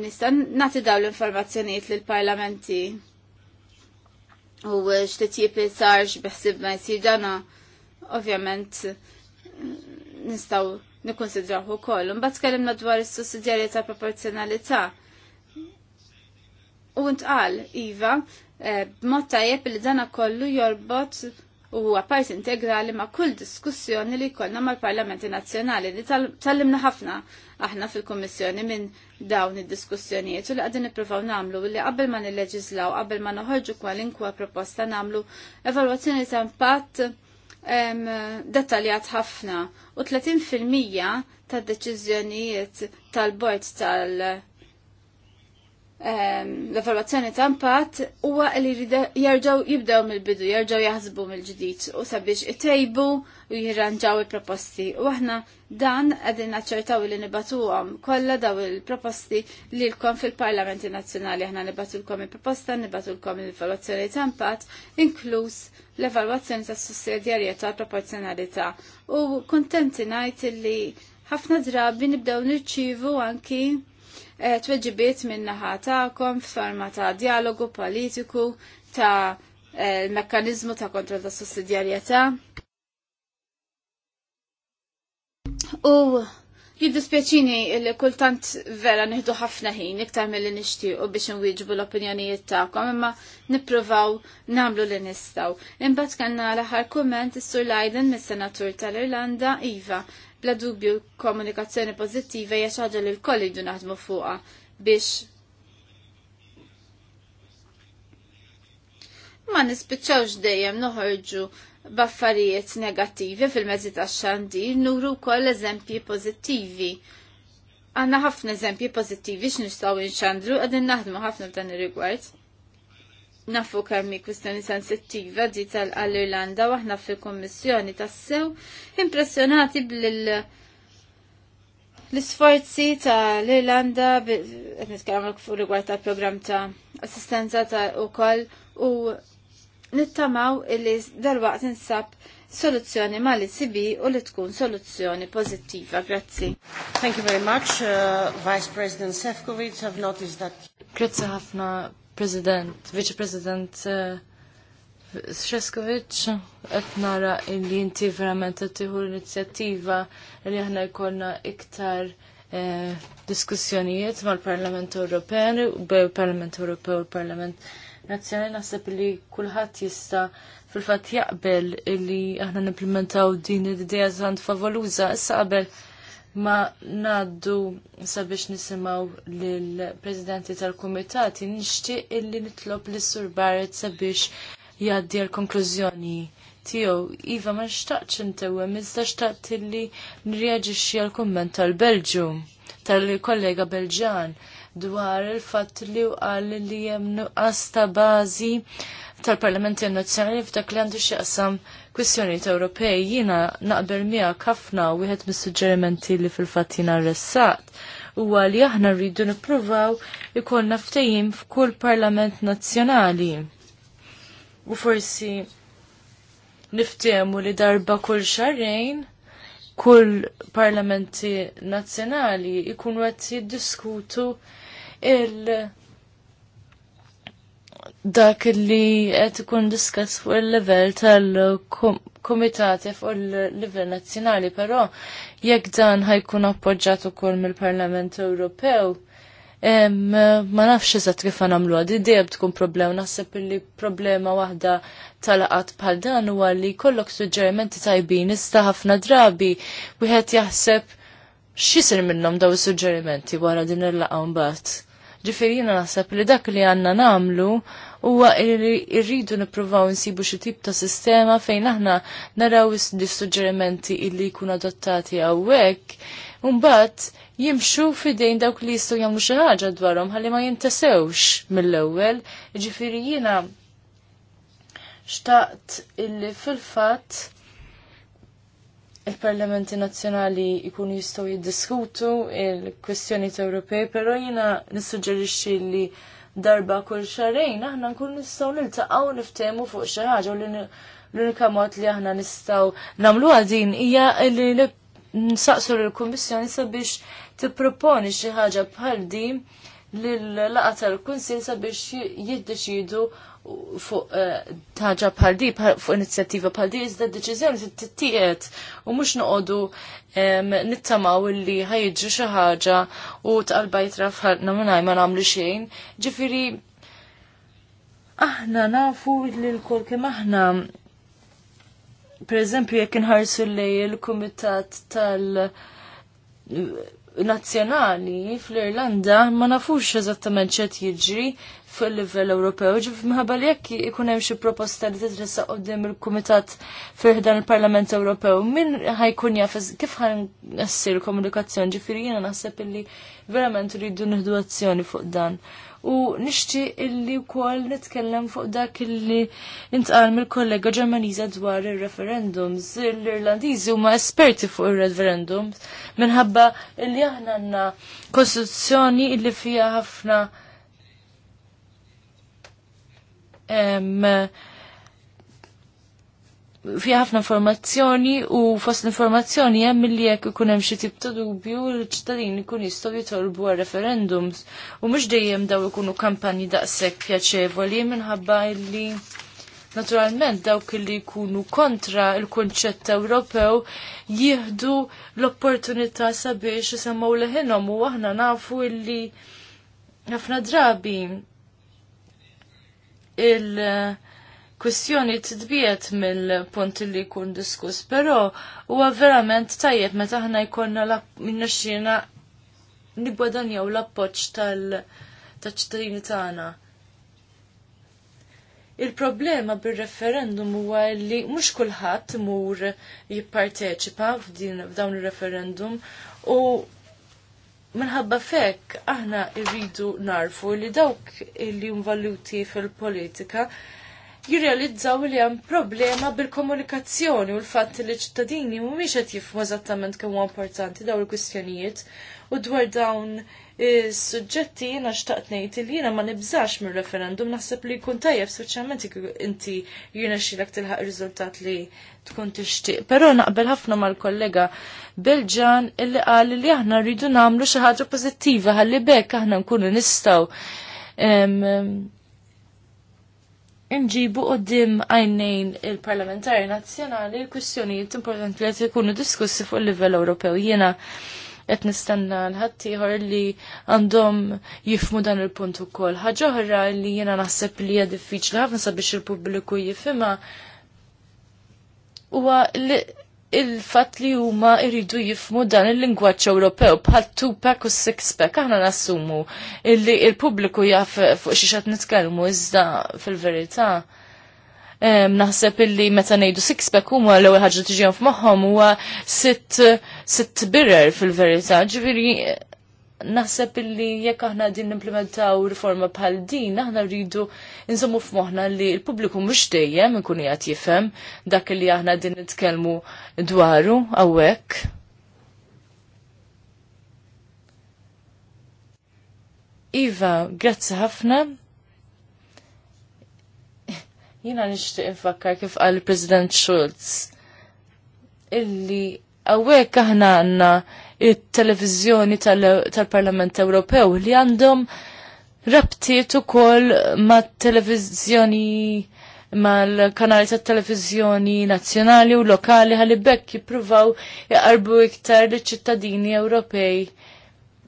Nistan nati daw l-informazzjonijiet lil parlamenti u xtetjib li sarx biħsib ma jisir dana, ovvjament nistaw nikonsidraw ukoll. Mbagħad tkellimna kellimna dwar is ta' proporzjonalità. U ntqal, Iva, eh, b'mod tajjeb li dana kollu jorbot u huwa part integrali ma' kull diskussjoni li jkollna mal-Parlamenti Nazzjonali li tallimna ħafna aħna fil-Kummissjoni minn dawn id-diskussjonijiet u li qegħdin nippruvaw nagħmlu li qabel ma nilleġislaw qabel ma noħorġu kwalinkwa proposta nagħmlu evalwazzjoni ta' impatt dettaljat ħafna u 30% ta' deċiżjonijiet tal-bord tal-, -bord tal l-evaluazzjoni ta' impatt huwa li jerġgħu jibdew mill-bidu, jerġgħu jaħsbu mill-ġdid u sabiex itejbu u jirranġaw il-proposti. U aħna dan qegħdin naċċertaw li nibatuhom kollha daw il-proposti li lkom fil-Parlamenti Nazzjonali aħna nibatulkom il-proposta, nibatulkom l-evaluazzjoni ta' impatt, inkluż l-evaluazzjoni ta' sussidjarjetà proporzjonalità. U kuntenti ngħid li ħafna drabi nibdew nirċivu anki Eh, tweġibiet naħa ta'kom f'forma ta' dialogu politiku ta' eh, l-mekkanizmu ta' kontrol ta' sussidjarjetà. U jiddispjaċini li kultant vera nieħdu ħafna ħin iktar mill-li nixtiequ biex nwieġbu l-opinjonijiet tagħkom imma nippruvaw nagħmlu li nistgħu. Imbagħad kellna l-aħħar kumment is-Sur Leiden mis-Senatur tal-Irlanda Iva Bla dubju komunikazzjoni pozittiva hija xi ħaġa li l-koll naħdmu fuqha biex ma nispiċċawx dejjem noħorġu baffarijiet negattivi fil-mezzi tax-xandir nuru wkoll eżempji pożittivi għanna ħafna eżempji pozittivi x'nistgħu nxandru qegħdin naħdmu ħafna f'dan ir-rigward nafu kemmi kwistjoni sensittiva di tal-Irlanda waħna fil-Kommissjoni tassew impressjonati bil- l-sforzi tal-Irlanda qed nitkellem rigward tal-programm ta' assistenza ta' ukoll u nittamaw illi dal-waqt insab soluzzjoni ma li sibi u li tkun soluzzjoni pozittiva. Grazzi. Thank you very much, uh, Vice President Sefcovic. I've noticed that... Grazzi ħafna, President, Vice President Sreskovic, eh, qed nara li inti verament qed tieħu l-inizjattiva li aħna jkollna iktar eh, diskussjonijiet mal-Parlament Ewropew, bej parlament Ewropew u l-Parlament Nazzjonali naħseb li kulħadd jista' fil-fatt jaqbel li aħna implementaw din id idea żgħand favoluża issa qabel ma naddu sabiex nisimaw lill-presidenti tal-komitati nixtieq illi nitlob lis sur Barrett sabiex jgħaddi l-konklużjoni tiegħu. Iva ma nxtaqx intewwem iżda xtaqt illi nirreaġixxi għal kumment tal-Belġu tal-kollega Belġan dwar il-fatt li qal li hemm nuqqas ta' bażi tal-Parlamenti Nazzjonali f'dak li għandu xi qasam kwistjonijiet Ewropej jiena naqbel miegħek ħafna wieħed mis-suġġerimenti li fil-fatt jiena ressaqt huwa li aħna rridu nippruvaw ikollna ftehim f'kull parlament nazzjonali. U forsi niftehmu li darba kull xarrejn kull parlamenti nazzjonali ikunu qed jiddiskutu il- dak li qed ikun diskuss fuq il-level tal-komitati fuq il-level nazzjonali, però jekk dan ħajkun appoġġjat ukoll mill-Parlament Ewropew, ma nafx eżatt kif għamlu għad, dejjem tkun problema, naħseb li problema waħda tal-qat bħal dan huwa li kollok suġġerimenti tajbin, iżda ħafna drabi wieħed jaħseb x'isir minnhom daw is-suġġerimenti wara din il-laqgħa mbagħad Ġifieri jiena naħseb li dak li għandna nagħmlu huwa irridu nippruvaw insibu xi tip ta' sistema fejn aħna naraw is-suġġerimenti illi jkunu adottati hawnhekk, mbagħad jimxu fidejn dawk li jistgħu jagħmlu xi ħaġa dwarhom ħalli ma jintasewx mill-ewwel, ġifieri jiena xtaqt illi fil-fatt il-parlamenti nazzjonali jkunu jistgħu jiddiskutu il-kwestjoni Ewropej, però jiena nissuġġerixxi li darba kull xarejn aħna nkunu nistgħu niltaqgħu niftehmu fuq xi ħaġa u l-unika mod li aħna nistgħu nagħmluha din hija li nsaqsu lill kummissjoni sabiex tipproponi xi ħaġa bħal din l laqatar tal-kunsil sabiex jiddeċidu fuq taġa eh, bħal di, fuq inizjattiva bħal di, iżda t tittijiet u mux noqodu nittamaw li ħajġu xi ħaġa u jitraf ħarna minnaj ma nagħmlu xejn. Ġifiri, aħna nafu li l-kol kem aħna per eżempju jekk inħarsu lej il-kumitat tal- nazzjonali fl-Irlanda ma nafux eżattament ċet jiġri fil-livell Ewropew, ġif minħabba li jekk ikun hemm xi proposta li titressa qudiem il-Kumitat fil il-Parlament Ewropew, min ħajkun jaf kif ħan komunikazzjoni, ġifieri jiena naħseb illi verament rridu nieħdu azzjoni fuq dan u nishti illi wkoll nitkellem fuq dak illi intqal mill-kollega Ġermaniża dwar ir-referendums. L-Irlandiżi huma esperti fuq ir-referendums minħabba illi aħna għandna kostituzzjoni illi fiha ħafna fi ħafna informazzjoni u fost l-informazzjoni hemm li jekk ikun hemm xi tip ta' dubju l-ċittadin ikun jistgħu jitolbu għal referendums u mhux dejjem daw ikunu kampanji daqshekk pjaċevoli minħabba li naturalment dawk li jkunu kontra il-konċett Ewropew jieħdu l-opportunità sabiex isemmaw leħinhom u aħna nafu illi ħafna drabi il- uh, kwistjoni titbiet mill-punt li jkun diskuss, però huwa verament tajjeb meta aħna jkollna minnaxxina nibwadanjaw l-appoġġ tal-ċittadini tagħna. Il-problema bir-referendum huwa li mhux kulħadd mur jipparteċipa f'din f'dawn ir-referendum u Minħabba fekk aħna irridu narfu li dawk li involuti fil-politika jirrealizzaw li hemm problema bil-komunikazzjoni u l-fatt li ċittadini mhumiex qed jifhmu eżattament kemm huwa importanti dawn il-kwistjonijiet u dwar dawn is-suġġetti jiena xtaqt ngħid li jiena ma nibżax mir-referendum naħseb li jkun tajjeb speċjalment inti jiena xilek tilħaq riżultat li tkun tixtieq. Però naqbel ħafna mal-kollega Belġan illi qal li aħna rridu nagħmlu xi ħaġa pożittiva ħalli bekk aħna nkunu nistgħu nġibu dim għajnejn il-parlamentari nazzjonali l-kwistjonijiet importanti li qed ikunu diskussi fuq il-livell Ewropew. Jiena qed nistenna l-ħaddieħor li għandhom jifmu dan il-punt ukoll. Ħaġa oħra li jiena naħseb li hija diffiċli ħafna sabiex il-pubbliku jifhimha huwa li il-fat li huma iridu jifmu dan il-lingwaġġ Ewropew bħal 2 pack u six-pack aħna nassumu illi il-pubbliku jaf fuq xi xed nitkellmu iżda fil-verità. Naħseb illi meta ngħidu six-pack huma l-ewwel ħaġa tiġi f'moħħhom huwa sitt sitt birrer fil-verità. Ġifieri naħseb illi jekk aħna din nimplementaw riforma bħal din, aħna rridu nżommu f'moħħna li l-pubbliku mhux dejjem ikun qiegħed jifhem dak li aħna din nitkellmu dwaru hawnhekk. Iva, grazzi ħafna. Jina nishtiq infakkar kif għal President Schulz illi Għawek aħna għanna il-televizjoni tal-Parlament tal Ewropew li għandhom rabtiet ukoll ma' televizjoni mal-kanali ta' televizjoni nazzjonali u lokali ħalli bekk jippruvaw jaqarbu iktar li ċittadini Ewropej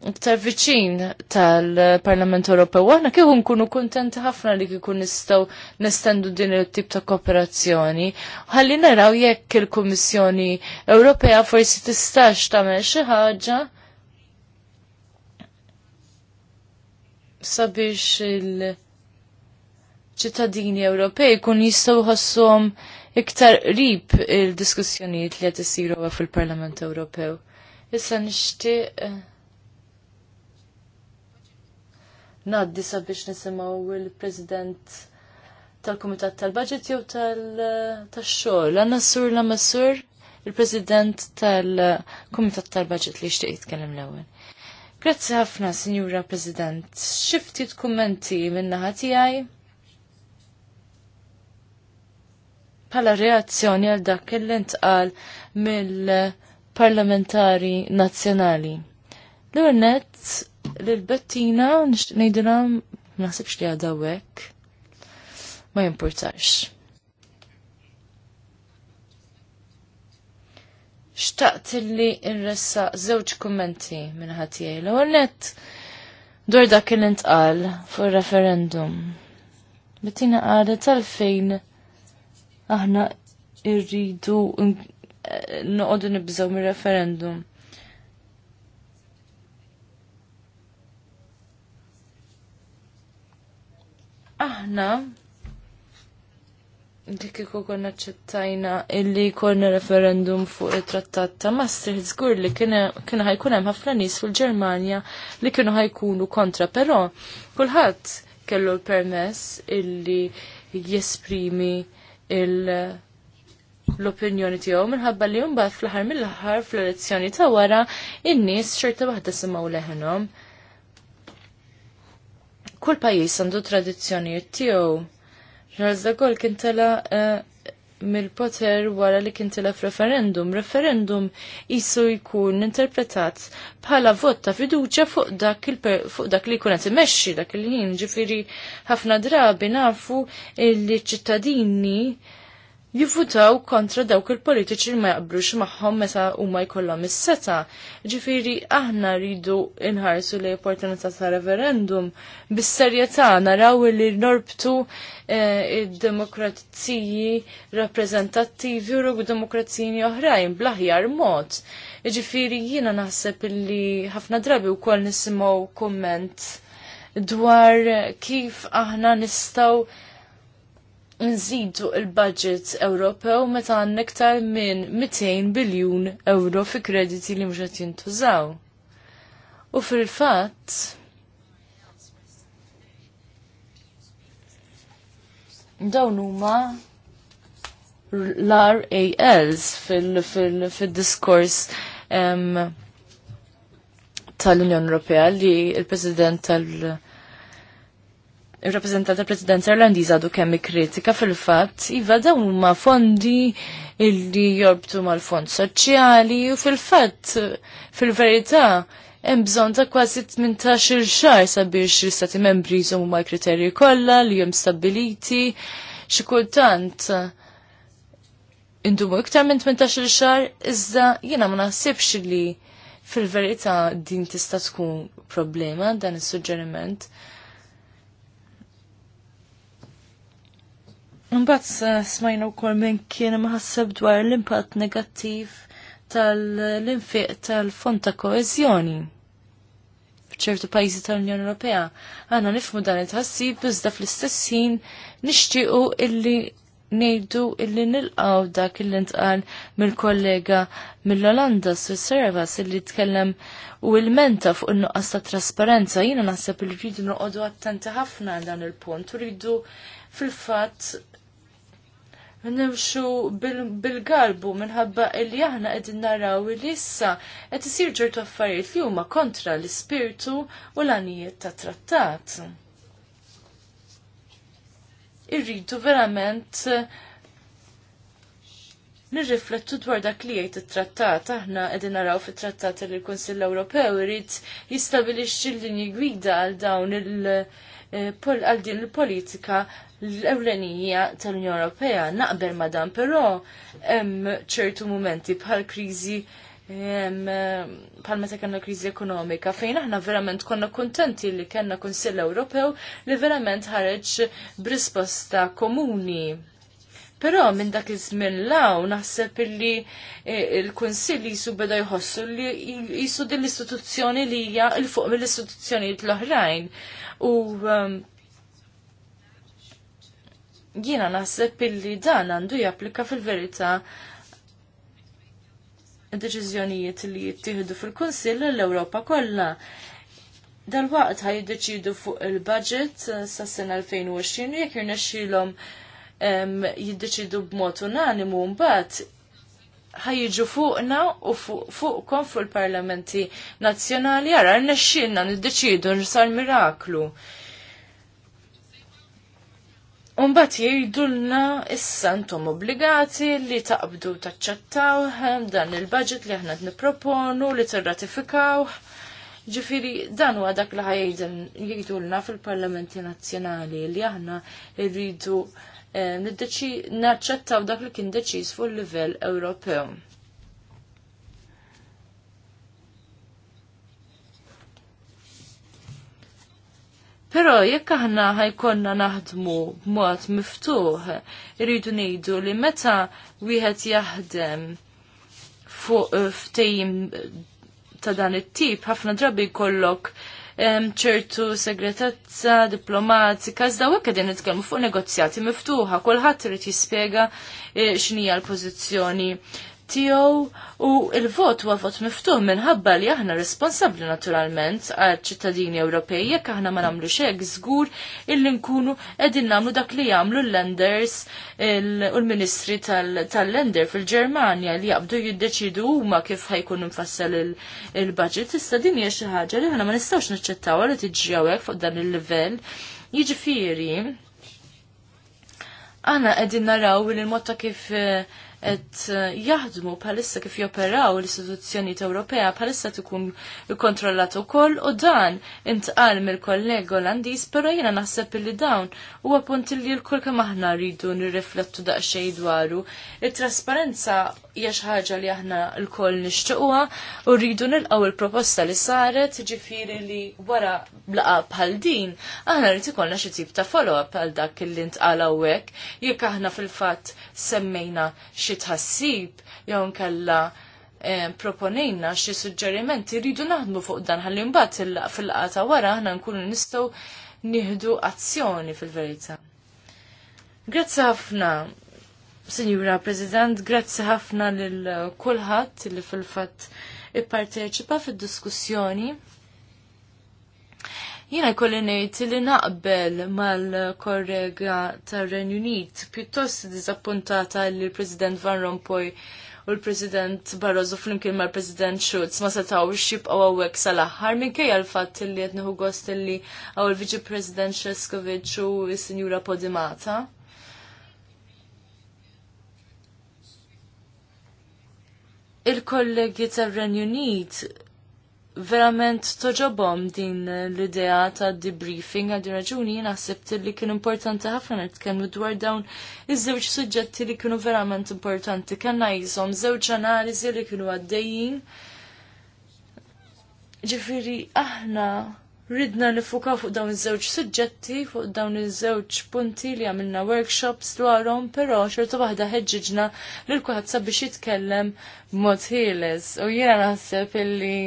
iktar viċin tal-Parlament Ewropew. Aħna kieku nkunu kuntenti ħafna li kieku nistgħu nestendu din it-tip ta' kooperazzjoni. Ħalli naraw jekk il-Kummissjoni Ewropea forsi tistax tagħmel xi ħaġa sabiex il-ċittadini Ewropej kun jistgħu ħossuhom iktar qrib il-diskussjonijiet li qed isiru fil-Parlament Ewropew. Issa nixtieq eh, naddisa sabiex nisimaw il-President tal-Komitat tal-Budget jew tal-xogħol. Għandna s-sur la massur il-President tal-Komitat tal-Budget li xtieq jitkellem l-ewwel. Grazzi ħafna, Sinjura President. Xiftit kummenti minnaħa tiegħi. Pala reazzjoni għal dak il-intqal mill-parlamentari nazzjonali. L-urnet L-Bettina, nejdina, nasibx li għadawek. Ma jimportax. Xtaqt li irressa zewġ kommenti minn ħatijaj. L-għonet, dwar dak li ntqal fuq referendum. Bettina għadet għalfejn aħna irridu eh, noqodu nibżaw mir referendum Aħna dik kieku konna ċettajna illi konna referendum fuq it-trattat ta' Maastricht żgur li kien ħajkun hemm ħafna nies fil-Ġermanja li kienu ħajkunu kontra, però kulħadd kellu l-permess illi jesprimi il- l-opinjoni tiegħu minħabba li mbagħad fl-aħħar mill-aħħar fl-elezzjoni ta' wara in-nies xorta waħda semgħu leħenhom kull pajjiż għandu tradizzjonijiet tiegħu. Charles de Gaulle kien tela eh, mill-poter wara li kien tilef referendum. Referendum jisu jkun interpretat bħala vot ta' fiduċa fuq dak, fuq dak li jkun qed imexxi dak il-ħin, Ġifiri ħafna drabi nafu li ċittadini jivvutaw kontra dawk il-politiċi li ma jaqbrux magħhom meta huma jkollhom is-seta. Ġifiri aħna rridu inħarsu li opportunità ta' referendum bis-serjetà naraw li norbtu eh, id-demokraziji rappreżentattivi u demokrazziji oħrajn bl-aħjar mod. Ġifiri jiena naħseb li ħafna drabi wkoll nisimgħu kumment dwar kif aħna nistgħu nżidu il-budget Ewropew meta għandna iktar minn 200 biljun euro fi krediti li mhux qed jintużaw. U fil-fatt dawn huma l-RALs fil-diskors tal-Unjoni Ewropea li l-President tal-, -tal, il-rappresentant tal-Presidenza Irlandiża għadu kemm kritika fil-fatt iva dawn huma fondi illi jorbtu mal-fond soċjali u fil-fatt fil-verità hemm bżonn ta' kważi 18-il xahar sabiex l-istati membri jżommu ma' kriterji kollha li hemm stabiliti xi kultant indumu iktar minn 18-il xahar iżda jiena ma naħsibx li fil-verità din tista' tkun problema dan is-suġġeriment Mbatt eh, smajna wkoll minn kien maħasab dwar l-impatt negattiv tal-infiq tal-fond ta' koezjoni f'ċertu pajjiżi tal-Unjoni Ewropea. għanna nifmu dan il-tħassib iżda fl istessin nishtiqu nixtiequ illi ngħidu illi nilqgħu dak illi ntqal mill-kollega mill-Olanda sur Servas illi tkellem u il-menta fuq il nuqqas ta' trasparenza jiena naħseb li ridu noqogħdu attenti ħafna dan il-punt u rridu fil-fatt nimxu bil-galbu minħabba illi aħna qegħdin naraw li issa qed isir ġertu affarijiet li huma kontra l-ispirtu u l-għanijiet ta' trattat. Irridu verament Nirriflettu dwar dak li jgħid it-trattat, aħna qegħdin naraw fit-trattat li l-Kunsill Ewropew irid jistabilixxi l-linji gwida għal dawn il- eh, għal din il-politika l-ewlenija tal-Unjoni Ewropea naqbel madan, però hemm ċertu momenti bħal kriżi eh, bħal meta kellna kriżi ekonomika fejn aħna verament konna kontenti li kellna Kunsill Ewropew li verament ħareġ b'risposta komuni. Però minn dak iż-żmien law naħseb illi eh, il-Kunsill jisu beda jħossu li jisu din l-istituzzjoni li hija il fuq mill-istituzzjonijiet l-oħrajn. U ehm, Jiena naħseb illi dan għandu japplika fil-verità deċiżjonijiet li jittieħdu fil-Kunsill l-Ewropa kollha. Dal-waqt ħaj jiddeċidu fuq il-budget sas sena 2020 jekk irnexxilhom jiddeċidu b'mod unanimu mbagħad ħajġu fuqna u fuqkom fuq il-parlamenti nazzjonali ara rnexxilna niddeċidu sar miraklu. Umbat jgħidulna issa ntom obbligati li taqbdu taċċattaw dan il-budget li aħna niproponu li tirratifikaw. Ġifiri, dan huwa dak li jgħidulna fil-Parlamenti Nazzjonali li aħna rridu eh, naċċettaw dak li kien deċiż fuq il livell Ewropew. Pero jekk aħna ħajkonna naħdmu b'mod miftuħ, irridu ngħidu li meta wieħed jaħdem fuq eh, ftejim ta' dan it-tip, ħafna drabi jkollok ċertu segretezza diplomatika, zda u għedin nitkellmu fuq negozjati miftuħa, kulħadd irid jispjega eh, x'inija l-pożizzjoni tiegħu u il-vot huwa vot miftuħ minħabba li aħna responsabbli naturalment għal ċittadini Ewropej jekk aħna ma nagħmlux hekk żgur illi nkunu qegħdin nagħmlu dak li jagħmlu l-lenders u l-Ministri tal-Lender fil-Ġermanja li jaqbdu jiddeċidu huma kif ħajkun infassal il-budget. Issa din hija xi ħaġa li aħna ma nistgħux niċċettawha li tiġi hawnhekk fuq dan il-livell. Jiġifieri, għana għedin naraw il-motta kif eh, qed eh, jaħdmu bħalissa kif joperaw l istituzzjoni Ewropea bħalissa tkun ikkontrollat ukoll u dan intqal mill-kollega Olandiż, però jiena naħseb li dawn huwa punt li l-kull kemm aħna rridu nirriflettu daqsxejn dwaru. Il-trasparenza hija xi ħaġa li aħna l-koll nixtiequha u rridu nilqgħu il-proposta li saret, ġifieri li wara blaqa bħal din, aħna rrid ikollna xi tip ta' follow-up għal dak li ntqal hawnhekk, jekk aħna fil-fatt semmejna xi xi tħassib jew nkella eh, proponejna xi suġġerimenti rridu naħdmu fuq dan ħalli mbagħad fil qata ta' wara aħna nkunu nistgħu nieħdu azzjoni fil-verità. Grazzi ħafna, Sinjura President, grazzi ħafna lil kulħadd li fil-fatt ipparteċipa fid-diskussjoni jina jkolli ngħid li naqbel mal-korrega tar-Renju Unit pjuttost li l-President Van Rompuy u l-President Barroso flimkien mal president Schultz ma setaw għaw għawek sal-axħar kej għal fatt li qed nieħu gost li għaw l viċi President Sheskovic u s-Sinjura Podimata. Il-kollegi tar-Renju Unit verament toġobom din l-idea ta' debriefing għal din raġuni naħseb li kien importanti ħafna nitkellmu dwar dawn iż-żewġ suġġetti li kienu verament importanti. Kanna jisom żewġ analiżi li kienu għaddejjin. Ġifiri aħna ridna nifukaw fuq dawn iż-żewġ suġġetti, fuq dawn iż-żewġ punti li għamilna workshops dwarhom, però xorta waħda ħeġġiġna lil kulħadd sabiex jitkellem b'mod ħieles. U jiena naħseb illi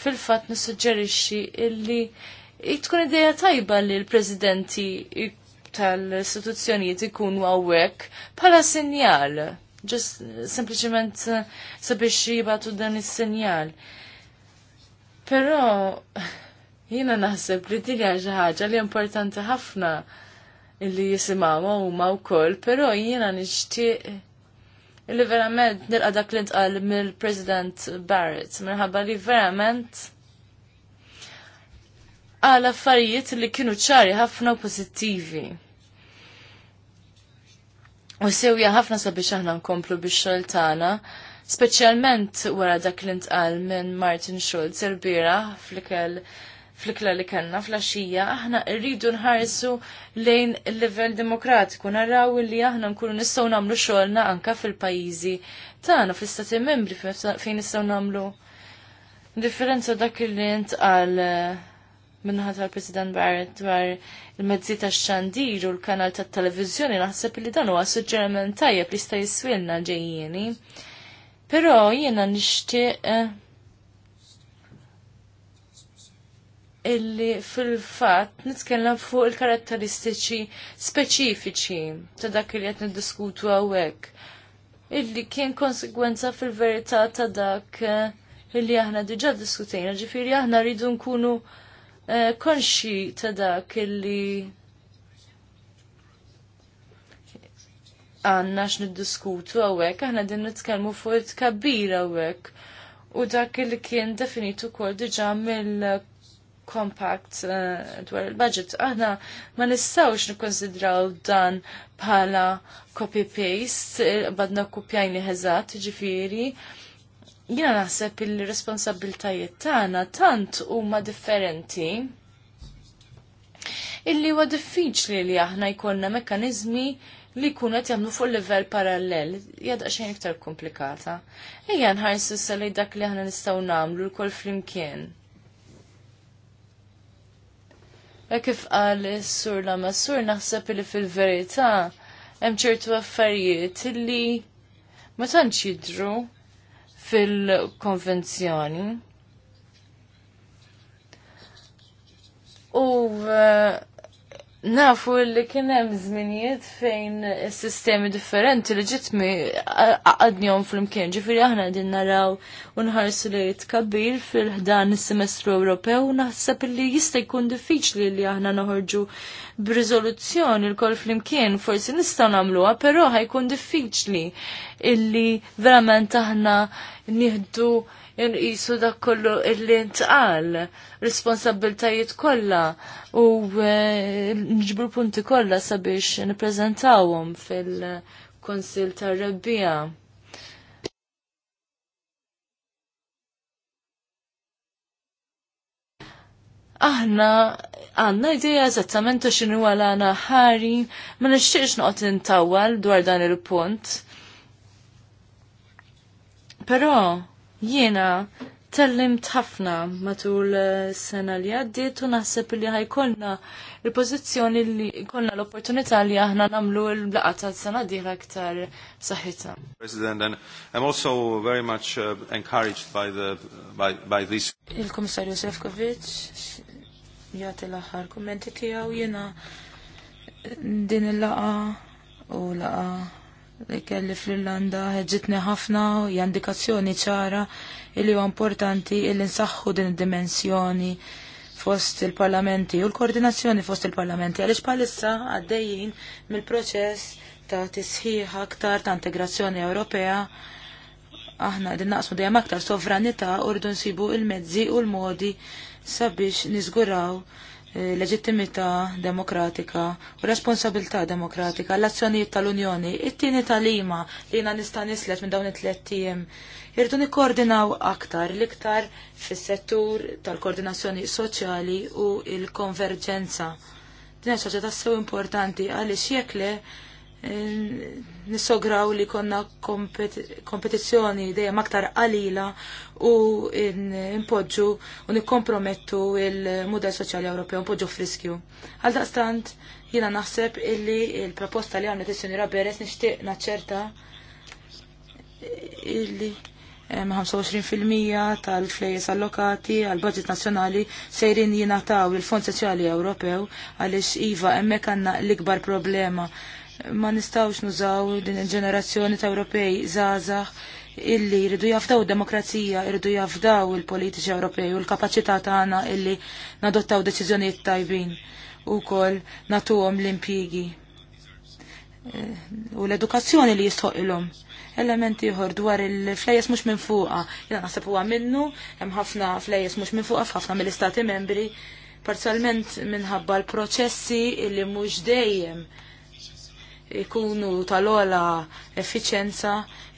fil-fat nissuġġerixxi illi tkun idea tajba li l-presidenti tal-istituzzjonijiet ikunu hawnhekk bħala sinjal. Ġest sempliciment sabiex jibatu dan is-sinjal. Però jiena naħseb li din xi ħaġa li importanti ħafna illi jisimgħu huma wkoll, però jiena nixtieq li verament nilqa dak li ntqal mill-President Barrett, minħabba li verament għal affarijiet li kienu ċari ħafna u pozittivi. U sewja ħafna sabiex aħna nkomplu biex xogħol tagħna, speċjalment wara dak li ntqal minn Martin Schulz il-bira fl-ikel fl-ikla li kellna fl-axija, aħna rridu nħarsu lejn il-level demokratiku, naraw li aħna nkunu nistgħu nagħmlu xogħolna anka fil-pajjiżi tagħna fl-istati membri fejn nistgħu nagħmlu differenza dak li għal eh, minnħat tal-President Barrett dwar il-mezzi ta' xandir u l-kanal ta' televizjoni naħseb li dan huwa suġġerament tajjeb li sta' jiswilna ġejjieni. Però jiena nixtieq eh, illi fil-fat nitkellem fuq il-karatteristiċi speċifiċi ta' dak li qed niddiskutu hawnhekk. Illi kien konsegwenza fil-verità ta' dak eh, illi aħna diġà diskutejna, ġifieri aħna rridu nkunu eh, konxi ta' dak illi għanna niddiskutu hawnhekk, aħna din nitkellmu fuq it-kabbir hawnhekk. U dak li kien definitu kol diġa mill compact eh, dwar il-budget, aħna ma nistawx nikkonsidraw dan bħala copy-paste, eh, badna kupjajni li ħezat, ġifiri. Jina naħseb il-responsabiltajiet tagħna tant huma differenti illi huwa diffiċli li aħna jkollna mekkaniżmi li jkunu qed jagħmlu fuq livell parallel, jadqa xejn iktar komplikata. Ejja nħarsu sa li dak li aħna nistgħu nagħmlu lkoll flimkien. E kif għal sur la masur naħseb li fil-verità hemm ċertu affarijiet li ma tantx jidhru fil-konvenzjoni. U uh, Nafu li kien hemm żminijiet fejn sistemi differenti li ġitmi għadnjom fl-imkien. Ġifieri aħna din naraw u nħarsu li tkabbir fil-ħdan is-semestru Ewropew naħseb li jista' jkun diffiċli li aħna noħorġu b'riżoluzzjoni l-kol fl-imkien. Forsi nistgħu nagħmluha, però ħajkun diffiċli illi verament aħna nieħdu jinqisu dak kollu illi ntqal, responsabiltajiet kollha u e, nġbru punti kollha sabiex nippreżentawhom fil-Konsil tar-Rebbija. aħna għanna ideja eżattament xinu għalana ħari, ma nixtieqx noqgħod intawwal dwar dan il-punt. Però Jiena tellimt ħafna matul eh, sena li għaddiet u naħseb li ħajkolna il-pozizjoni li kolna l-opportunità li aħna namlu l blaqata tal sena diħra aktar saħħita. President, and I'm also very much uh, encouraged by, the, by, by this. Il-Komissarju Sefkovic jgħati l-aħħar kummenti tiegħu jiena din il-laqa u laqa li kelli fl-Irlanda ħeġġitni ħafna u jandikazzjoni ċara illi huwa importanti illi nsaħħu din id-dimensjoni fost il-parlamenti u l-koordinazzjoni fost il-parlamenti għaliex bħalissa għaddejjin mill-proċess ta' tisħiħ aktar ta' integrazzjoni Ewropea aħna din naqsmu dejjem aktar sovranità u rridu nsibu il-mezzi u l-modi sabiex nizguraw. Eh, leġittimità demokratika u responsabilità demokratika l-azzjonijiet tal-Unjoni. It-tieni tal-ima li jiena nista' nislet minn dawn it-tliet tiem irdu nikkoordinaw aktar l-iktar fis-settur tal-koordinazzjoni soċjali u l-konverġenza. Din hija soċjetà sew importanti għaliex jekk le Eh, nissograw li konna kompetizzjoni dejjem aktar qalila u npoġġu u nikkompromettu il-mudell soċjali Ewropew npoġġu friskju. Għal daqstant jiena naħseb illi il-proposta li għamlet is-Sinjura Beres nixtieq naċċerta illi 25% tal flejjes allokati għal budget nazzjonali sejrin jingħataw il-Fond Soċjali Ewropew għaliex iva hemmhekk għandna l-ikbar problema ma nistawx nużaw din il-ġenerazzjoni ta' Ewropej zazax illi jridu jafdaw demokrazija, jridu jafdaw il-politiċi Ewropej u l-kapacità tagħna illi nadottaw deċiżjonijiet tajbin u kol natuhom l-impjigi eh, u l-edukazzjoni li jistħoqilhom. Elementi ieħor dwar il flejes mhux minn fuqa. Jena naħseb huwa minnu, hemm ħafna flejjes mhux minn fuqa f'ħafna mill-istati membri, parzialment minħabba l-proċessi illi mhux dejjem ikunu tal-ola effiċjenza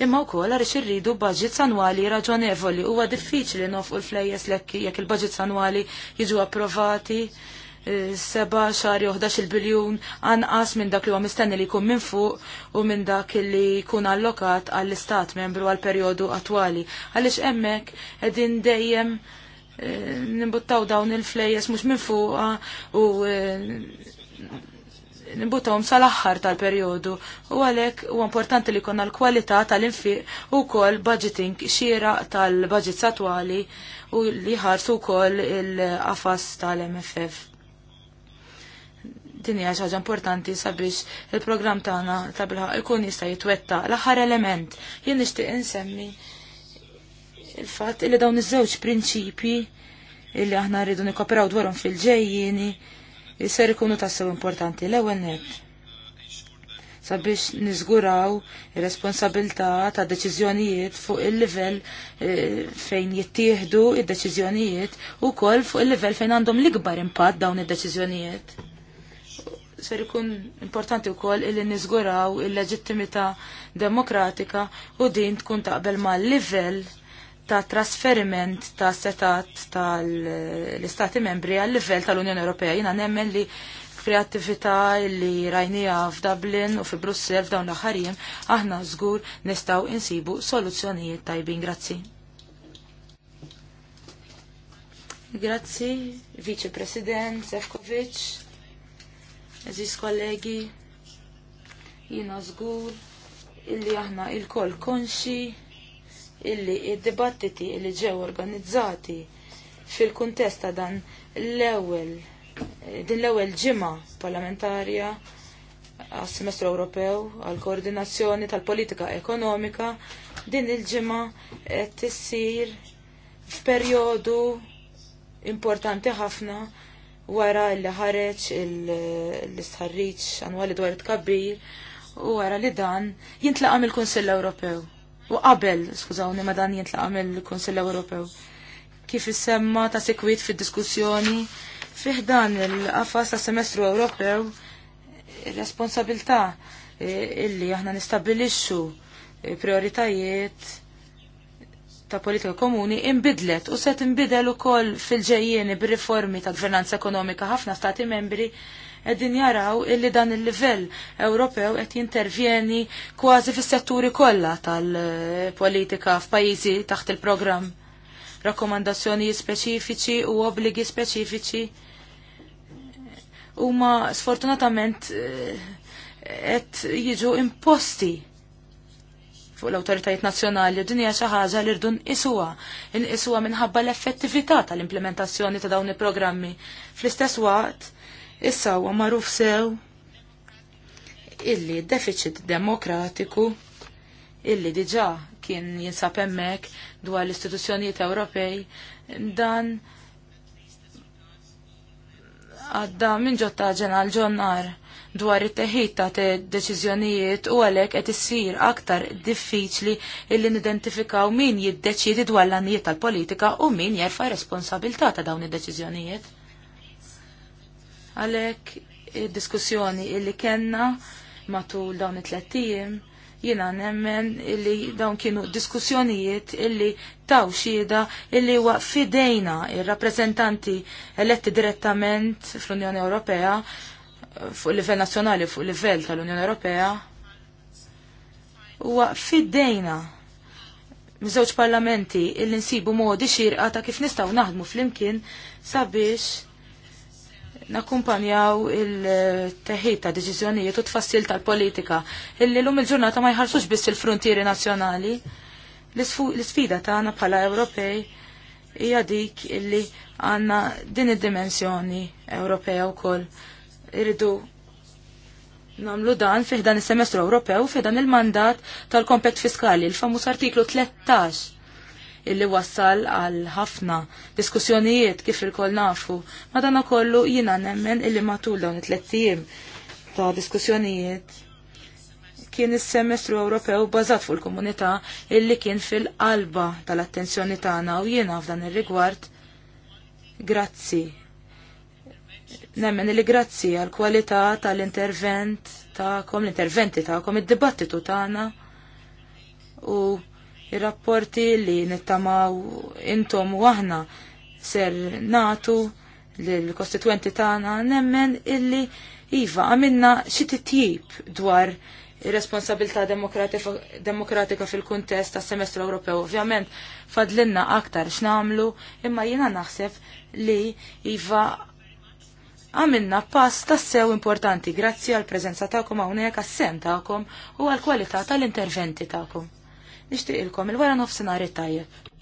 imma u għaliex irridu budgets annwali raġonevoli. Huwa diffiċli nofqu l-flejjes lekki jekk il-budgets annwali jiġu approvati eh, seba xar jew il biljun anqas minn dak li huwa mistenni li jkun minn fuq u minn dak li jkun allokat għall-istat membru għal perjodu attwali. Għaliex hemmhekk qegħdin dejjem eh, nimbuttaw dawn il-flejjes mhux minn fuqha u eh, nbutawm sal-axħar tal-periodu u għalek u importanti li konna l-kwalità tal-infiq u kol budgeting xira tal-budget satwali u li ħarsu kol il-qafas tal-MFF. Din hija ħaġa importanti sabiex il-programm tagħna ta' ikun jista' jitwetta l-aħħar element jien nixtieq insemmi il-fatt li dawn iż-żewġ prinċipji illi aħna rridu nikkoperaw dwarhom fil-ġejjieni jisser ikunu tassew importanti l-ewwel net. Sabiex niżguraw ir-responsabilità ta' deċiżjonijiet fuq il-livell eh, fejn jittieħdu d deċiżjonijiet u koll fuq il-livell fejn għandhom l-ikbar impatt dawn id-deċiżjonijiet. Ser ikun importanti wkoll illi niżguraw il-leġittimità demokratika u din tkun taqbel mal-livell ta' trasferiment ta' setat tal-Istati membri għal livell tal-Unjoni Ewropea. Jina nemmen li kreativita li rajnija f'Dublin u fi Brussel f'dawn l-aħħarijiem, aħna żgur nistgħu insibu soluzzjonijiet tajbin. Grazzi. Grazzi, Vice President Sefkovic, eżis kollegi, jina żgur illi aħna il-kol konxi illi id-dibattiti illi ġew organizzati fil-kuntest ta' dan l-ewwel din l-ewwel ġimgħa parlamentarja għas-semestru Ewropew għal koordinazzjoni tal-politika ekonomika din il-ġimgħa qed tissir f'perjodu importanti ħafna wara li ħareġ l-istħarriġ annwali dwar it kabbir u wara li dan jintlaqa mill-Kunsill Ewropew u qabel, skużawni, ma dan jintlaqa mill-Kunsill Ewropew. Kif semma ta' sekwit fid-diskussjoni fih dan il-qafas ta' semestru Ewropew responsabilità eh, illi aħna nistabilixxu eh, prioritajiet ta' politika komuni imbidlet u set imbidel ukoll fil-ġejjieni bir-riformi ta' gvernanza ekonomika ħafna stati membri qegħdin jaraw illi dan il-livell Ewropew qed jintervjeni kważi fis-setturi kollha tal-politika f'pajjiżi taħt il-programm. Rakkomandazzjonijiet speċifiċi u obbligi speċifiċi huma sfortunatament eh, qed jiġu imposti fuq l-autoritajiet nazzjonali din hija xi ħaġa li rdu nqisuha, inqisuha minħabba l-effettività tal-implementazzjoni ta' dawn il-programmi. Fl-istess waqt Issa huwa magħruf sew illi deficit demokratiku illi diġà kien jinsab hemmhekk dwar l-istituzzjonijiet Ewropej dan għadda minn ġotta ġenal ġonnar dwar it-teħid ta' deċiżjonijiet u għalhekk qed issir aktar diffiċli illi nidentifikaw min jiddeċiedi dwar l-għanijiet tal-politika u min jerfa' responsabilità ta' dawn id-deċiżjonijiet. Għalek, diskussjoni illi kenna matul dawn it-tlettijim, jina nemmen illi dawn kienu diskussjonijiet illi taw xieda illi huwa fidejna il rappreżentanti eletti direttament fl-Unjoni Ewropea fuq livell nazzjonali fuq livell tal-Unjoni Ewropea huwa fidejna żewġ parlamenti illi nsibu modi xirqa ta' kif nistgħu naħdmu flimkien sabiex nakkumpanjaw il-teħid ta' deċiżjonijiet u tfassil tal-politika illi lum il-ġurnata ma jħarsux biss il-frontieri nazzjonali. L-sfida tagħna bħala Ewropej hija dik illi għandna din id-dimensjoni Ewropea wkoll. Irridu namlu dan fih dan is-semestru Ewropew fih dan il-mandat tal-kompett fiskali, il famus artiklu 13 illi wassal għal ħafna diskussjonijiet kif il-kol nafu. Madana kollu jina nemmen illi matul dawn it-tlettijim ta' diskussjonijiet kien is-semestru Ewropew bazat fuq il-komunità illi kien fil-qalba tal-attenzjoni tagħna u jiena f'dan ir-rigward grazzi. Nemmen li grazzi għal kwalità tal-intervent ta'kom, l-interventi ta'kom, id-dibattitu tagħna u ir-rapporti li nittamaw intom u aħna ser natu l-kostituenti tagħna nemmen illi iva għamilna xi titjib dwar ir-responsabilità demokratika fil-kuntest tas semestru Ewropew. Ovvjament fadlinna aktar x'namlu, imma jiena naħseb li iva għamilna pass tassew importanti grazzi għal preżenza tagħkom hawnhekk għas-sem tagħkom u għall kwalità tal-interventi tagħkom. Nixtieq ilkom il-wara nofsinhar it-tajjeb.